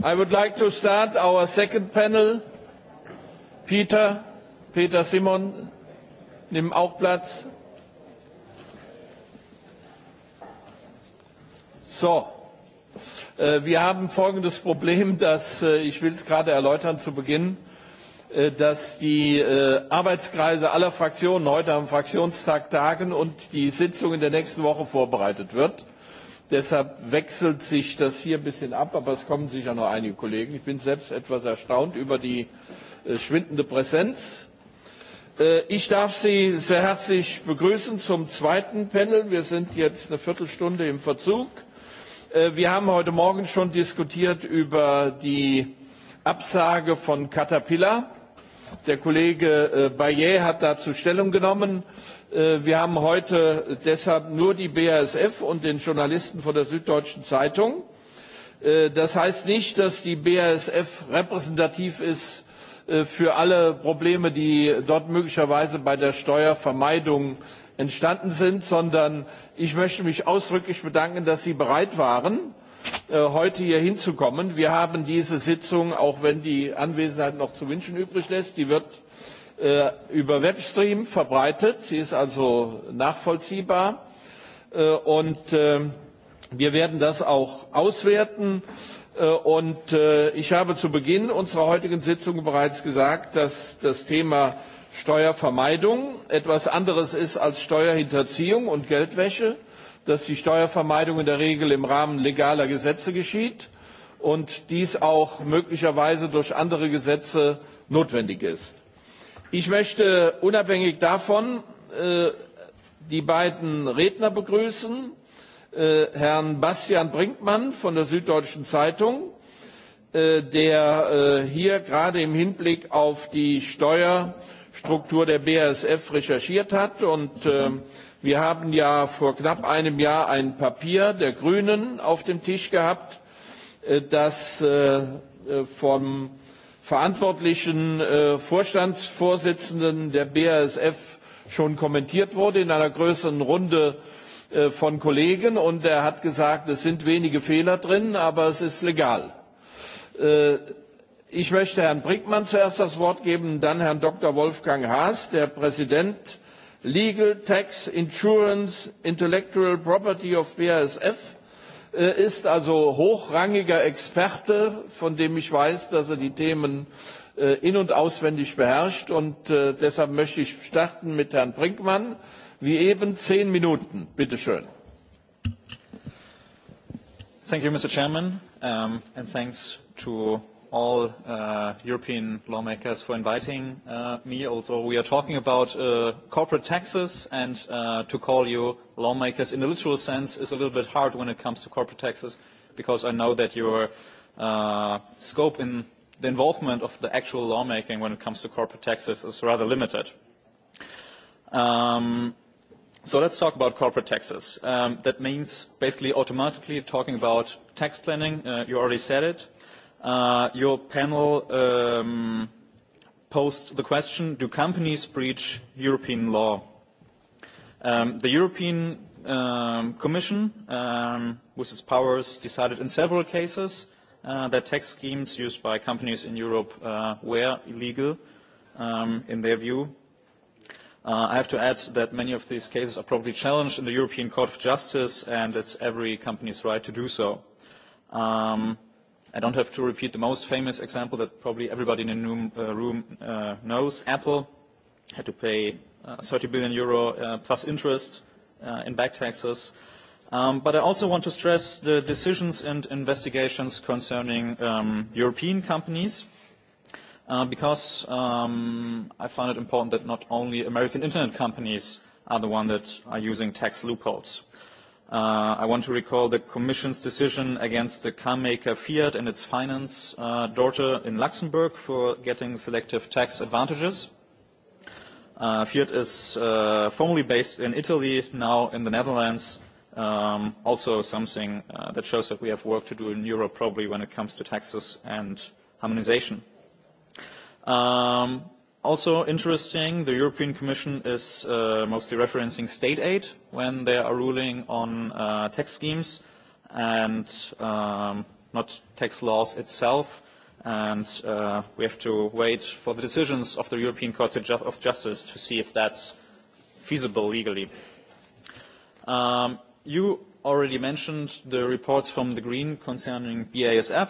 I would like to start our second panel. Peter, Peter Simon, nimm auch Platz. So, wir haben folgendes Problem, dass ich will es gerade erläutern zu Beginn dass die Arbeitskreise aller Fraktionen heute am Fraktionstag tagen und die Sitzung in der nächsten Woche vorbereitet wird. Deshalb wechselt sich das hier ein bisschen ab, aber es kommen sicher noch einige Kollegen. Ich bin selbst etwas erstaunt über die schwindende Präsenz. Ich darf Sie sehr herzlich begrüßen zum zweiten Panel. Wir sind jetzt eine Viertelstunde im Verzug. Wir haben heute Morgen schon diskutiert über die Absage von Caterpillar Der Kollege Bayet hat dazu Stellung genommen. Wir haben heute deshalb nur die BASF und den Journalisten von der Süddeutschen Zeitung. Das heißt nicht, dass die BASF repräsentativ ist für alle Probleme, die dort möglicherweise bei der Steuervermeidung entstanden sind, sondern ich möchte mich ausdrücklich bedanken, dass Sie bereit waren, heute hier hinzukommen. Wir haben diese Sitzung, auch wenn die Anwesenheit noch zu wünschen übrig lässt, die wird über Webstream verbreitet. Sie ist also nachvollziehbar. Und wir werden das auch auswerten. Und ich habe zu Beginn unserer heutigen Sitzung bereits gesagt, dass das Thema Steuervermeidung etwas anderes ist als Steuerhinterziehung und Geldwäsche dass die Steuervermeidung in der Regel im Rahmen legaler Gesetze geschieht und dies auch möglicherweise durch andere Gesetze notwendig ist. Ich möchte unabhängig davon die beiden Redner begrüßen, Herrn Bastian Brinkmann von der Süddeutschen Zeitung, der hier gerade im Hinblick auf die Steuerstruktur der BASF recherchiert hat und Wir haben ja vor knapp einem Jahr ein Papier der Grünen auf dem Tisch gehabt, das vom verantwortlichen Vorstandsvorsitzenden der BASF schon kommentiert wurde in einer größeren Runde von Kollegen, und er hat gesagt, es sind wenige Fehler drin, aber es ist legal. Ich möchte Herrn Brinkmann zuerst das Wort geben, dann Herrn Dr. Wolfgang Haas, der Präsident legal, tax, insurance, intellectual property of BASF, ist also hochrangiger Experte, von dem ich weiß, dass er die Themen in- und auswendig beherrscht. Und deshalb möchte ich starten mit Herrn Brinkmann. Wie eben zehn Minuten. Bitte schön. Thank you, all European lawmakers for inviting me. although we are talking about corporate taxes, and to call you lawmakers in a literal sense is a little bit hard when it comes to corporate taxes, because I know that your scope in the involvement of the actual lawmaking when it comes to corporate taxes is rather limited. So let's talk about corporate taxes. That means basically automatically talking about tax planning. You already said it Your panel posed the question, do companies breach European law? The European Commission, with its powers, decided in several cases that tax schemes used by companies in Europe were illegal, in their view. I have to add that many of these cases are probably challenged in the European Court of Justice, and it's every company's right to do so. I don't have to repeat the most famous example that probably everybody in the room knows. Apple had to pay 30 billion euro plus interest in back taxes. But I also want to stress the decisions and investigations concerning European companies because I found it important that not only American Internet companies are the ones that are using tax loopholes. I want to recall the Commission's decision against the car maker Fiat and its finance daughter in Luxembourg for getting selective tax advantages. Fiat is formerly based in Italy, now in the Netherlands, also something that shows that we have work to do in Europe probably when it comes to taxes and harmonization. Also interesting, the European Commission is mostly referencing state aid when they are ruling on tax schemes and not tax laws itself. And we have to wait for the decisions of the European Court of Justice to see if that's feasible legally. You already mentioned the reports from the Green concerning BASF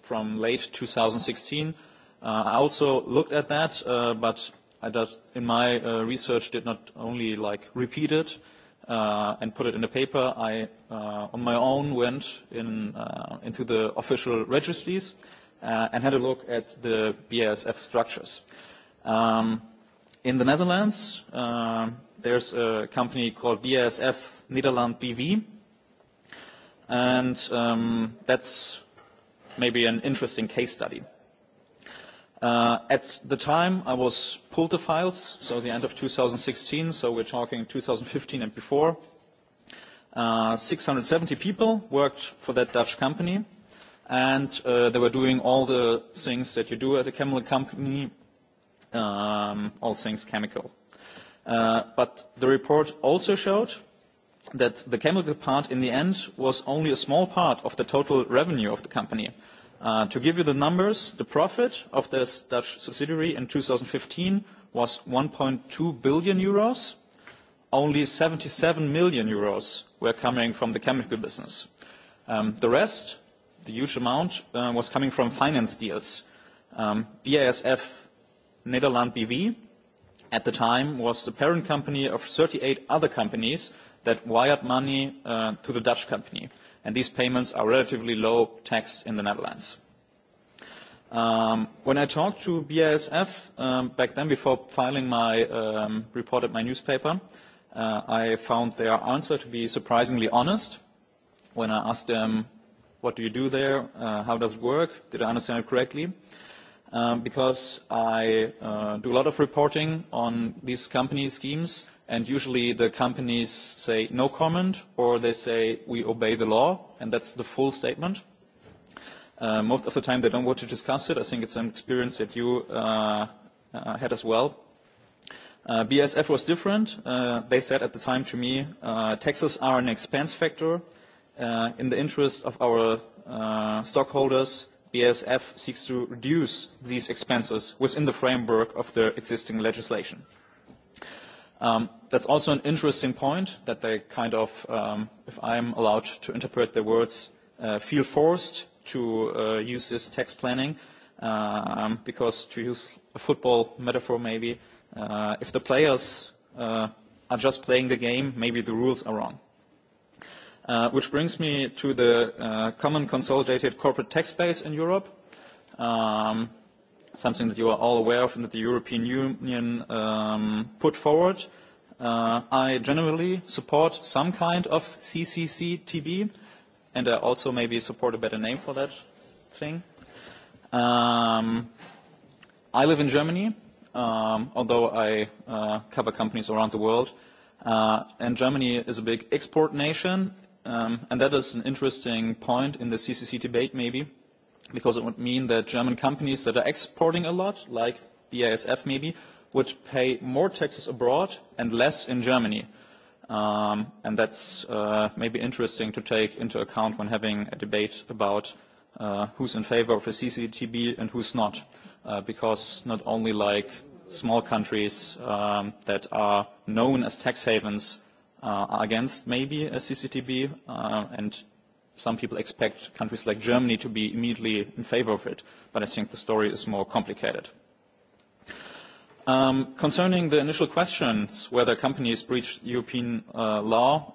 from late 2016 I also looked at that, but I in my research did not only like repeat it and put it in the paper. I on my own went in into the official registries and had a look at the BASF structures. In the Netherlands, there's a company called BASF Nederland BV, and that's maybe an interesting case study. At the time, I was pulled the files, so the end of 2016, so we're talking 2015 and before. 670 people worked for that Dutch company, and they were doing all the things that you do at a chemical company, all things chemical. But the report also showed that the chemical part, in the end, was only a small part of the total revenue of the company. To give you the numbers, the profit of this Dutch subsidiary in 2015 was 1.2 billion euros. Only 77 million euros were coming from the chemical business. The rest, the huge amount, was coming from finance deals. BASF Nederland BV, at the time, was the parent company of 38 other companies that wired money to the Dutch company and these payments are relatively low tax in the Netherlands. When I talked to BASF back then, before filing my report at my newspaper, I found their answer to be surprisingly honest. When I asked them, what do you do there, how does it work, did I understand it correctly, because I do a lot of reporting on these company schemes and usually the companies say no comment or they say we obey the law and that's the full statement. Most of the time they don't want to discuss it. I think it's an experience that you had as well. BSF was different. They said at the time to me, taxes are an expense factor. In the interest of our stockholders, BSF seeks to reduce these expenses within the framework of the existing legislation. That's also an interesting point that they kind of, if I'm allowed to interpret their words, feel forced to use this tax planning because, to use a football metaphor maybe, if the players are just playing the game, maybe the rules are wrong. Which brings me to the common consolidated corporate tax base in Europe something that you are all aware of and that the European Union put forward. I generally support some kind of CCCTB, and I also maybe support a better name for that thing. I live in Germany, although I cover companies around the world, and Germany is a big export nation, and that is an interesting point in the CCC debate maybe because it would mean that German companies that are exporting a lot, like BASF maybe, would pay more taxes abroad and less in Germany. And that's maybe interesting to take into account when having a debate about who's in favor of a CCTB and who's not, because not only like small countries that are known as tax havens are against maybe a CCTB, and some people expect countries like Germany to be immediately in favor of it, but I think the story is more complicated. Concerning the initial questions whether companies breach European law,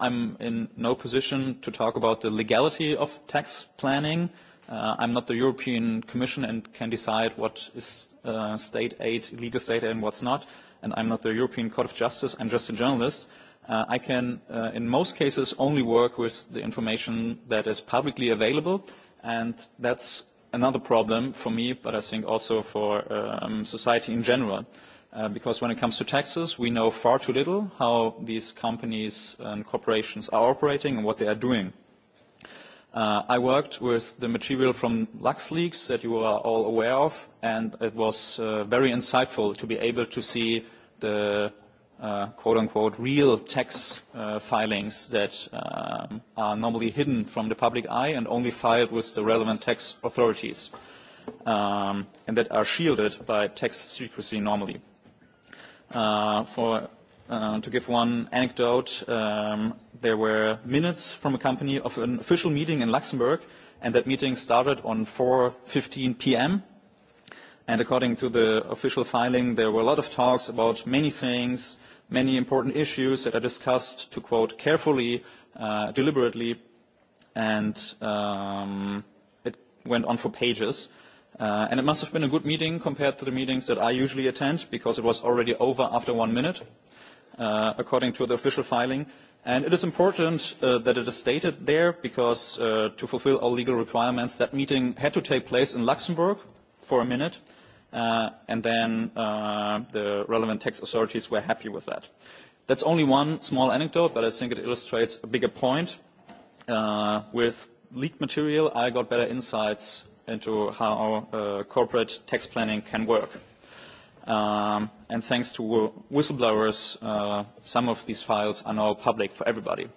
I'm in no position to talk about the legality of tax planning. I'm not the European Commission and can decide what is state aid, legal state aid, and what's not. And I'm not the European Court of Justice. I'm just a journalist. I can, in most cases, only work with the information that is publicly available, and that's another problem for me, but I think also for society in general. Because when it comes to taxes, we know far too little how these companies and corporations are operating and what they are doing. I worked with the material from LuxLeaks that you are all aware of, and it was very insightful to be able to see the quote-unquote real tax filings that are normally hidden from the public eye and only filed with the relevant tax authorities and that are shielded by tax secrecy normally. To give one anecdote, there were minutes from a company of an official meeting in Luxembourg and that meeting started on 4.15 p.m. And according to the official filing, there were a lot of talks about many things, many important issues that are discussed, to quote, carefully, deliberately, and it went on for pages. And it must have been a good meeting compared to the meetings that I usually attend, because it was already over after one minute, according to the official filing. And it is important that it is stated there, because to fulfill all legal requirements, that meeting had to take place in Luxembourg for a minute and then the relevant tax authorities were happy with that. That's only one small anecdote, but I think it illustrates a bigger point. With leaked material, I got better insights into how corporate tax planning can work. And thanks to whistleblowers, some of these files are now public for everybody.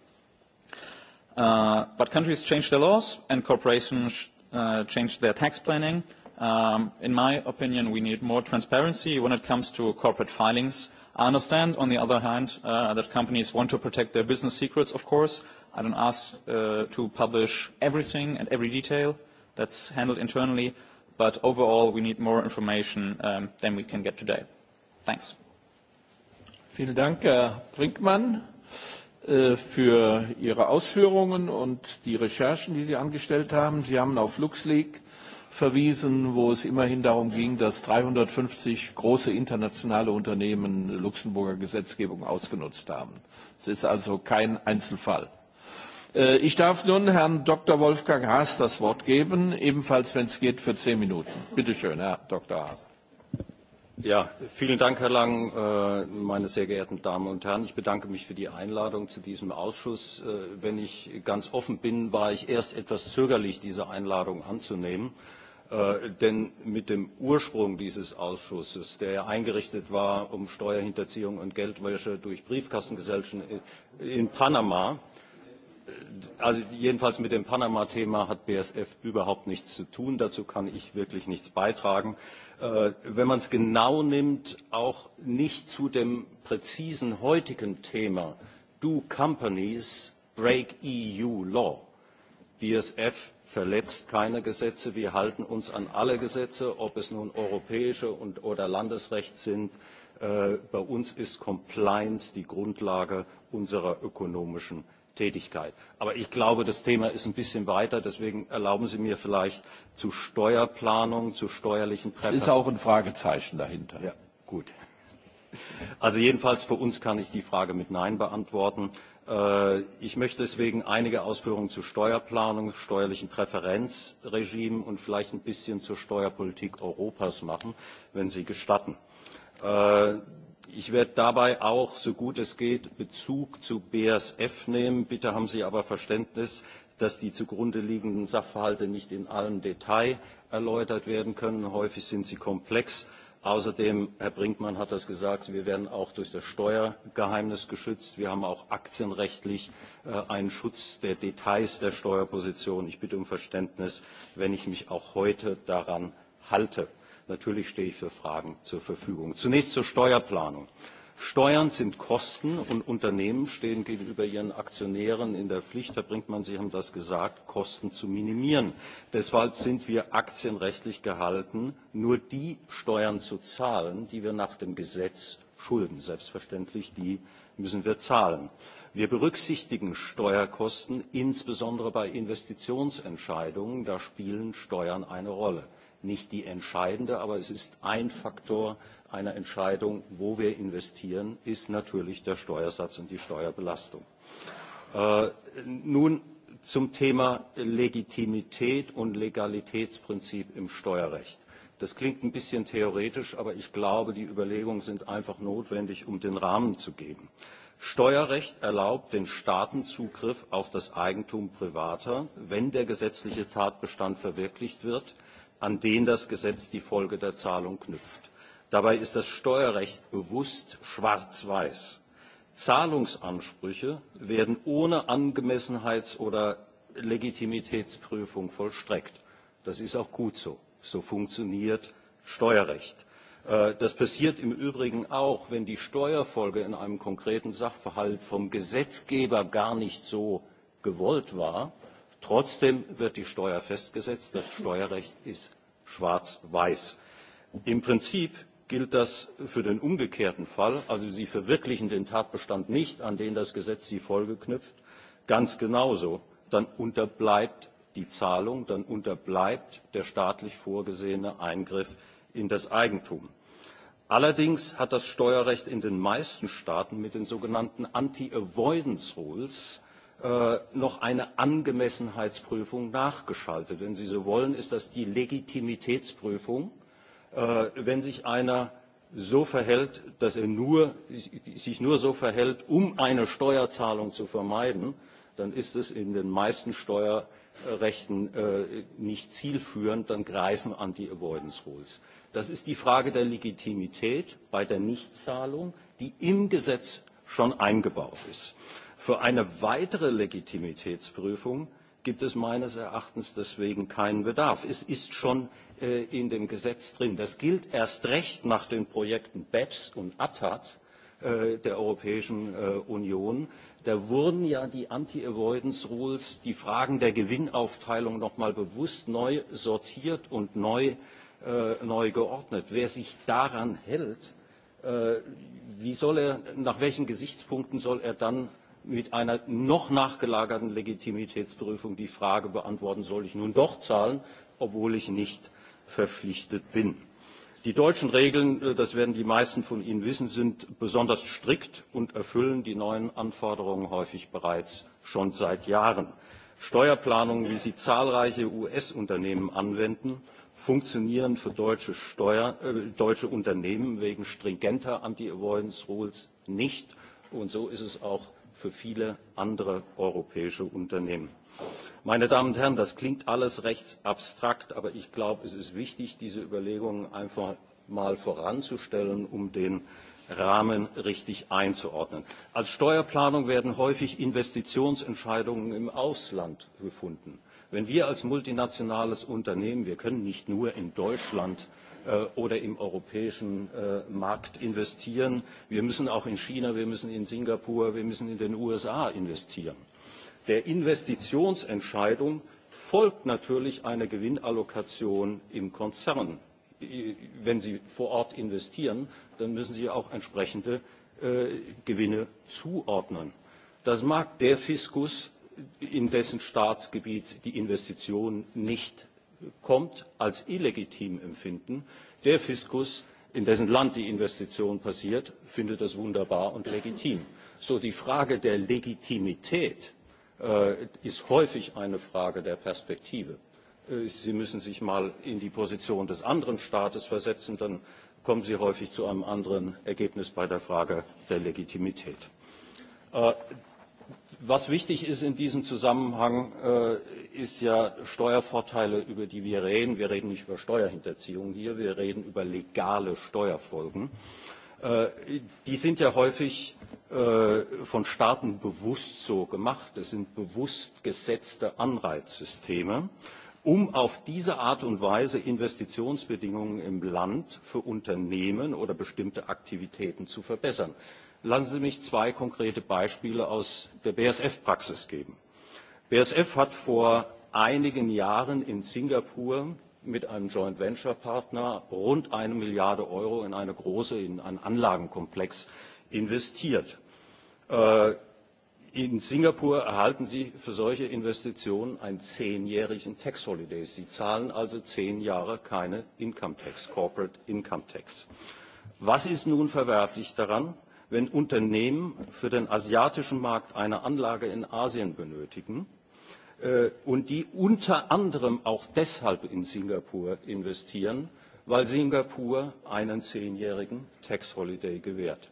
But countries change their laws and corporations change their tax planning, in my opinion, we need more transparency when it comes to corporate filings. I understand, on the other hand, that companies want to protect their business secrets, of course. I don't ask to publish everything and every detail that's handled internally, but overall we need more information than we can get today. Thanks. Vielen Dank, Herr Brinkmann, für Ihre Ausführungen und die Recherchen, die Sie angestellt haben. Sie haben auf verwiesen, wo es immerhin darum ging, dass 350 große internationale Unternehmen Luxemburger Gesetzgebung ausgenutzt haben. Es ist also kein Einzelfall. Ich darf nun Herrn Dr. Wolfgang Haas das Wort geben, ebenfalls, wenn es geht, für zehn Minuten. Bitte schön, Herr Dr. Haas. Ja, vielen Dank, Herr Lang, meine sehr geehrten Damen und Herren. Ich bedanke mich für die Einladung zu diesem Ausschuss. Wenn ich ganz offen bin, war ich erst etwas zögerlich, diese Einladung anzunehmen. Denn mit dem Ursprung dieses Ausschusses, der ja eingerichtet war, um Steuerhinterziehung und Geldwäsche durch Briefkastengesellschaften in Panama, also jedenfalls mit dem Panama-Thema hat BSF überhaupt nichts zu tun. Dazu kann ich wirklich nichts beitragen. Wenn man es genau nimmt, auch nicht zu dem präzisen heutigen Thema, do companies break EU law? verletzt keine Gesetze. Wir halten uns an alle Gesetze, ob es nun europäische oder Landesrecht sind. Bei uns ist Compliance die Grundlage unserer ökonomischen Tätigkeit. Aber ich glaube, das Thema ist ein bisschen weiter. Deswegen erlauben Sie mir vielleicht zu Steuerplanung, zu steuerlichen Präferenzen. Es ist auch ein Fragezeichen dahinter. Ja, gut. Also jedenfalls für uns kann ich die Frage mit Nein beantworten. Ich möchte deswegen einige Ausführungen zur Steuerplanung, steuerlichen Präferenzregimen und vielleicht ein bisschen zur Steuerpolitik Europas machen, wenn Sie gestatten. Ich werde dabei auch, so gut es geht, Bezug zu BSF nehmen. Bitte haben Sie aber Verständnis, dass die zugrunde liegenden Sachverhalte nicht in allem Detail erläutert werden können. Häufig sind sie komplex. Außerdem, Herr Brinkmann hat das gesagt, wir werden auch durch das Steuergeheimnis geschützt. Wir haben auch aktienrechtlich einen Schutz der Details der Steuerposition. Ich bitte um Verständnis, wenn ich mich auch heute daran halte. Natürlich stehe ich für Fragen zur Verfügung. Zunächst zur Steuerplanung. Steuern sind Kosten und Unternehmen stehen gegenüber ihren Aktionären in der Pflicht, Herr Brinkmann, Sie haben das gesagt, Kosten zu minimieren. Deshalb sind wir aktienrechtlich gehalten, nur die Steuern zu zahlen, die wir nach dem Gesetz schulden. Selbstverständlich, die müssen wir zahlen. Wir berücksichtigen Steuerkosten, insbesondere bei Investitionsentscheidungen. Da spielen Steuern eine Rolle. Nicht die entscheidende, aber es ist ein Faktor, einer Entscheidung, wo wir investieren, ist natürlich der Steuersatz und die Steuerbelastung. Nun zum Thema Legitimität und Legalitätsprinzip im Steuerrecht. Das klingt ein bisschen theoretisch, aber ich glaube, die Überlegungen sind einfach notwendig, um den Rahmen zu geben. Steuerrecht erlaubt den Staaten Zugriff auf das Eigentum Privater, wenn der gesetzliche Tatbestand verwirklicht wird, an den das Gesetz die Folge der Zahlung knüpft. Dabei ist das Steuerrecht bewusst schwarz-weiß. Zahlungsansprüche werden ohne Angemessenheits- oder Legitimitätsprüfung vollstreckt. Das ist auch gut so. So funktioniert Steuerrecht. Das passiert im Übrigen auch, wenn die Steuerfolge in einem konkreten Sachverhalt vom Gesetzgeber gar nicht so gewollt war. Trotzdem wird die Steuer festgesetzt. Das Steuerrecht ist schwarz-weiß. Im Prinzip gilt das für den umgekehrten Fall, also Sie verwirklichen den Tatbestand nicht, an den das Gesetz Sie Folge knüpft, ganz genauso. Dann unterbleibt die Zahlung, dann unterbleibt der staatlich vorgesehene Eingriff in das Eigentum. Allerdings hat das Steuerrecht in den meisten Staaten mit den sogenannten Anti-Avoidance Rules noch eine Angemessenheitsprüfung nachgeschaltet. Wenn Sie so wollen, ist das die Legitimitätsprüfung wenn sich einer so verhält, dass er nur, sich nur so verhält, um eine Steuerzahlung zu vermeiden, dann ist es in den meisten Steuerrechten nicht zielführend, dann greifen Anti-Avoidance Rules. Das ist die Frage der Legitimität bei der Nichtzahlung, die im Gesetz schon eingebaut ist. Für eine weitere Legitimitätsprüfung gibt es meines Erachtens deswegen keinen Bedarf. Es ist schon in dem Gesetz drin. Das gilt erst recht nach den Projekten BEPS und ATTAT der Europäischen Union. Da wurden ja die Anti-Avoidance Rules, die Fragen der Gewinnaufteilung noch mal bewusst neu sortiert und neu geordnet. Wer sich daran hält, wie soll er, nach welchen Gesichtspunkten soll er dann mit einer noch nachgelagerten Legitimitätsprüfung die Frage beantworten, soll ich nun doch zahlen, obwohl ich nicht verpflichtet bin. Die deutschen Regeln, das werden die meisten von Ihnen wissen, sind besonders strikt und erfüllen die neuen Anforderungen häufig bereits schon seit Jahren. Steuerplanungen, wie sie zahlreiche US-Unternehmen anwenden, funktionieren für deutsche Unternehmen wegen stringenter Anti-Avoidance Rules nicht. Und so ist es auch für viele andere europäische Unternehmen. Meine Damen und Herren, das klingt alles recht abstrakt, aber ich glaube, es ist wichtig, diese Überlegungen einfach mal voranzustellen, um den Rahmen richtig einzuordnen. Als Steuerplanung werden häufig Investitionsentscheidungen im Ausland gefunden. Wenn wir als multinationales Unternehmen, wir können nicht nur in Deutschland oder im europäischen Markt investieren, wir müssen auch in China, wir müssen in Singapur, wir müssen in den USA investieren der investitionsentscheidung folgt natürlich eine gewinnallokation im konzern. wenn sie vor ort investieren dann müssen sie auch entsprechende gewinne zuordnen. das mag der fiskus in dessen staatsgebiet die investition nicht kommt als illegitim empfinden. der fiskus in dessen land die investition passiert findet das wunderbar und legitim. so die frage der legitimität ist häufig eine Frage der Perspektive. Sie müssen sich mal in die Position des anderen Staates versetzen, dann kommen Sie häufig zu einem anderen Ergebnis bei der Frage der Legitimität. Was wichtig ist in diesem Zusammenhang, ist ja Steuervorteile, über die wir reden. Wir reden nicht über Steuerhinterziehung hier, wir reden über legale Steuerfolgen die sind ja häufig von Staaten bewusst so gemacht. es sind bewusst gesetzte Anreizsysteme, um auf diese Art und Weise Investitionsbedingungen im Land für Unternehmen oder bestimmte Aktivitäten zu verbessern. Lassen Sie mich zwei konkrete Beispiele aus der BSF-Praxis geben. BSF hat vor einigen Jahren in Singapur mit einem Joint Venture Partner rund eine Milliarde Euro in eine große, in einen Anlagenkomplex investiert. In Singapur erhalten Sie für solche Investitionen einen zehnjährigen Tax Holiday. Sie zahlen also zehn Jahre keine Income Tax, Corporate Income Tax. Was ist nun verwerflich daran, wenn Unternehmen für den asiatischen Markt eine Anlage in Asien benötigen und die unter anderem auch deshalb in Singapur investieren, weil Singapur einen zehnjährigen Tax Holiday gewährt.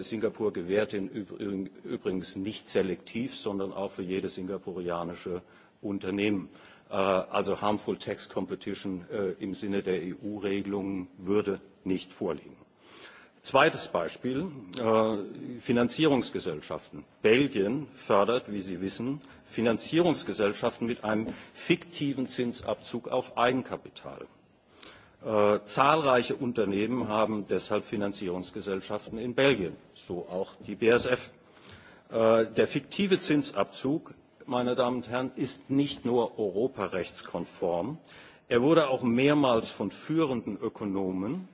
Singapur gewährt ihn übrigens nicht selektiv, sondern auch für jedes singapurianische Unternehmen. Also harmful tax competition im Sinne der EU-Regelungen würde nicht vorliegen. Zweites Beispiel, Finanzierungsgesellschaften. Belgien fördert, wie Sie wissen, Finanzierungsgesellschaften mit einem fiktiven Zinsabzug auf Eigenkapital. Zahlreiche Unternehmen haben deshalb Finanzierungsgesellschaften in Belgien, so auch die BSF. Der fiktive Zinsabzug, meine Damen und Herren, ist nicht nur europarechtskonform, er wurde auch mehrmals von führenden Ökonomen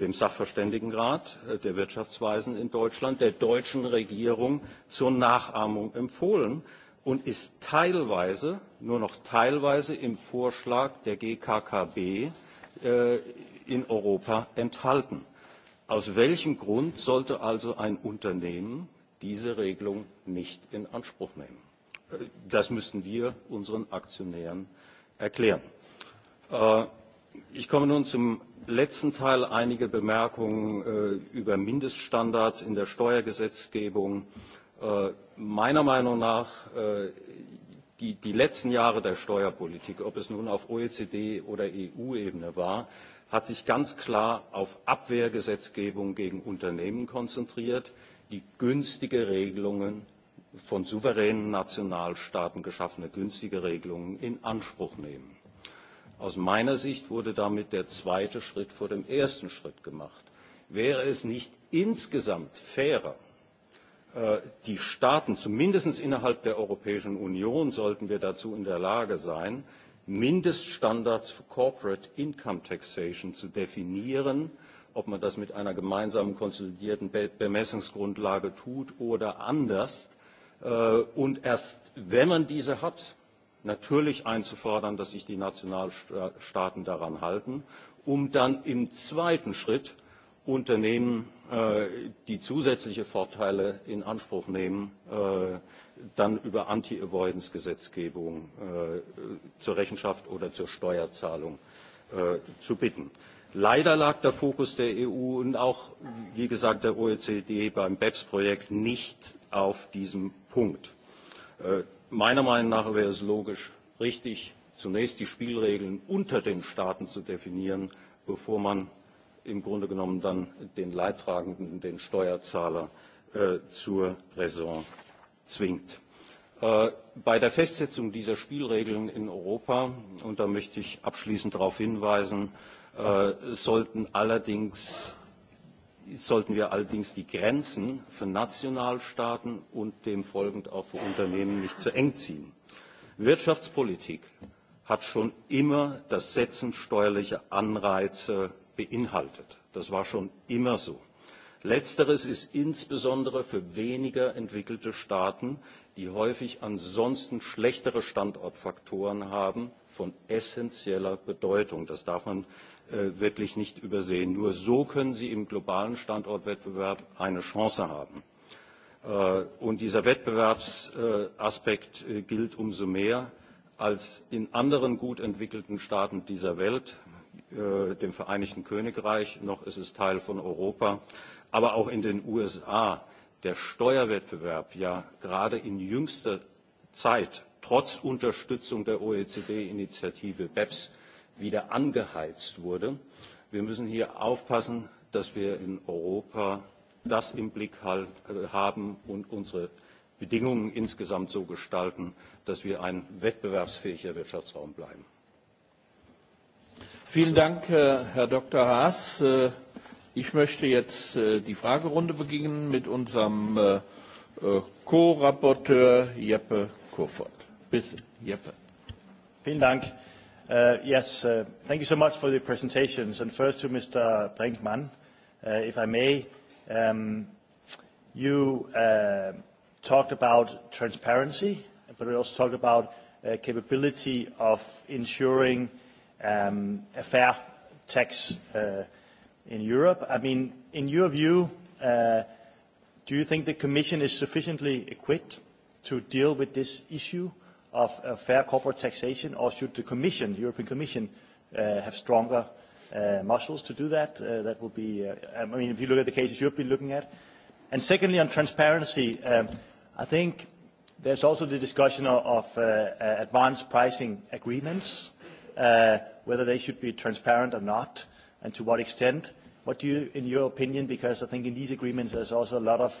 dem Sachverständigenrat der Wirtschaftsweisen in Deutschland, der deutschen Regierung zur Nachahmung empfohlen und ist teilweise, nur noch teilweise im Vorschlag der GKKB in Europa enthalten. Aus welchem Grund sollte also ein Unternehmen diese Regelung nicht in Anspruch nehmen? Das müssten wir unseren Aktionären erklären. Ich komme nun zum letzten Teil einige Bemerkungen über Mindeststandards in der Steuergesetzgebung. Meiner Meinung nach die letzten Jahre der Steuerpolitik, ob es nun auf OECD oder EU Ebene war, hat sich ganz klar auf Abwehrgesetzgebung gegen Unternehmen konzentriert, die günstige Regelungen von souveränen Nationalstaaten geschaffene günstige Regelungen in Anspruch nehmen. Aus meiner Sicht wurde damit der zweite Schritt vor dem ersten Schritt gemacht. Wäre es nicht insgesamt fairer, die Staaten, zumindest innerhalb der Europäischen Union, sollten wir dazu in der Lage sein, Mindeststandards für Corporate Income Taxation zu definieren, ob man das mit einer gemeinsamen konsolidierten Bemessungsgrundlage tut oder anders. Und erst wenn man diese hat, natürlich einzufordern, dass sich die Nationalstaaten daran halten, um dann im zweiten Schritt Unternehmen, die zusätzliche Vorteile in Anspruch nehmen, dann über Anti-Avoidance-Gesetzgebung zur Rechenschaft oder zur Steuerzahlung zu bitten. Leider lag der Fokus der EU und auch, wie gesagt, der OECD beim BEPS-Projekt nicht auf diesem Punkt meiner Meinung nach wäre es logisch, richtig, zunächst die Spielregeln unter den Staaten zu definieren, bevor man im Grunde genommen dann den Leidtragenden, den Steuerzahler zur Raison zwingt. Bei der Festsetzung dieser Spielregeln in Europa, und da möchte ich abschließend darauf hinweisen, sollten allerdings sollten wir allerdings die Grenzen für Nationalstaaten und dem folgend auch für Unternehmen nicht zu eng ziehen. Wirtschaftspolitik hat schon immer das Setzen steuerlicher Anreize beinhaltet. Das war schon immer so. Letzteres ist insbesondere für weniger entwickelte Staaten, die häufig ansonsten schlechtere Standortfaktoren haben, von essentieller Bedeutung. Das darf man wirklich nicht übersehen. Nur so können sie im globalen Standortwettbewerb eine Chance haben. Und dieser Wettbewerbsaspekt gilt umso mehr, als in anderen gut entwickelten Staaten dieser Welt, dem Vereinigten Königreich, noch ist es Teil von Europa, aber auch in den USA, der Steuerwettbewerb ja gerade in jüngster Zeit trotz Unterstützung der OECD-Initiative BEPS wieder angeheizt wurde. Wir müssen hier aufpassen, dass wir in Europa das im Blick haben und unsere Bedingungen insgesamt so gestalten, dass wir ein wettbewerbsfähiger Wirtschaftsraum bleiben. Vielen Dank, Herr Dr. Haas. Ich möchte jetzt die Fragerunde beginnen mit unserem Co-Rapporteur Jeppe Kofod. Bitte, Jeppe. Vielen Dank. Yes, thank you so much for the presentations. And first to Mr. Brinkmann, if I may, you talked about transparency, but we also talked about capability of ensuring a fair tax in Europe. I mean, in your view, do you think the Commission is sufficiently equipped to deal with this issue? of fair corporate taxation, or should the Commission, European Commission, have stronger muscles to do that? That would be, I mean, if you look at the cases you've been looking at. And secondly, on transparency, I think there's also the discussion of advanced pricing agreements, whether they should be transparent or not, and to what extent. What do you, in your opinion, because I think in these agreements there's also a lot of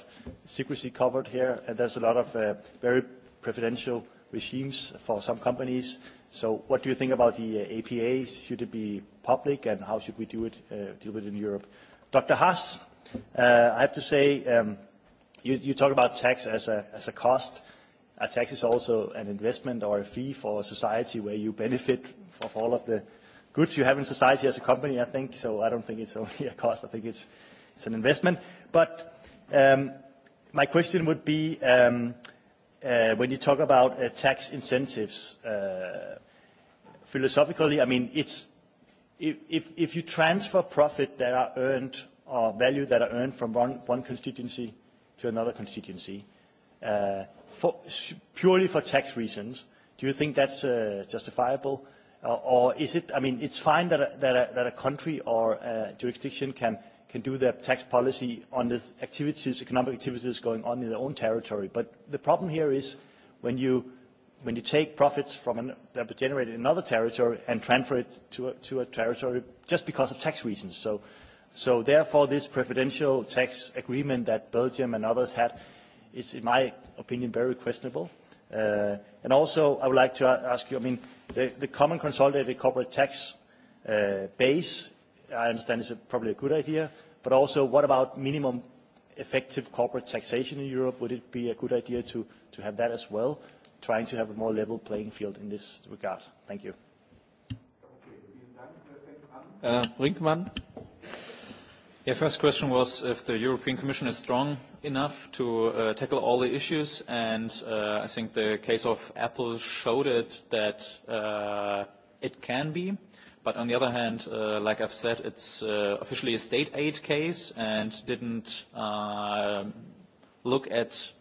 secrecy covered here, and there's a lot of very preferential regimes for some companies. So what do you think about the APA? Should it be public, and how should we do it, deal with it in Europe? Dr. Haas, I have to say, you talk about tax as a cost. A tax is also an investment or a fee for society where you benefit of all of the goods you have in society as a company, I think. So I don't think it's only a cost. I think it's an investment. But my question would be when you talk about tax incentives, philosophically, I mean, it's if you transfer profit that are earned or value that are earned from one constituency to another constituency, purely for tax reasons, do you think that's justifiable? Or is it, I mean, it's fine that a country or jurisdiction can can do their tax policy on the activities, economic activities going on in their own territory. But the problem here is when you take profits from that were generated in another territory and transfer it to a, to a territory just because of tax reasons. So, therefore, this preferential tax agreement that Belgium and others had is, in my opinion, very questionable. and also, I would like to ask you, I mean, the, common consolidated corporate tax base, I understand is probably a good idea, But also, what about minimum effective corporate taxation in Europe? Would it be a good idea to have that as well, trying to have a more level playing field in this regard? Thank you. Brinkmann. Your first question was if the European Commission is strong enough to tackle all the issues, and I think the case of Apple showed it that it can be. But on the other hand, like I've said, it's officially a state aid case and didn't look at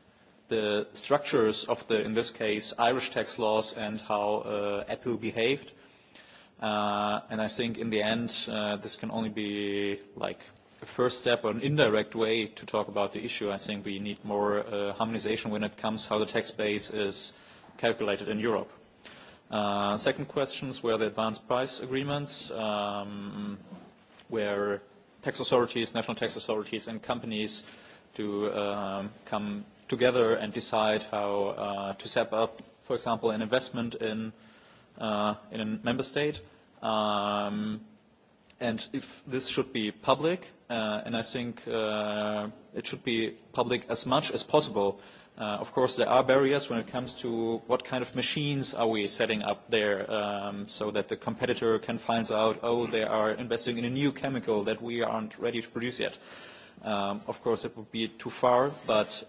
the structures of the, in this case, Irish tax laws and how Apple behaved. And I think in the end, this can only be like a first step or an indirect way to talk about the issue. I think we need more harmonization when it comes how the tax base is calculated in Europe. Second questions were the advanced price agreements, where tax authorities, national tax authorities and companies to come together and decide how to set up, for example, an investment in in a member state. And if this should be public, and I think it should be public as much as possible, Of course, there are barriers when it comes to what kind of machines are we setting up there so that the competitor can find out, oh, they are investing in a new chemical that we aren't ready to produce yet. Of course, it would be too far, but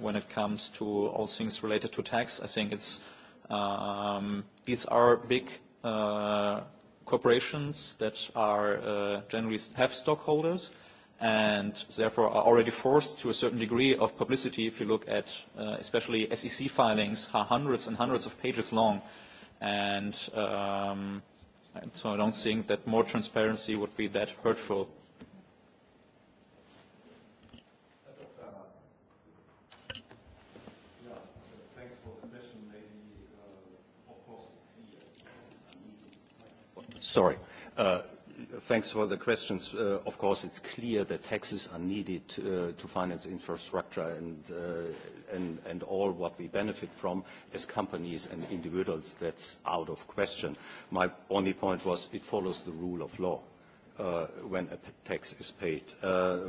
when it comes to all things related to tax, I think it's these are big corporations that are generally have stockholders and therefore are already forced to a certain degree of publicity if you look at especially SEC filings are hundreds and hundreds of pages long and so I don't think that more transparency would be that hurtful. Sorry. Thanks for the questions. Of course, it's clear that taxes are needed to finance infrastructure and all what we benefit from as companies and individuals. That's out of question. My only point was it follows the rule of law when a tax is paid.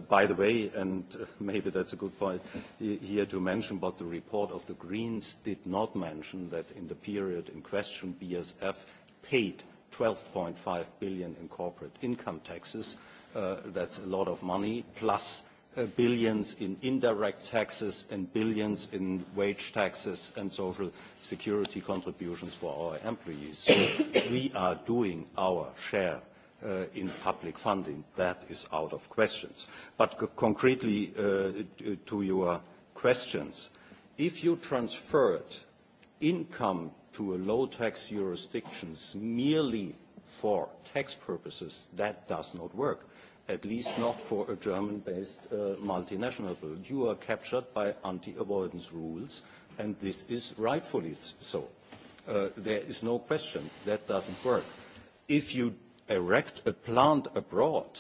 By the way, and maybe that's a good point here to mention, but the report of the Greens did not mention that in the period in question, BSF paid 12.5 billion in corporate income taxes. That's a lot of money, plus billions in indirect taxes and billions in wage taxes and social security contributions for our employees. So we are doing our share in public funding. That is out of questions. But concretely to your questions, if you transferred income to a low-tax jurisdictions merely for tax purposes, that does not work, at least not for a German-based multinational. You are captured by anti-avoidance rules, and this is rightfully so. There is no question that doesn't work. If you erect a plant abroad,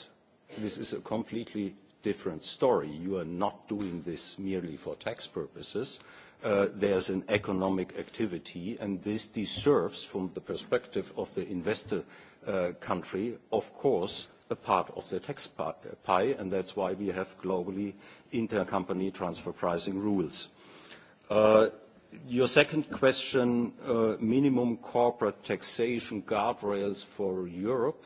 this is a completely different story. You are not doing this merely for tax purposes there is an economic activity, and this deserves, from the perspective of the investor country, of course, a part of the tax pie, and that's why we have globally intercompany transfer pricing rules. Your second question, minimum corporate taxation guardrails for Europe,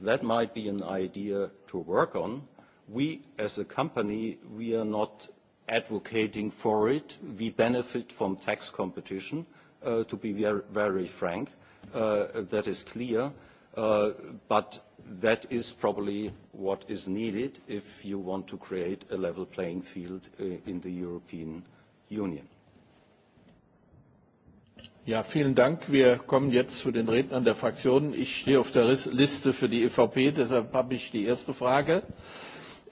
that might be an idea to work on. We, as a company, we are not advocating for it. We benefit from tax competition, to be very frank. That is clear. But that is probably what is needed if you want to create a level playing field in the European Union. Ja, vielen Dank. Wir kommen jetzt zu den Rednern der Fraktionen. Ich stehe auf der Liste für die EVP, deshalb habe ich die erste Frage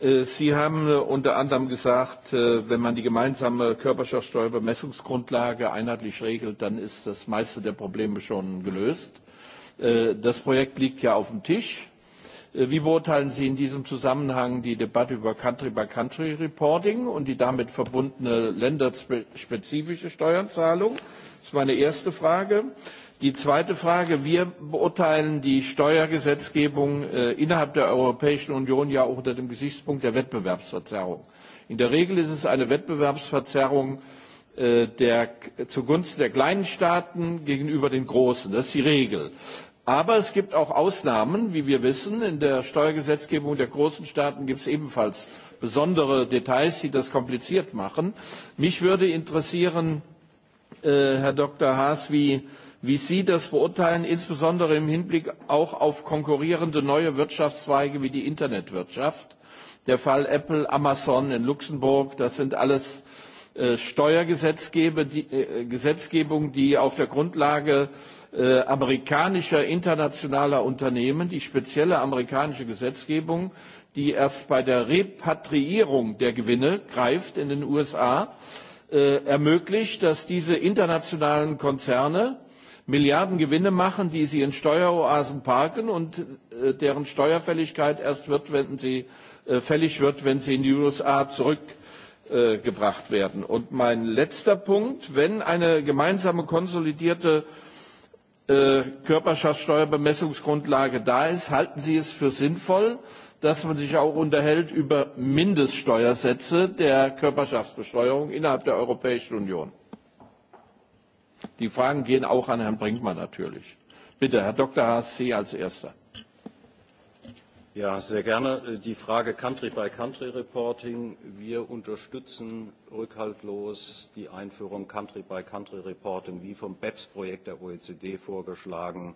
Sie haben unter anderem gesagt, wenn man die gemeinsame Körperschaftsteuerbemessungsgrundlage einheitlich regelt, dann ist das meiste der Probleme schon gelöst. Das Projekt liegt ja auf dem Tisch. Wie beurteilen Sie in diesem Zusammenhang die Debatte über Country-by-Country-Reporting und die damit verbundene länderspezifische Steuerzahlung? Das ist meine erste Frage. Die zweite Frage Wir beurteilen die Steuergesetzgebung innerhalb der Europäischen Union ja auch unter dem Gesichtspunkt der Wettbewerbsverzerrung. In der Regel ist es eine Wettbewerbsverzerrung zugunsten der kleinen Staaten gegenüber den großen, das ist die Regel. Aber es gibt auch Ausnahmen, wie wir wissen, in der Steuergesetzgebung der großen Staaten gibt es ebenfalls besondere Details, die das kompliziert machen. Mich würde interessieren, Herr Dr. Haas, wie wie Sie das beurteilen, insbesondere im Hinblick auch auf konkurrierende neue Wirtschaftszweige wie die Internetwirtschaft. Der Fall Apple, Amazon in Luxemburg, das sind alles Steuergesetzgebungen, die auf der Grundlage amerikanischer internationaler Unternehmen, die spezielle amerikanische Gesetzgebung, die erst bei der Repatriierung der Gewinne greift in den USA, ermöglicht, dass diese internationalen Konzerne Milliardengewinne machen, die sie in Steueroasen parken und deren Steuerfälligkeit erst wird, wenn sie fällig wird, wenn sie in die USA zurückgebracht werden. Und mein letzter Punkt, wenn eine gemeinsame konsolidierte Körperschaftssteuerbemessungsgrundlage da ist, halten Sie es für sinnvoll, dass man sich auch unterhält über Mindeststeuersätze der Körperschaftsbesteuerung innerhalb der Europäischen Union. Die Fragen gehen auch an Herrn Brinkmann natürlich. Bitte, Herr Dr. Haas, als Erster. Ja, sehr gerne. Die Frage Country-by-Country-Reporting. Wir unterstützen rückhaltlos die Einführung Country-by-Country-Reporting, wie vom BEPS-Projekt der OECD vorgeschlagen,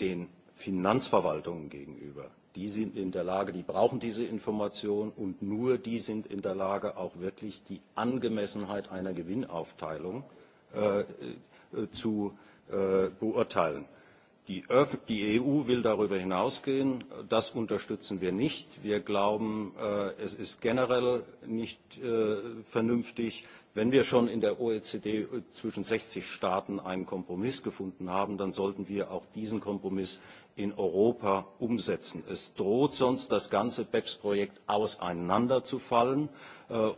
den Finanzverwaltungen gegenüber. Die sind in der Lage, die brauchen diese Information und nur die sind in der Lage, auch wirklich die Angemessenheit einer Gewinnaufteilung zu beurteilen. Die EU will darüber hinausgehen. Das unterstützen wir nicht. Wir glauben, es ist generell nicht vernünftig, Wenn wir schon in der OECD zwischen 60 Staaten einen Kompromiss gefunden haben, dann sollten wir auch diesen Kompromiss in Europa umsetzen. Es droht sonst, das ganze BEPS-Projekt auseinanderzufallen.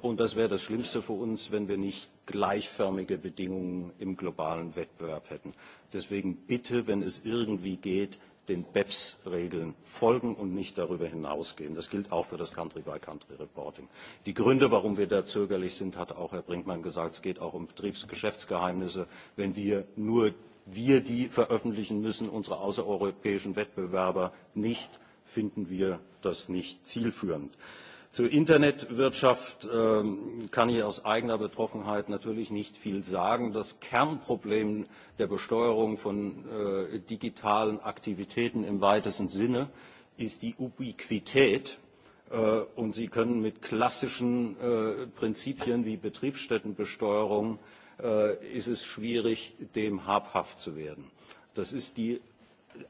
Und das wäre das Schlimmste für uns, wenn wir nicht gleichförmige Bedingungen im globalen Wettbewerb hätten. Deswegen bitte, wenn es irgendwie geht, den BEPS-Regeln folgen und nicht darüber hinausgehen. Das gilt auch für das Country-by-Country-Reporting. Die Gründe, warum wir da zögerlich sind, hat auch Herr Brinkmann gesagt. Es geht auch um Betriebsgeschäftsgeheimnisse. Wenn wir nur wir die veröffentlichen müssen, unsere außereuropäischen Wettbewerber nicht, finden wir das nicht zielführend. Zur Internetwirtschaft kann ich aus eigener Betroffenheit natürlich nicht viel sagen. Das Kernproblem der Besteuerung von digitalen Aktivitäten im weitesten Sinne ist die Ubiquität. Und Sie können mit klassischen Prinzipien wie Betriebsstättenbesteuerung ist es schwierig, dem habhaft zu werden. Das ist die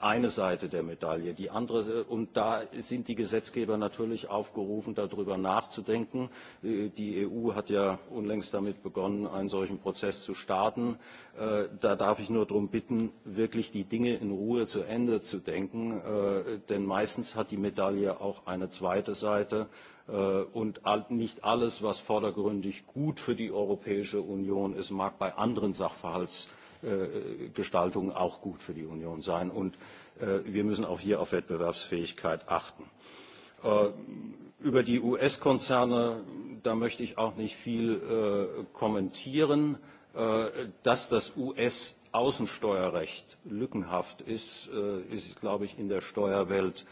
eine Seite der Medaille. Die andere, und da sind die Gesetzgeber natürlich aufgerufen, darüber nachzudenken. Die EU hat ja unlängst damit begonnen, einen solchen Prozess zu starten. Da darf ich nur darum bitten, wirklich die Dinge in Ruhe zu Ende zu denken, denn meistens hat die Medaille auch eine zweite Seite und nicht alles, was vordergründig gut für die Europäische Union ist, mag bei anderen Sachverhalts Gestaltung auch gut für die Union sein. Und wir müssen auch hier auf Wettbewerbsfähigkeit achten. Über die US-Konzerne, da möchte ich auch nicht viel kommentieren. Dass das US-Außensteuerrecht lückenhaft ist, ist, glaube ich, in der Steuerwelt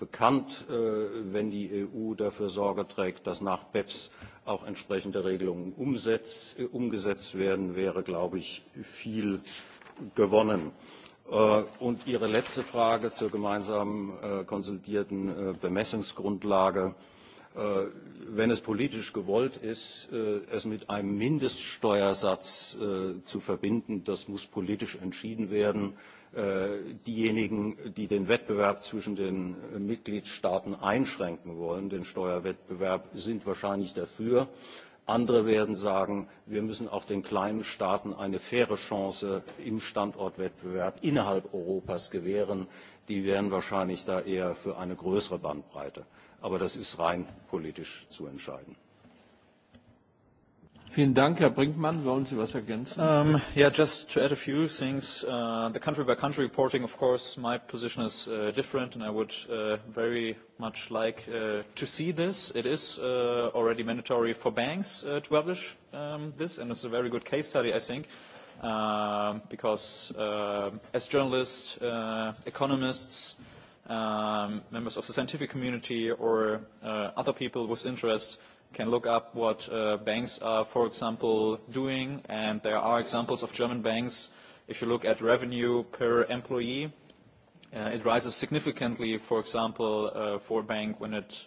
bekannt, wenn die EU dafür Sorge trägt, dass nach BEPS auch entsprechende Regelungen umgesetzt werden, wäre, glaube ich, viel gewonnen. Und Ihre letzte Frage zur gemeinsamen konsolidierten Bemessungsgrundlage. Wenn es politisch gewollt ist, es mit einem Mindeststeuersatz zu verbinden, das muss politisch entschieden werden diejenigen, die den Wettbewerb zwischen den Mitgliedstaaten einschränken wollen, den Steuerwettbewerb, sind wahrscheinlich dafür. Andere werden sagen, wir müssen auch den kleinen Staaten eine faire Chance im Standortwettbewerb innerhalb Europas gewähren. Die wären wahrscheinlich da eher für eine größere Bandbreite. Aber das ist rein politisch zu entscheiden. Vielen Dank, Herr Brinkmann. Wollen Sie was ergänzen? Um, yeah, just to add a few things. the country-by-country reporting, of course, my position is uh, different, and I would uh, very much like uh, to see this. It is uh, already mandatory for banks uh, to publish um, this, and it's a very good case study, I think, uh, because uh, as journalists, uh, economists, um, members of the scientific community, or uh, other people with interest, can look up what banks are, for example, doing. And there are examples of German banks. If you look at revenue per employee, it rises significantly, for example, for a bank when it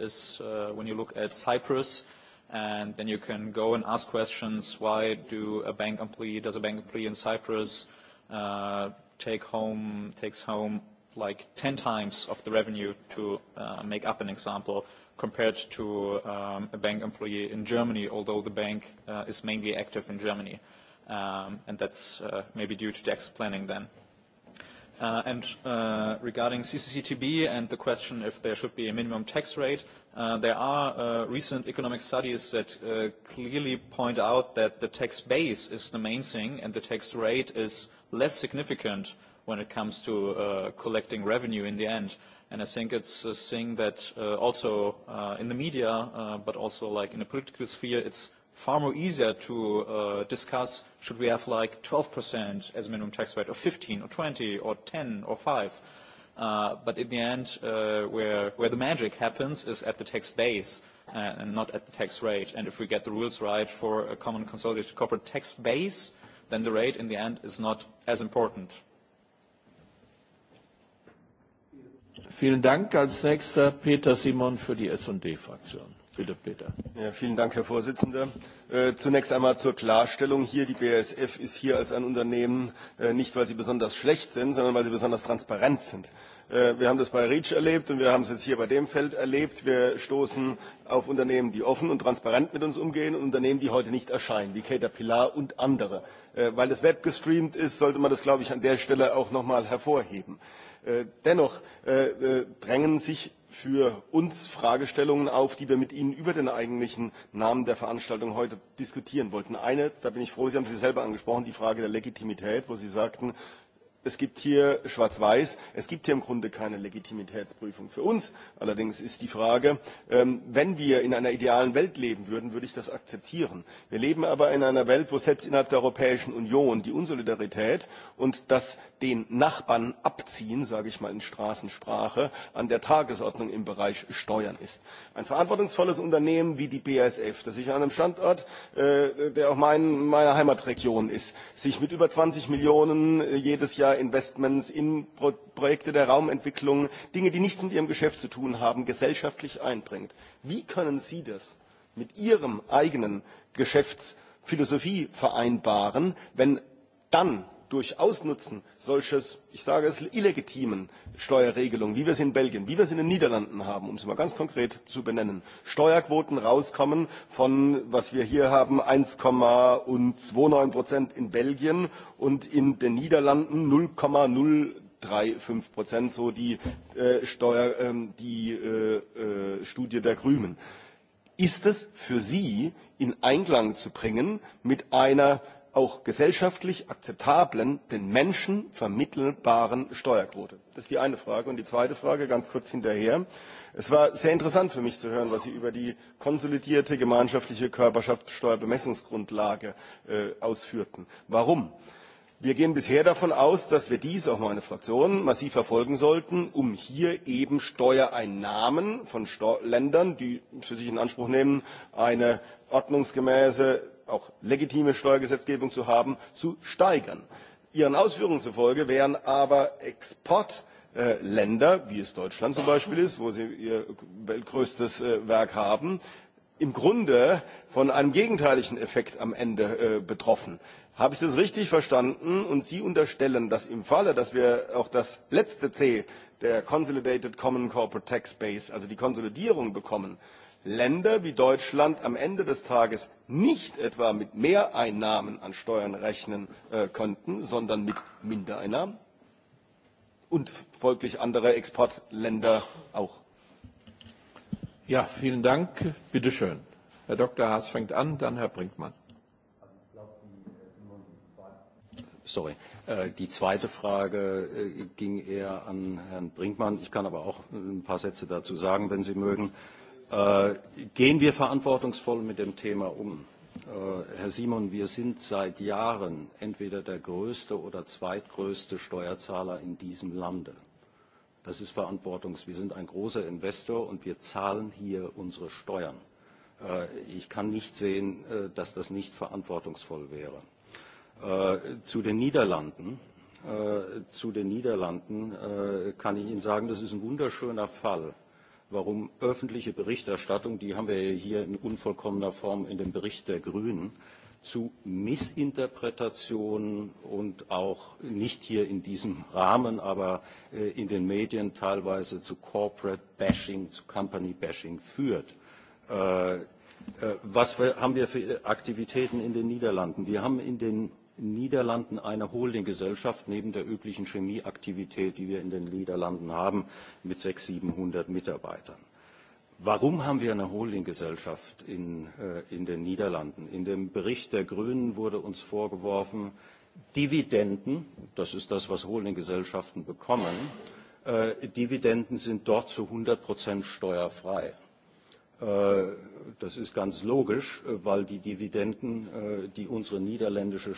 is when you look at Cyprus. And then you can go and ask questions, why do a bank employee, does a bank employee in Cyprus take home, takes home like 10 times of the revenue to make up an example compared to a bank employee in Germany, although the bank is mainly active in Germany. And that's maybe due to tax planning then. And regarding CCCTB and the question if there should be a minimum tax rate, there are recent economic studies that clearly point out that the tax base is the main thing and the tax rate is less significant when it comes to collecting revenue in the end. And I think it's a thing that also in the media, but also like in the political sphere, it's far more easier to discuss should we have like 12% as a minimum tax rate, or 15, or 20, or 10, or 5. But in the end, where where the magic happens is at the tax base and not at the tax rate. And if we get the rules right for a common consolidated corporate tax base, then the rate in the end is not as important. Vielen Dank. Als nächster Peter Simon für die S&D-Fraktion. Bitte, Peter. vielen Dank, Herr Vorsitzender. Zunächst einmal zur Klarstellung hier. Die BASF ist hier als ein Unternehmen nicht, weil sie besonders schlecht sind, sondern weil sie besonders transparent sind. Wir haben das bei REACH erlebt und wir haben es jetzt hier bei dem Feld erlebt. Wir stoßen auf Unternehmen, die offen und transparent mit uns umgehen und Unternehmen, die heute nicht erscheinen, wie Caterpillar und andere. Weil das Web gestreamt ist, sollte man das, glaube ich, an der Stelle auch noch einmal hervorheben. Dennoch drängen sich für uns Fragestellungen auf, die wir mit Ihnen über den eigentlichen Namen der Veranstaltung heute diskutieren wollten. Eine, da bin ich froh, Sie haben sie selber angesprochen, die Frage der Legitimität, wo Sie sagten, es gibt hier schwarz weiß es gibt hier im grunde keine legitimitätsprüfung für uns allerdings ist die frage wenn wir in einer idealen welt leben würden würde ich das akzeptieren wir leben aber in einer welt wo selbst innerhalb der europäischen union die unsolidarität und das den nachbarn abziehen sage ich mal in straßensprache an der tagesordnung im bereich steuern ist ein verantwortungsvolles unternehmen wie die BASF das sich an einem Standort der auch meine Heimatregion ist sich mit über 20 Millionen jedes Jahr Investments in Projekte der Raumentwicklung, Dinge, die nichts mit Ihrem Geschäft zu tun haben, gesellschaftlich einbringt. Wie können Sie das mit Ihrem eigenen Geschäftsphilosophie vereinbaren, wenn dann durchaus nutzen solches ich sage es illegitimen steuerregelungen wie wir es in belgien wie wir es in den niederlanden haben um es mal ganz konkret zu benennen steuerquoten rauskommen von was wir hier haben 1,29 in belgien und in den niederlanden 0,035 so die studie der grünen ist es für sie in einklang zu bringen mit einer auch gesellschaftlich akzeptablen, den Menschen vermittelbaren Steuerquote? Das ist die eine Frage. Und die zweite Frage ganz kurz hinterher. Es war sehr interessant für mich zu hören, was Sie über die konsolidierte gemeinschaftliche Körperschaftssteuerbemessungsgrundlage ausführten. Warum? Wir gehen bisher davon aus, dass wir dies, auch meine Fraktion, massiv verfolgen sollten, um hier eben Steuereinnahmen von Ländern, die für sich in Anspruch nehmen, eine ordnungsgemäße auch legitime steuergesetzgebung zu haben zu steigern. ihren ausführungen zufolge wären aber exportländer wie es deutschland zum beispiel ist wo sie ihr weltgrößtes werk haben im grunde von einem gegenteiligen effekt am ende betroffen. habe ich das richtig verstanden und sie unterstellen dass im falle dass wir auch das letzte c der consolidated common corporate tax base also die konsolidierung bekommen Länder wie Deutschland am Ende des Tages nicht etwa mit Mehreinnahmen an Steuern rechnen könnten, sondern mit Mindereinnahmen und folglich andere Exportländer auch. Ja, vielen Dank. Bitte schön. Herr Dr. Haas fängt an, dann Herr Brinkmann. Sorry. Die zweite Frage ging eher an Herrn Brinkmann. Ich kann aber auch ein paar Sätze dazu sagen, wenn Sie mögen gehen wir verantwortungsvoll mit dem Thema um. Herr Simon, wir sind seit Jahren entweder der größte oder zweitgrößte Steuerzahler in diesem Lande. Das ist verantwortungs. Wir sind ein großer Investor und wir zahlen hier unsere Steuern. Ich kann nicht sehen, dass das nicht verantwortungsvoll wäre. Zu den Niederlanden. Zu den Niederlanden kann ich Ihnen sagen, das ist ein wunderschöner Fall warum öffentliche Berichterstattung, die haben wir hier in unvollkommener Form in dem Bericht der Grünen, zu Missinterpretationen und auch nicht hier in diesem Rahmen, aber in den Medien teilweise zu Corporate Bashing, zu Company Bashing führt. Was haben wir für Aktivitäten in den Niederlanden? Wir haben in den Niederlanden eine Holdinggesellschaft neben der üblichen Chemieaktivität, die wir in den Niederlanden haben, mit 600, 700 Mitarbeitern. Warum haben wir eine Holdinggesellschaft in den Niederlanden? In dem Bericht der Grünen wurde uns vorgeworfen, Dividenden, das ist das, was Holdinggesellschaften bekommen, Dividenden sind dort zu 100 steuerfrei. Das ist ganz logisch, weil die Dividenden, die unsere niederländische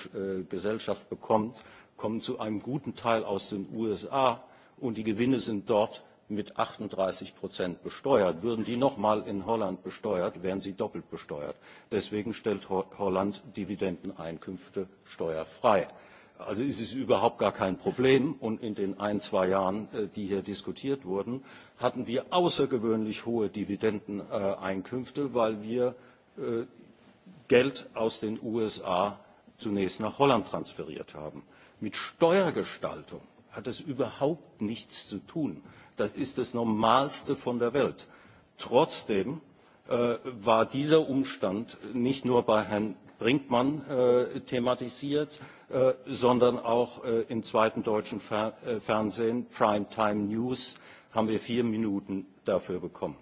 Gesellschaft bekommt, kommen zu einem guten Teil aus den USA und die Gewinne sind dort mit 38 besteuert. Würden die nochmal in Holland besteuert, wären sie doppelt besteuert. Deswegen stellt Holland Dividendeneinkünfte steuerfrei. Also ist es überhaupt gar kein Problem. Und in den ein, zwei Jahren, die hier diskutiert wurden, hatten wir außergewöhnlich hohe Dividendeneinkünfte, weil wir Geld aus den USA zunächst nach Holland transferiert haben. Mit Steuergestaltung hat es überhaupt nichts zu tun. Das ist das Normalste von der Welt. Trotzdem war dieser Umstand nicht nur bei Herrn Brinkmann thematisiert, sondern auch im zweiten deutschen Fernsehen, Primetime News, haben wir vier Minuten dafür bekommen.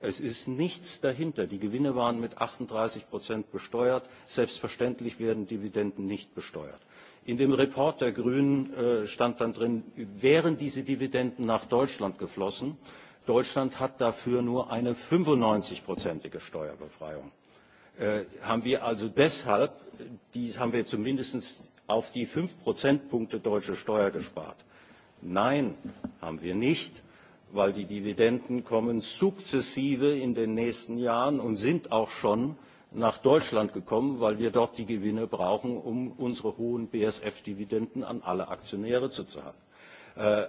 Es ist nichts dahinter. Die Gewinne waren mit 38 besteuert. Selbstverständlich werden Dividenden nicht besteuert. In dem Report der Grünen stand dann drin, wären diese Dividenden nach Deutschland geflossen. Deutschland hat dafür nur eine 95-prozentige Steuerbefreiung haben wir also deshalb, haben wir zumindest auf die fünf Prozentpunkte deutsche Steuer gespart. Nein, haben wir nicht, weil die Dividenden kommen sukzessive in den nächsten Jahren und sind auch schon nach Deutschland gekommen, weil wir dort die Gewinne brauchen, um unsere hohen BSF-Dividenden an alle Aktionäre zu zahlen.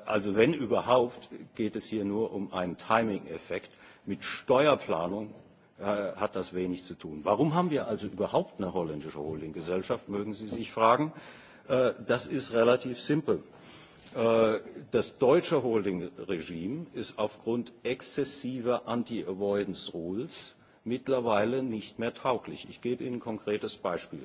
Also wenn überhaupt, geht es hier nur um einen Timing-Effekt. Mit Steuerplanung hat das wenig zu tun. Warum haben wir also überhaupt eine holländische Holdinggesellschaft, mögen Sie sich fragen. Das ist relativ simpel. Das deutsche Holdingregime ist aufgrund exzessiver Anti-Avoidance-Rules mittlerweile nicht mehr tauglich. Ich gebe Ihnen ein konkretes Beispiel.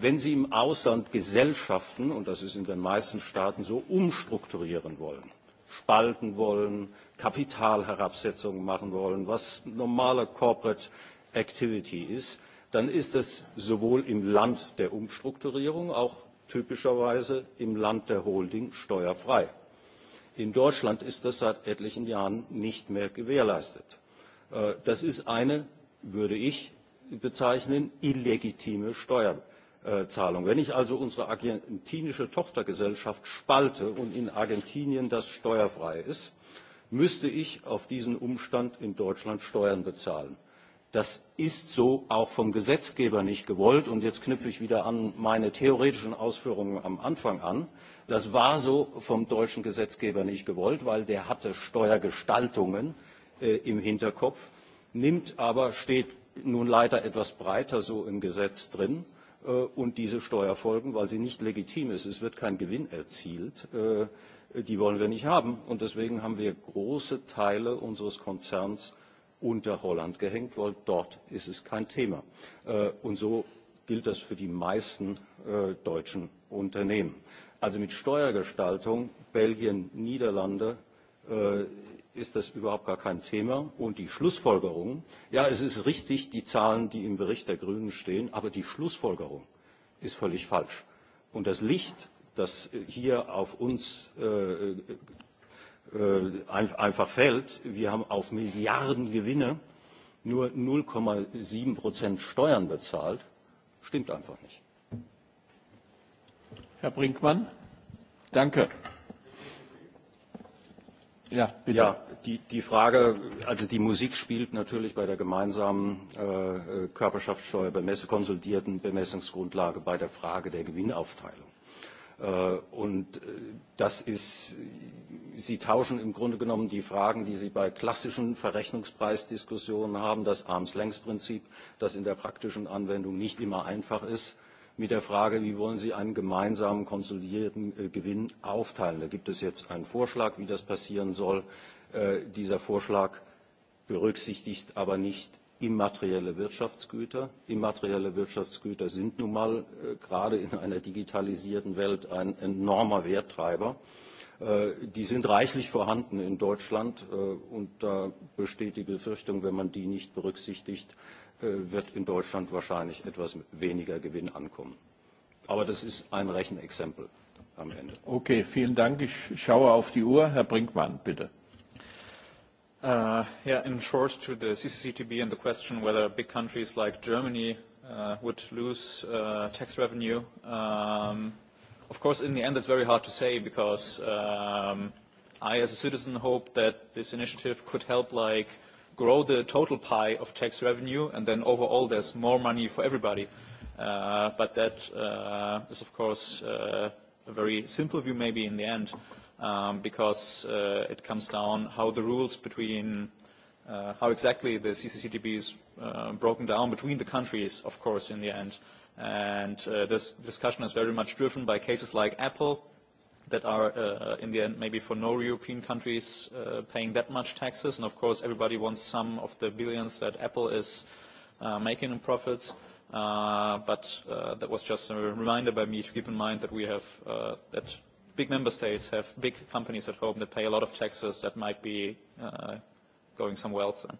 Wenn Sie im Ausland Gesellschaften, und das ist in den meisten Staaten so, umstrukturieren wollen, spalten wollen, Kapitalherabsetzungen machen wollen, was normale Corporate Activity ist, dann ist das sowohl im Land der Umstrukturierung, auch typischerweise im Land der Holding steuerfrei. In Deutschland ist das seit etlichen Jahren nicht mehr gewährleistet. Das ist eine, würde ich bezeichnen, illegitime Steuerzahlung. Wenn ich also unsere argentinische Tochtergesellschaft spalte und in Argentinien das steuerfrei ist, müsste ich auf diesen Umstand in Deutschland Steuern bezahlen. Das ist so auch vom Gesetzgeber nicht gewollt. Und jetzt knüpfe ich wieder an meine theoretischen Ausführungen am Anfang an. Das war so vom deutschen Gesetzgeber nicht gewollt, weil der hatte Steuergestaltungen im Hinterkopf, nimmt aber, steht nun leider etwas breiter so im Gesetz drin, und diese Steuerfolgen, weil sie nicht legitim ist. Es wird kein Gewinn erzielt die wollen wir nicht haben. Und deswegen haben wir große Teile unseres Konzerns unter Holland gehängt, weil dort ist es kein Thema. Und so gilt das für die meisten deutschen Unternehmen. Also mit Steuergestaltung Belgien, Niederlande ist das überhaupt gar kein Thema. Und die Schlussfolgerung, ja, es ist richtig, die Zahlen, die im Bericht der Grünen stehen, aber die Schlussfolgerung ist völlig falsch. Und das das hier auf uns einfach fällt. Wir haben auf Milliarden Gewinne nur 0,7 Prozent Steuern bezahlt. Stimmt einfach nicht. Herr Brinkmann, danke. Ja, bitte. Die Frage, also die Musik spielt natürlich bei der gemeinsamen Körperschaftssteuer, konsolidierten Bemessungsgrundlage bei der Frage der Gewinnaufteilung Und das ist, Sie tauschen im Grunde genommen die Fragen, die Sie bei klassischen Verrechnungspreisdiskussionen haben, das Arms-Length-Prinzip, das in der praktischen Anwendung nicht immer einfach ist, mit der Frage, wie wollen Sie einen gemeinsamen konsolidierten Gewinn aufteilen. Da gibt es jetzt einen Vorschlag, wie das passieren soll. Dieser Vorschlag berücksichtigt aber nicht immaterielle Wirtschaftsgüter. Immaterielle Wirtschaftsgüter sind nun mal gerade in einer digitalisierten Welt ein enormer Werttreiber. Die sind reichlich vorhanden in Deutschland und da besteht die Befürchtung, wenn man die nicht berücksichtigt, wird in Deutschland wahrscheinlich etwas weniger Gewinn ankommen. Aber das ist ein Rechenexempel am Ende. Okay, vielen Dank. Ich schaue auf die Uhr. Herr Brinkmann, bitte. Yeah, in short, to the CCCTB and the question whether big countries like Germany would lose tax revenue. Um Of course, in the end, it's very hard to say because I, as a citizen, hope that this initiative could help, like, grow the total pie of tax revenue, and then overall there's more money for everybody. But that is, of course, a very simple view maybe in the end because it comes down how the rules between how exactly the CCCTB is broken down between the countries, of course, in the end. And this discussion is very much driven by cases like Apple that are, in the end, maybe for no-European countries paying that much taxes. And, of course, everybody wants some of the billions that Apple is making in profits. But that was just a reminder by me to keep in mind that we have that big member states have big companies at home that pay a lot of taxes that might be going somewhere else then.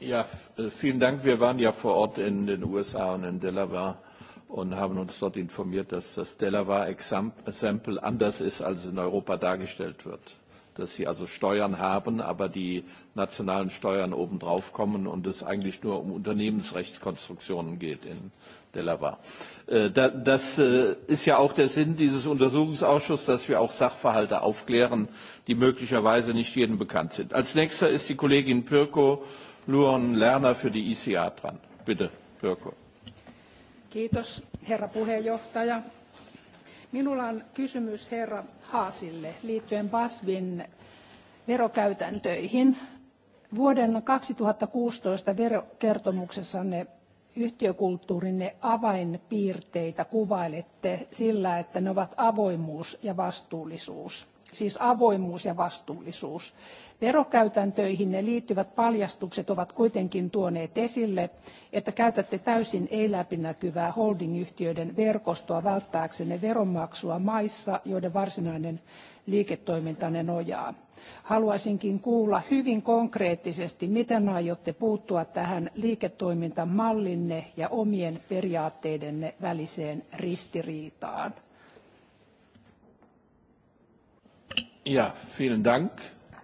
Ja, vielen Dank. Wir waren ja vor Ort in den USA und in Delaware und haben uns dort informiert, dass das delaware example anders ist, als in Europa dargestellt wird dass sie also Steuern haben, aber die nationalen Steuern obendrauf kommen und es eigentlich nur um Unternehmensrechtskonstruktionen geht in Delaware. Das ist ja auch der Sinn dieses Untersuchungsausschusses, dass wir auch Sachverhalte aufklären, die möglicherweise nicht jedem bekannt sind. Als nächster ist die Kollegin Pirko Luon Lerner für die ICA dran. Bitte, Pirko. Minulla on kysymys herra Haasille liittyen BASVin verokäytäntöihin. Vuoden 2016 verokertomuksessanne yhtiökulttuurinne avainpiirteitä kuvailette sillä, että ne ovat avoimuus ja vastuullisuus siis avoimuus ja vastuullisuus. Verokäytäntöihin ne liittyvät paljastukset ovat kuitenkin tuoneet esille, että käytätte täysin ei-läpinäkyvää holdingyhtiöiden verkostoa välttääksenne veronmaksua maissa, joiden varsinainen liiketoimintanne nojaa. Haluaisinkin kuulla hyvin konkreettisesti, miten aiotte puuttua tähän liiketoimintamallinne ja omien periaatteidenne väliseen ristiriitaan. Ja, vielen Dank.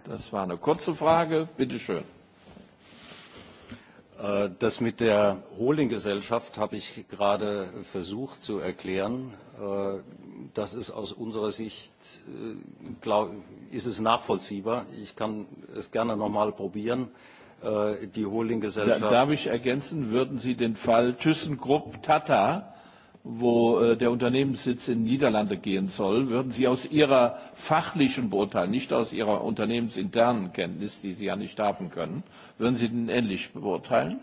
Das war eine kurze Frage. Bitte schön. Das mit der Holdinggesellschaft habe ich gerade versucht zu erklären. Das ist aus unserer Sicht, ist es nachvollziehbar. Ich kann es gerne noch mal probieren. Die Holdinggesellschaft. Darf ich ergänzen, würden Sie den Fall ThyssenKrupp Tata wo der Unternehmenssitz in Niederlande gehen soll, würden Sie aus Ihrer fachlichen Beurteilung, nicht aus Ihrer unternehmensinternen Kenntnis, die Sie ja nicht haben können, würden Sie den ähnlich beurteilen?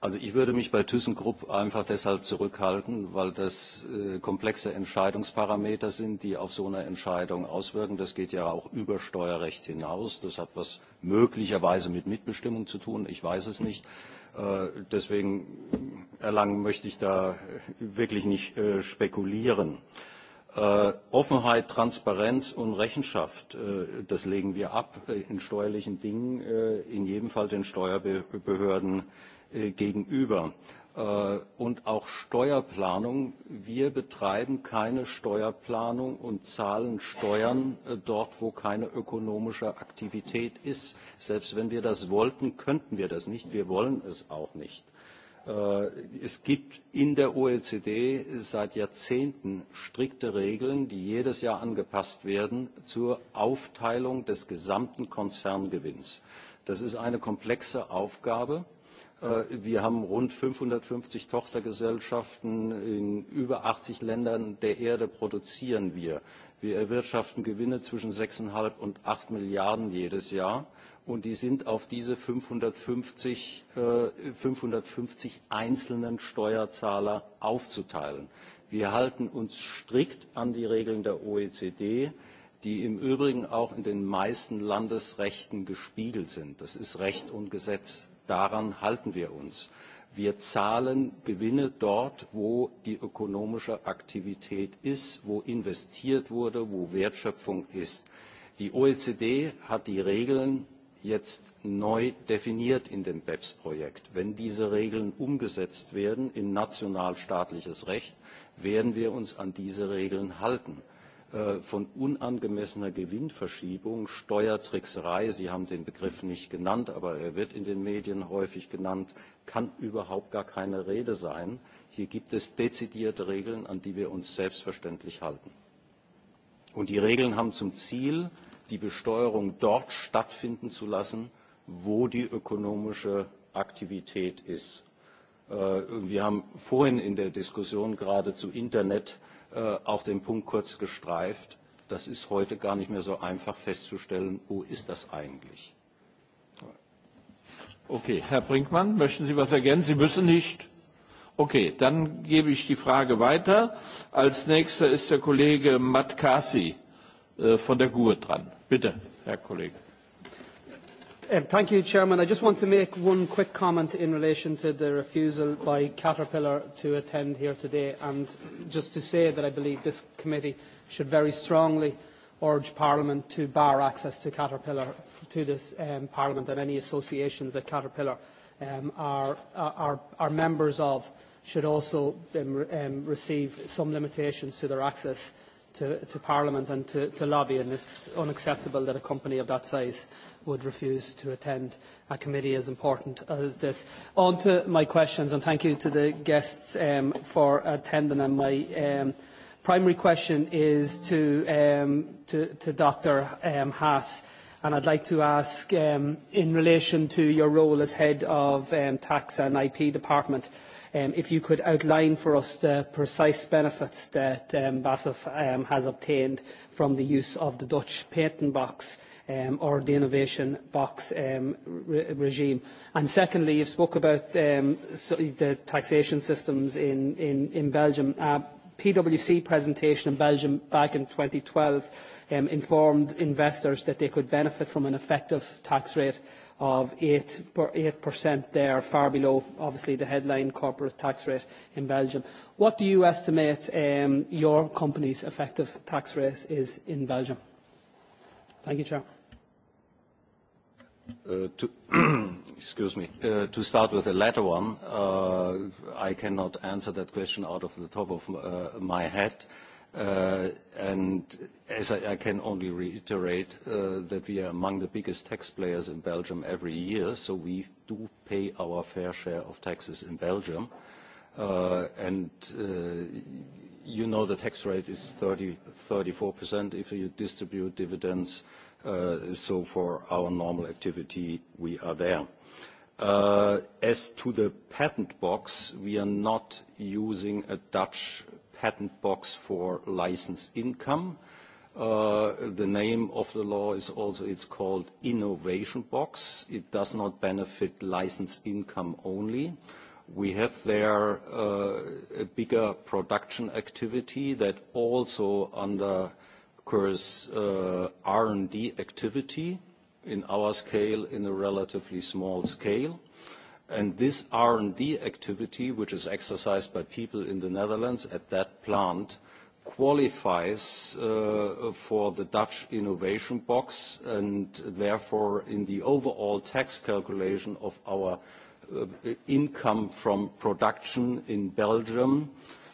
Also ich würde mich bei ThyssenKrupp einfach deshalb zurückhalten, weil das komplexe Entscheidungsparameter sind, die auf so eine Entscheidung auswirken. Das geht ja auch über Steuerrecht hinaus. Das hat was möglicherweise mit Mitbestimmung zu tun. Ich weiß es nicht. Deswegen erlangen möchte ich da wirklich nicht spekulieren. Offenheit, Transparenz und Rechenschaft, das legen wir ab in steuerlichen Dingen, in jedem Fall den Steuerbehörden gegenüber und auch Steuerplanung. Wir betreiben keine Steuerplanung und zahlen Steuern dort, wo keine ökonomische Aktivität ist. Selbst wenn wir das wollten, könnten wir das nicht. Wir wollen es auch nicht. Es gibt in der OECD seit Jahrzehnten strikte Regeln, die jedes Jahr angepasst werden, zur Aufteilung des gesamten Konzerngewinns. Das ist eine komplexe Aufgabe Wir haben rund 550 Tochtergesellschaften in über 80 Ländern der Erde produzieren wir. Wir erwirtschaften Gewinne zwischen 6,5 und 8 Milliarden jedes Jahr. Und die sind auf diese 550 einzelnen Steuerzahler aufzuteilen. Wir halten uns strikt an die Regeln der OECD die im Übrigen auch in den meisten Landesrechten gespiegelt sind. Das ist Recht und Gesetz. Daran halten wir uns. Wir zahlen Gewinne dort, wo die ökonomische Aktivität ist, wo investiert wurde, wo Wertschöpfung ist. Die OECD hat die Regeln jetzt neu definiert in dem BEPS-Projekt. Wenn diese Regeln umgesetzt werden in nationalstaatliches Recht, werden wir uns an diese Regeln halten von unangemessener Gewinnverschiebung, Steuertrickserei, Sie haben den Begriff nicht genannt, aber er wird in den Medien häufig genannt, kann überhaupt gar keine Rede sein. Hier gibt es dezidierte Regeln, an die wir uns selbstverständlich halten. Und die Regeln haben zum Ziel, die Besteuerung dort stattfinden zu lassen, wo die ökonomische Aktivität ist. Wir haben vorhin in der Diskussion gerade zu Internet auch den Punkt kurz gestreift. Das ist heute gar nicht mehr so einfach festzustellen, wo ist das eigentlich. Okay, Herr Brinkmann, möchten Sie was ergänzen? Sie müssen nicht. Okay, dann gebe ich die Frage weiter. Als nächster ist der Kollege Matt von der GUE dran. Bitte, Herr Kollege. Thank you, Chairman. I just want to make one quick comment in relation to the refusal by Caterpillar to attend here today, and just to say that I believe this committee should very strongly urge Parliament to bar access to Caterpillar, to this Parliament and any associations that Caterpillar are members of should also receive some limitations to their access to Parliament and to lobby, and it's unacceptable that a company of that size would refuse to attend a committee as important as this. On to my questions, and thank you to the guests for attending. And my primary question is to Dr. Haas, and I'd like to ask in relation to your role as head of Tax and IP Department if you could outline for us the precise benefits that BASF has obtained from the use of the Dutch patent box or the innovation box regime. And secondly, you spoke about the taxation systems in Belgium. PwC presentation in Belgium back in 2012 informed investors that they could benefit from an effective tax rate of 8% there, far below, obviously, the headline corporate tax rate in Belgium. What do you estimate your company's effective tax rate is in Belgium? Thank you, Chair. Excuse me. To start with the latter one, I cannot answer that question out of the top of my head. And as I can only reiterate that we are among the biggest tax players in Belgium every year, so we do pay our fair share of taxes in Belgium. And you know the tax rate is 34%. If you distribute dividends, so for our normal activity, we are there. As to the patent box, we are not using a Dutch patent box for license income. The name of the law is also, it's called innovation box. It does not benefit license income only. We have there a bigger production activity that also undercurs R&D activity, in our scale, in a relatively small scale. And this R&D activity, which is exercised by people in the Netherlands at that plant, qualifies for the Dutch innovation box and therefore in the overall tax calculation of our income from production in Belgium,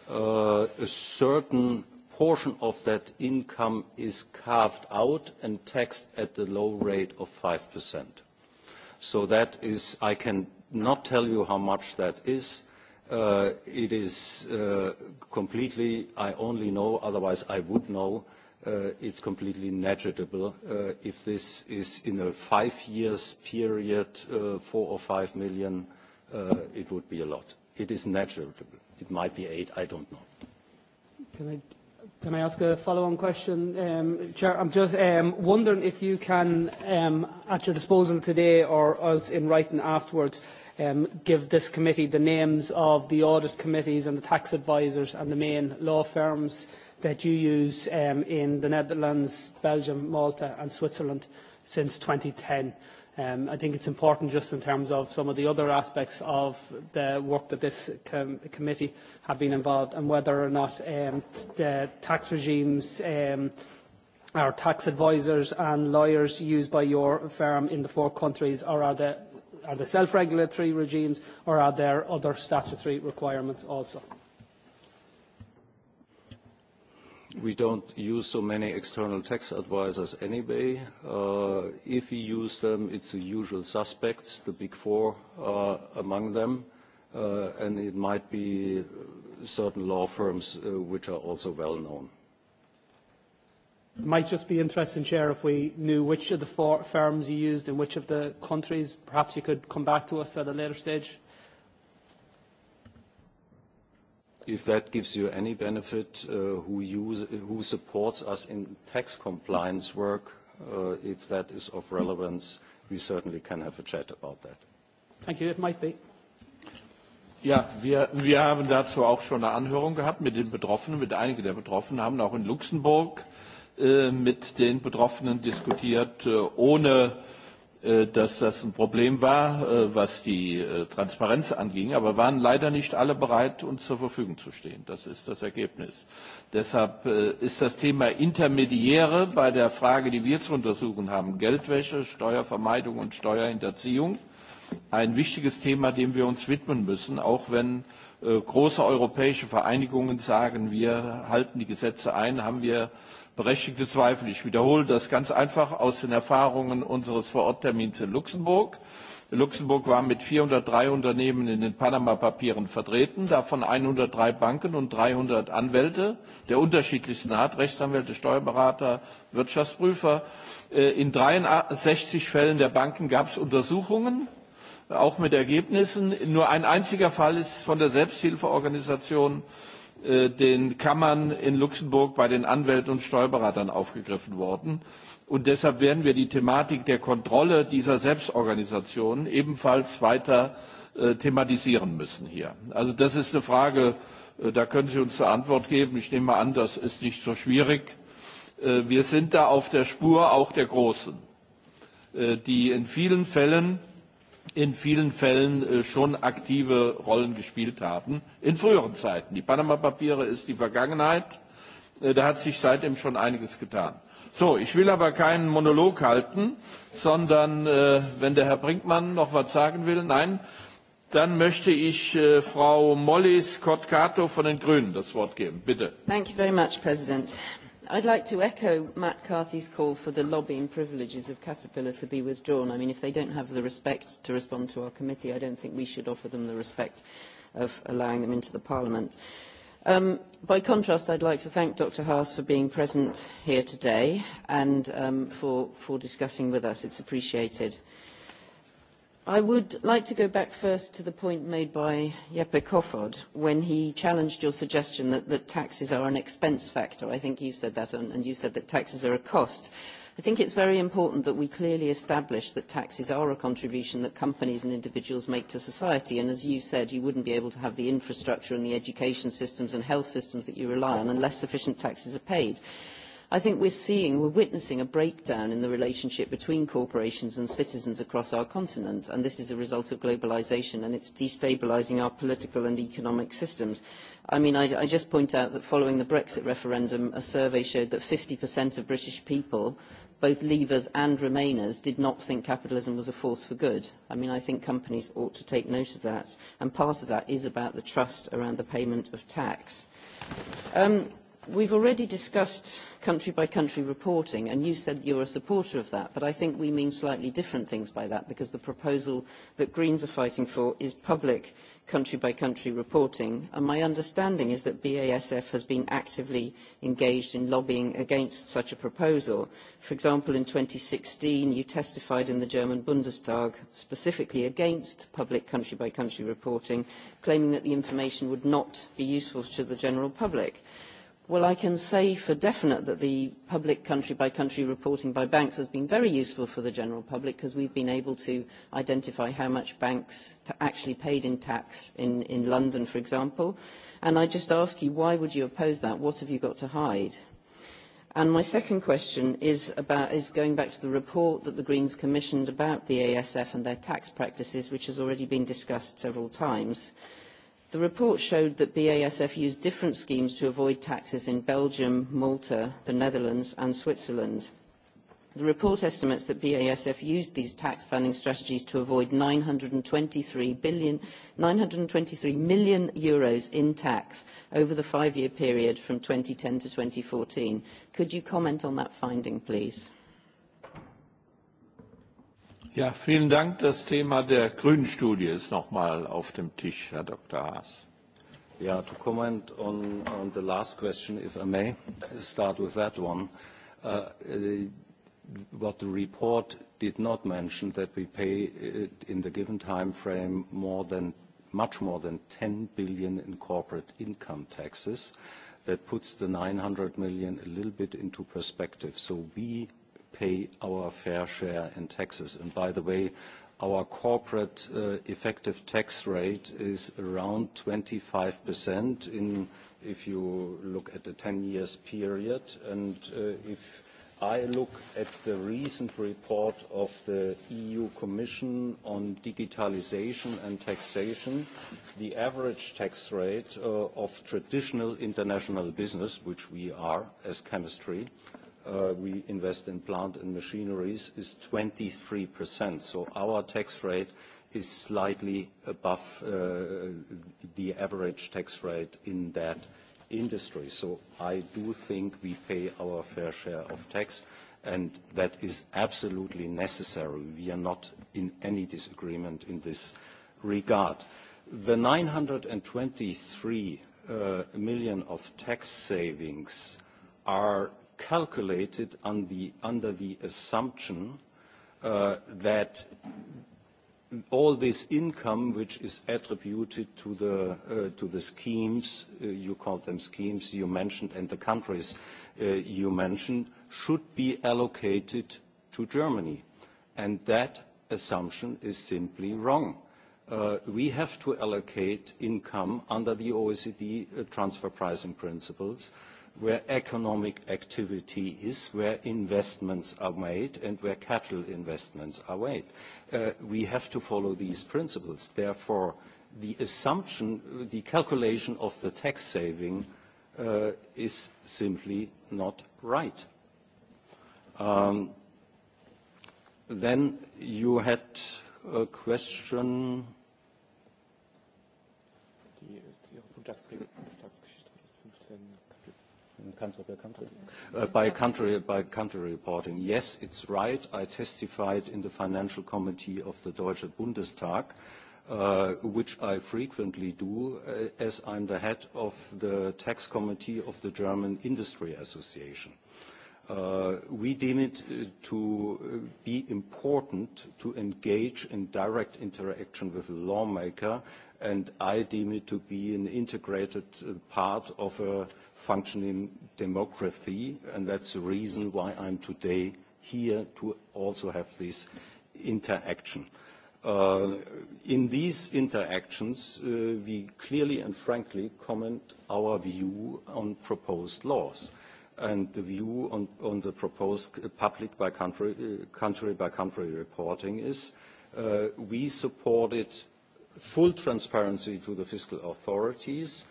a certain portion of that income is carved out and taxed at the low rate of 5%. So that is, I can not tell you how much that is. It is completely, I only know, otherwise I would know, it's completely negligible. If this is in a five years period, four or five million, it would be a lot. It is negligible. It might be eight, I don't know. Can I ask a follow-on question? Chair, I'm just wondering if you can, at your disposal today or else in writing afterwards, give this committee the names of the audit committees and the tax advisors and the main law firms that you use in the Netherlands, Belgium, Malta and Switzerland since 2010. I think it's important just in terms of some of the other aspects of the work that this committee have been involved and whether or not the tax regimes our tax advisors and lawyers used by your firm in the four countries or are the self-regulatory regimes or are there other statutory requirements also? We don't use so many external tax advisors anyway. If we use them, it's the usual suspects, the big four among them, and it might be certain law firms which are also well known. It might just be interesting, Chair, if we knew which of the four firms you used in which of the countries. Perhaps you could come back to us at a later stage if that gives you any benefit, who supports us in tax compliance work, if that is of relevance, we certainly can have a chat about that. Thank you. It might be. Ja, wir haben dazu auch schon eine Anhörung gehabt mit den Betroffenen, mit einigen der Betroffenen, haben auch in Luxemburg mit den Betroffenen diskutiert, ohne dass das ein Problem war, was die Transparenz anging, aber waren leider nicht alle bereit, uns zur Verfügung zu stehen. Das ist das Ergebnis. Deshalb ist das Thema Intermediäre bei der Frage, die wir zu untersuchen haben, Geldwäsche, Steuervermeidung und Steuerhinterziehung, ein wichtiges Thema, dem wir uns widmen müssen, auch wenn große europäische Vereinigungen sagen, wir halten die Gesetze ein, haben wir berechtigte Zweifel. Ich wiederhole das ganz einfach aus den Erfahrungen unseres Vororttermins in Luxemburg. Luxemburg war mit 403 Unternehmen in den Panama-Papieren vertreten, davon 103 Banken und 300 Anwälte der unterschiedlichsten Art, Rechtsanwälte, Steuerberater, Wirtschaftsprüfer. In 63 Fällen der Banken gab es Untersuchungen, auch mit Ergebnissen. Nur ein einziger Fall ist von der Selbsthilfeorganisation den Kammern in Luxemburg bei den Anwälten und Steuerberatern aufgegriffen worden. Und deshalb werden wir die Thematik der Kontrolle dieser Selbstorganisation ebenfalls weiter thematisieren müssen hier. Also das ist eine Frage, da können Sie uns eine Antwort geben. Ich nehme an, das ist nicht so schwierig. Wir sind da auf der Spur auch der Großen, die in vielen Fällen in vielen Fällen schon aktive Rollen gespielt haben, in früheren Zeiten. Die Panama-Papiere ist die Vergangenheit. Da hat sich seitdem schon einiges getan. So, ich will aber keinen Monolog halten, sondern wenn der Herr Brinkmann noch was sagen will, nein, dann möchte ich Frau Molly scott von den Grünen das Wort geben. Bitte. Thank you very much, President. I'd like to echo Matt Carthy's call for the lobbying privileges of Caterpillar to be withdrawn. I mean, if they don't have the respect to respond to our committee, I don't think we should offer them the respect of allowing them into the Parliament. By contrast, I'd like to thank Dr. Haas for being present here today and for discussing with us. It's appreciated. I would like to go back first to the point made by Jeppe Kofod when he challenged your suggestion that taxes are an expense factor. I think you said that, and you said that taxes are a cost. I think it's very important that we clearly establish that taxes are a contribution that companies and individuals make to society. And as you said, you wouldn't be able to have the infrastructure and the education systems and health systems that you rely on unless sufficient taxes are paid. I think we're seeing, witnessing a breakdown in the relationship between corporations and citizens across our continent, and this is a result of globalization, and it's destabilizing our political and economic systems. I mean, I just point out that following the Brexit referendum, a survey showed that 50% of British people, both Leavers and Remainers, did not think capitalism was a force for good. I mean, I think companies ought to take note of that, and part of that is about the trust around the payment of tax. We have already discussed country-by-country reporting, and you said you are a supporter of that, but I think we mean slightly different things by that, because the proposal that Greens are fighting for is public country-by-country reporting, and my understanding is that BASF has been actively engaged in lobbying against such a proposal. For example, in 2016, you testified in the German Bundestag specifically against public country-by-country reporting, claiming that the information would not be useful to the general public. Well, I can say for definite that the public country-by-country reporting by banks has been very useful for the general public because we've been able to identify how much banks actually paid in tax in in London, for example. And I just ask you, why would you oppose that? What have you got to hide? And my second question is going back to the report that the Greens commissioned about the ASF and their tax practices, which has already been discussed several times. The report showed that BASF used different schemes to avoid taxes in Belgium, Malta, the Netherlands and Switzerland. The report estimates that BASF used these tax planning strategies to avoid 923 billion 923 million euros in tax over the five-year period from 2010 to 2014. Could you comment on that finding, please? Ja, vielen Dank. Das Thema der Studie ist noch mal auf dem Tisch, Herr Dr. Haas. Yeah, to comment on the last question, if I may, start with that one. What the report did not mention that we pay in the given time frame more than, much more than 10 billion in corporate income taxes. That puts the 900 million a little bit into perspective. So we pay our fair share in taxes. And by the way, our corporate effective tax rate is around 25% if you look at the 10 years period. And if I look at the recent report of the EU Commission on digitalization and taxation, the average tax rate of traditional international business, which we are as chemistry, we invest in plant and machineries is 23%. So our tax rate is slightly above the average tax rate in that industry. So I do think we pay our fair share of tax, and that is absolutely necessary. We are not in any disagreement in this regard. The 923 million of tax savings are calculated under the assumption that all this income which is attributed to the schemes, you called them schemes you mentioned, and the countries you mentioned, should be allocated to Germany. And that assumption is simply wrong. We have to allocate income under the OECD transfer pricing principles where economic activity is, where investments are made and where capital investments are made. We have to follow these principles. Therefore, the assumption, the calculation of the tax saving is simply not right. Then you had a question country? By country by country reporting. Yes, it's right. I testified in the financial committee of the Deutsche Bundestag, which I frequently do, as I'm the head of the tax committee of the German Industry Association. We deem it to be important to engage in direct interaction with the lawmaker, and I deem it to be an integrated part of a functioning democracy, and that's the reason why I'm today here to also have this interaction. In these interactions, we clearly and frankly comment our view on proposed laws and the view on the proposed public by country by country reporting is we supported full transparency to the fiscal authorities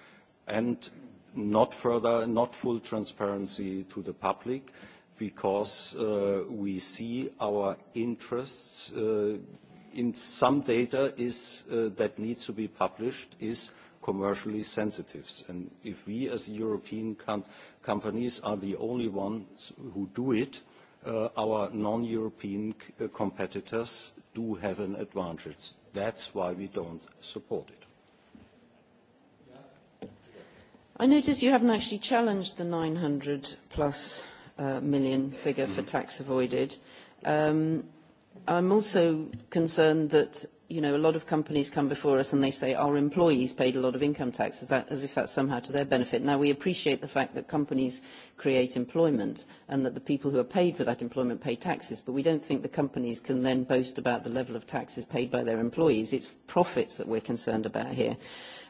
and not further, not full transparency to the public because we see our interests in some data is that needs to be published is commercially sensitive. And if we as European companies are the only ones who do it, our non-European competitors do have an advantage. That's why we don't support it. I notice you haven't actually challenged the 900-plus million figure for tax avoided. I'm also concerned that you know, a lot of companies come before us and they say our employees paid a lot of income tax, as if that's somehow to their benefit. Now, we appreciate the fact that companies create employment and that the people who are paid for that employment pay taxes, but we don't think the companies can then boast about the level of taxes paid by their employees. It's profits that we're concerned about here.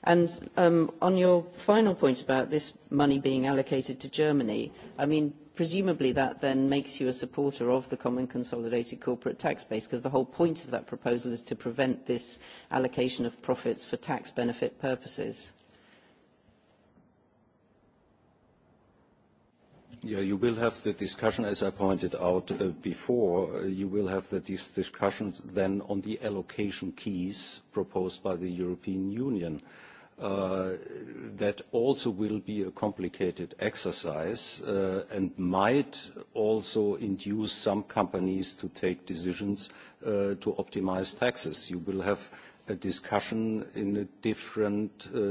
And on your final point about this money being allocated to Germany, I mean, presumably that then makes you a supporter of the common consolidated corporate tax base because the whole point of that proposal is to prevent this allocation of profits for tax benefit purposes. Yeah, you will have the discussion, as I pointed out before, you will have the discussions then on the allocation keys proposed by the European Union that also will be a complicated exercise and might also induce some companies to take decisions to optimize taxes. You will have a discussion in a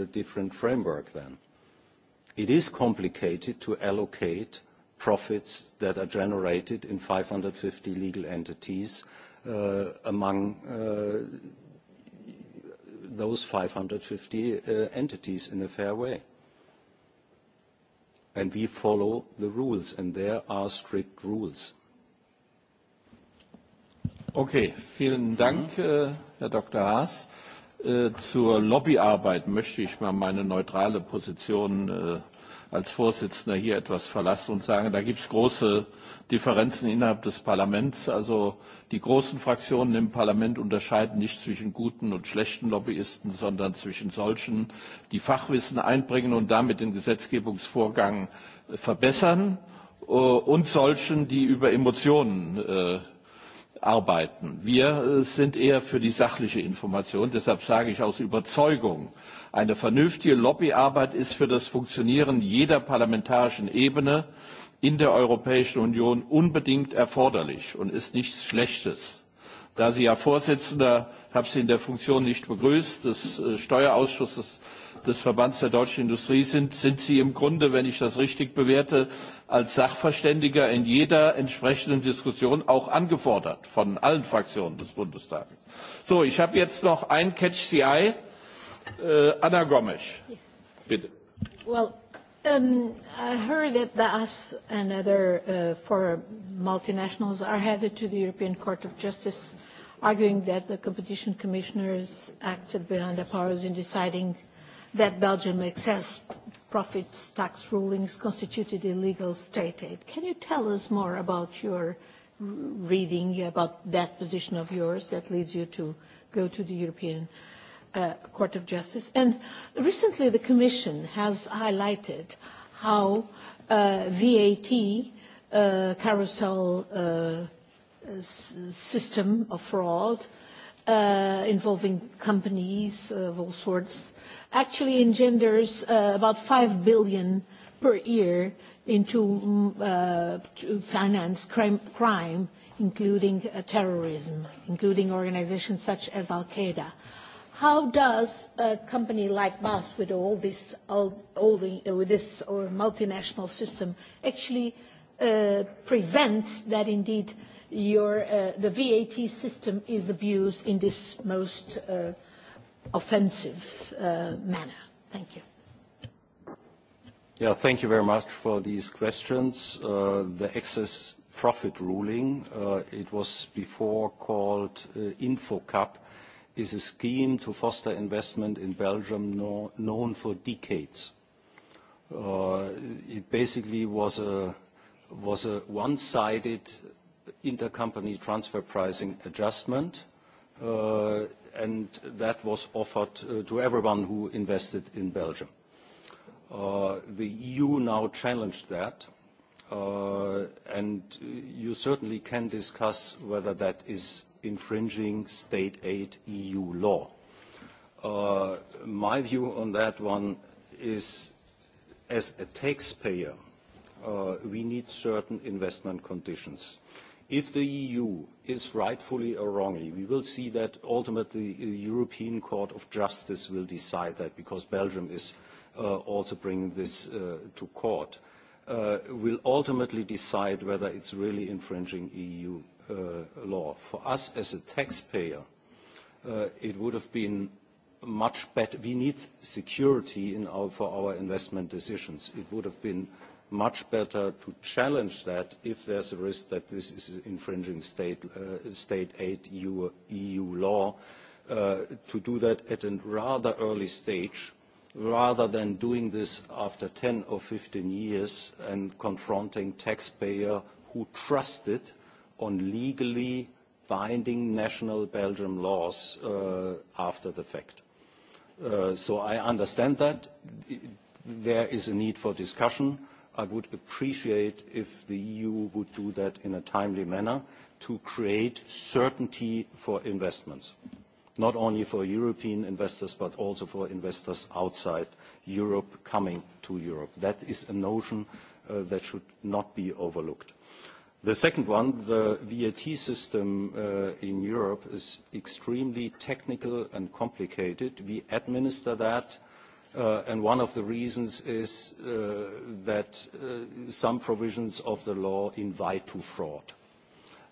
different framework then. It is complicated to allocate profits that are generated in 550 legal entities among those 550 entities in a fair way. And we follow the rules, and there are strict rules. Okay, vielen Dank, Herr Dr. Haas. Zur Lobbyarbeit möchte ich mal meine neutrale Position als Vorsitzender hier etwas verlassen und sagen, da gibt es große Differenzen innerhalb des Parlaments. Also die großen Fraktionen im Parlament unterscheiden nicht zwischen guten und schlechten Lobbyisten, sondern zwischen solchen, die Fachwissen einbringen und damit den Gesetzgebungsvorgang verbessern und solchen, die über Emotionen arbeiten. Wir sind eher für die sachliche Information, deshalb sage ich aus Überzeugung Eine vernünftige Lobbyarbeit ist für das Funktionieren jeder parlamentarischen Ebene in der Europäischen Union unbedingt erforderlich und ist nichts Schlechtes. Da Sie ja Vorsitzender, ich habe Sie in der Funktion nicht begrüßt, des Steuerausschusses des Verbands der deutschen Industrie sind, sind Sie im Grunde, wenn ich das richtig bewerte, als Sachverständiger in jeder entsprechenden Diskussion auch angefordert von allen Fraktionen des Bundestages. So, ich habe jetzt noch ein Catch the Eye. Anna Gomes, bitte. Well, I heard that US and other foreign multinationals are headed to the European Court of Justice arguing that the competition commissioners acted beyond their powers in deciding that Belgium excess profits tax rulings constituted illegal state aid. Can you tell us more about your reading about that position of yours that leads you to go to the European Court of Justice? And recently the Commission has highlighted how VAT carousel system of fraud involving companies of all sorts, actually engenders about 5 billion per year into finance crime, including terrorism, including organizations such as Al-Qaeda. How does a company like BAS, with all this multinational system, actually prevent that indeed the VAT system is abused in this most offensive manner. Thank you. Yeah, thank you very much for these questions. The excess profit ruling, it was before called InfoCap, is a scheme to foster investment in Belgium known for decades. It basically was a one-sided intercompany transfer pricing adjustment, and that was offered to everyone who invested in Belgium. The EU now challenged that, and you certainly can discuss whether that is infringing state aid EU law. My view on that one is, as a taxpayer, we need certain investment conditions. If the EU is rightfully or wrongly, we will see that ultimately the European Court of Justice will decide that because Belgium is also bringing this to court, will ultimately decide whether it's really infringing EU law. For us as a taxpayer, it would have been much better. We need security for our investment decisions. It would have been much better to challenge that if there's a risk that this is infringing state aid EU law, to do that at a rather early stage rather than doing this after 10 or 15 years and confronting taxpayer who trusted on legally binding national Belgium laws after the fact. So I understand that. There is a need for discussion. I would appreciate if the EU would do that in a timely manner to create certainty for investments, not only for European investors, but also for investors outside Europe coming to Europe. That is a notion that should not be overlooked. The second one, the VAT system in Europe is extremely technical and complicated. We administer that and one of the reasons is that some provisions of the law invite to fraud.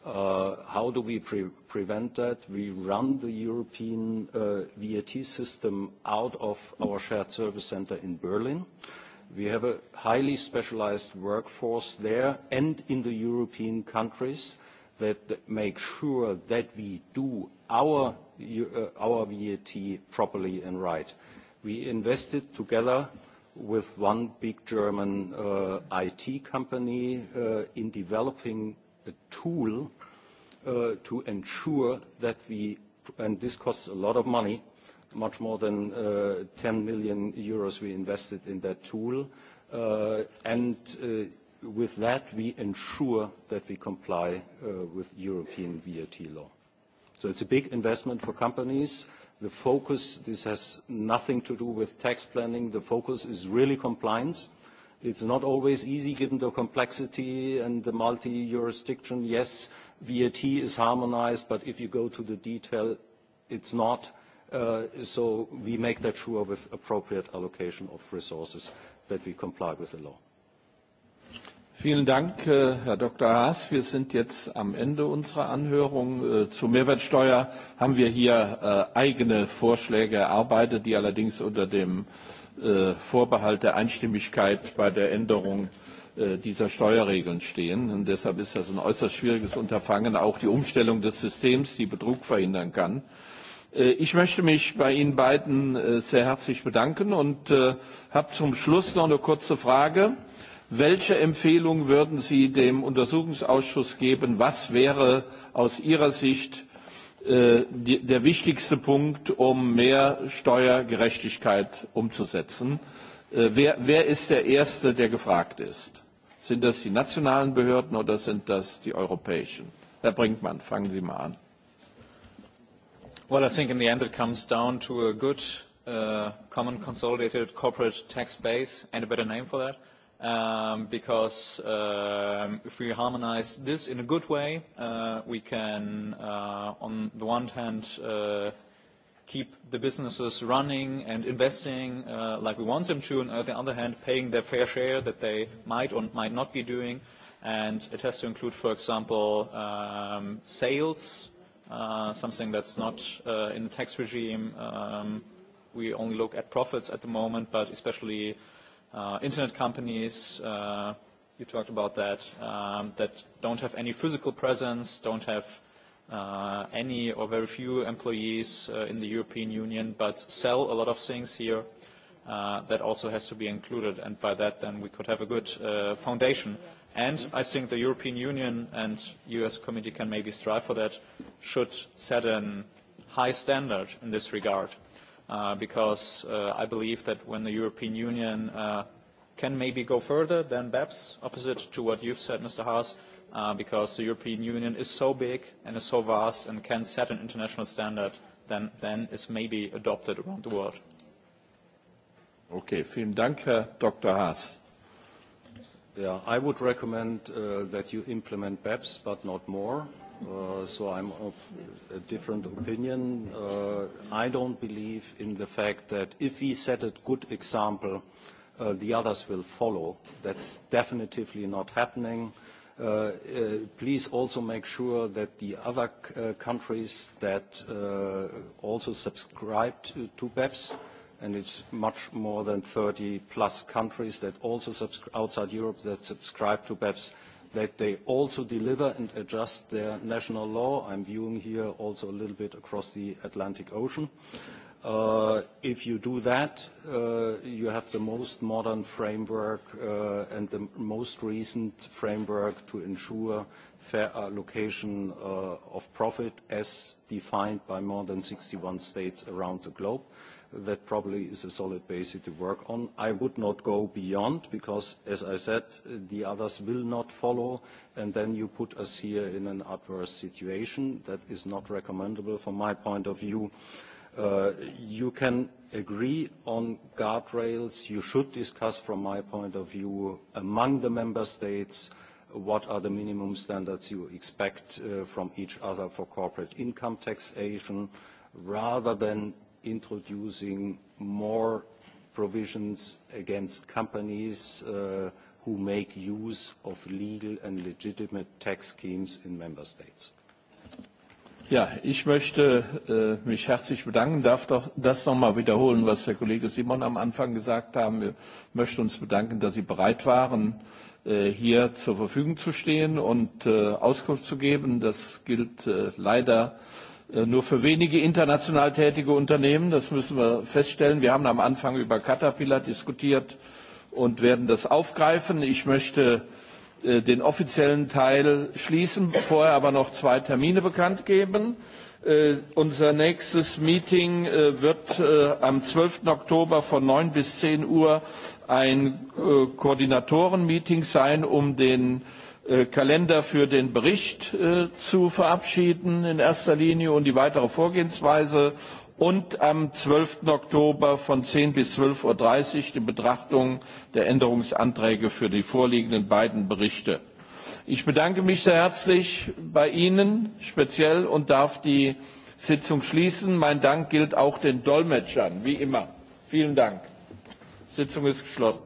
How do we prevent that? We run the European VAT system out of our shared service center in Berlin. We have a highly specialized workforce there and in the European countries that make sure that we do our VAT properly and right. We invested together with one big German IT company in developing a tool to ensure that we, and this costs a lot of money, much more than 10 million euros we invested in that tool, and with that we ensure that we comply with European VAT law. So it's a big investment for companies. The focus, this has nothing to do with tax planning. The focus is really compliance. It's not always easy given the complexity and the multi-jurisdiction. Yes, VAT is harmonized, but if you go to the detail, it's not. So we make that sure with appropriate allocation of resources that we comply with the law. Vielen Dank, Herr Dr. Haas. Wir sind jetzt am Ende unserer Anhörung. Zur Mehrwertsteuer haben wir hier eigene Vorschläge erarbeitet, die allerdings unter dem Vorbehalt der Einstimmigkeit bei der Änderung dieser Steuerregeln stehen. Und deshalb ist das ein äußerst schwieriges Unterfangen, auch die Umstellung des Systems, die Betrug verhindern kann. Ich möchte mich bei Ihnen beiden sehr herzlich bedanken und habe zum Schluss noch eine kurze Frage Welche Empfehlung würden Sie dem Untersuchungsausschuss geben? Was wäre aus Ihrer Sicht der wichtigste Punkt, um mehr Steuergerechtigkeit umzusetzen? Wer ist der Erste, der gefragt ist? Sind das die nationalen Behörden oder sind das die europäischen? Herr Brinkmann, fangen Sie mal an. Well, I think in the end it comes down to a good common consolidated corporate tax base and a better name for because if we harmonize this in a good way, we can, on the one hand, keep the businesses running and investing like we want them to, and on the other hand, paying their fair share that they might or might not be doing. And it has to include, for example, sales, something that's not in the tax regime. We only look at profits at the moment, but especially internet companies, you talked about that, that don't have any physical presence, don't have any or very few employees in the European Union, but sell a lot of things here. That also has to be included, and by that then we could have a good foundation. And I think the European Union and U.S. Committee can maybe strive for that, should set a high standard in this regard because I believe that when the European Union can maybe go further than BEPS, opposite to what you've said, Mr. Haas, because the European Union is so big and is so vast and can set an international standard then is maybe adopted around the world. Okay, vielen Dank, Dr. Haas. I would recommend that you implement BEPS, but not more so I'm of a different opinion. I don't believe in the fact that if we set a good example, the others will follow. That's definitely not happening. Please also make sure that the other countries that also subscribed to BEPS, and it's much more than 30 plus countries that also outside Europe that subscribe to BEPS, that they also deliver and adjust their national law. I'm viewing here also a little bit across the Atlantic Ocean. If you do that, you have the most modern framework and the most recent framework to ensure fair allocation of profit as defined by more than 61 states around the globe that probably is a solid basis to work on. I would not go beyond because, as I said, the others will not follow, and then you put us here in an adverse situation. That is not recommendable from my point of view. You can agree on guardrails. You should discuss, from my point of view, among the member states, what are the minimum standards you expect from each other for corporate income taxation, rather than introducing more provisions against companies who make use of legal and legitimate tax schemes in member states. Ja, ich möchte mich herzlich bedanken, darf doch das noch mal wiederholen, was der Kollege Simon am Anfang gesagt haben. Wir möchten uns bedanken, dass Sie bereit waren, hier zur Verfügung zu stehen und Auskunft zu geben. Das gilt leider nur für wenige international tätige Unternehmen. Das müssen wir feststellen. Wir haben am Anfang über Caterpillar diskutiert und werden das aufgreifen. Ich möchte den offiziellen Teil schließen, vorher aber noch zwei Termine bekannt geben. Unser nächstes Meeting wird am 12. Oktober von 9 bis 10 Uhr ein Koordinatoren-Meeting sein, um den Kalender für den Bericht zu verabschieden in erster Linie und die weitere Vorgehensweise und am 12. Oktober von 10 bis 12.30 Uhr die Betrachtung der Änderungsanträge für die vorliegenden beiden Berichte. Ich bedanke mich sehr herzlich bei Ihnen speziell und darf die Sitzung schließen. Mein Dank gilt auch den Dolmetschern, wie immer. Vielen Dank. Sitzung ist geschlossen.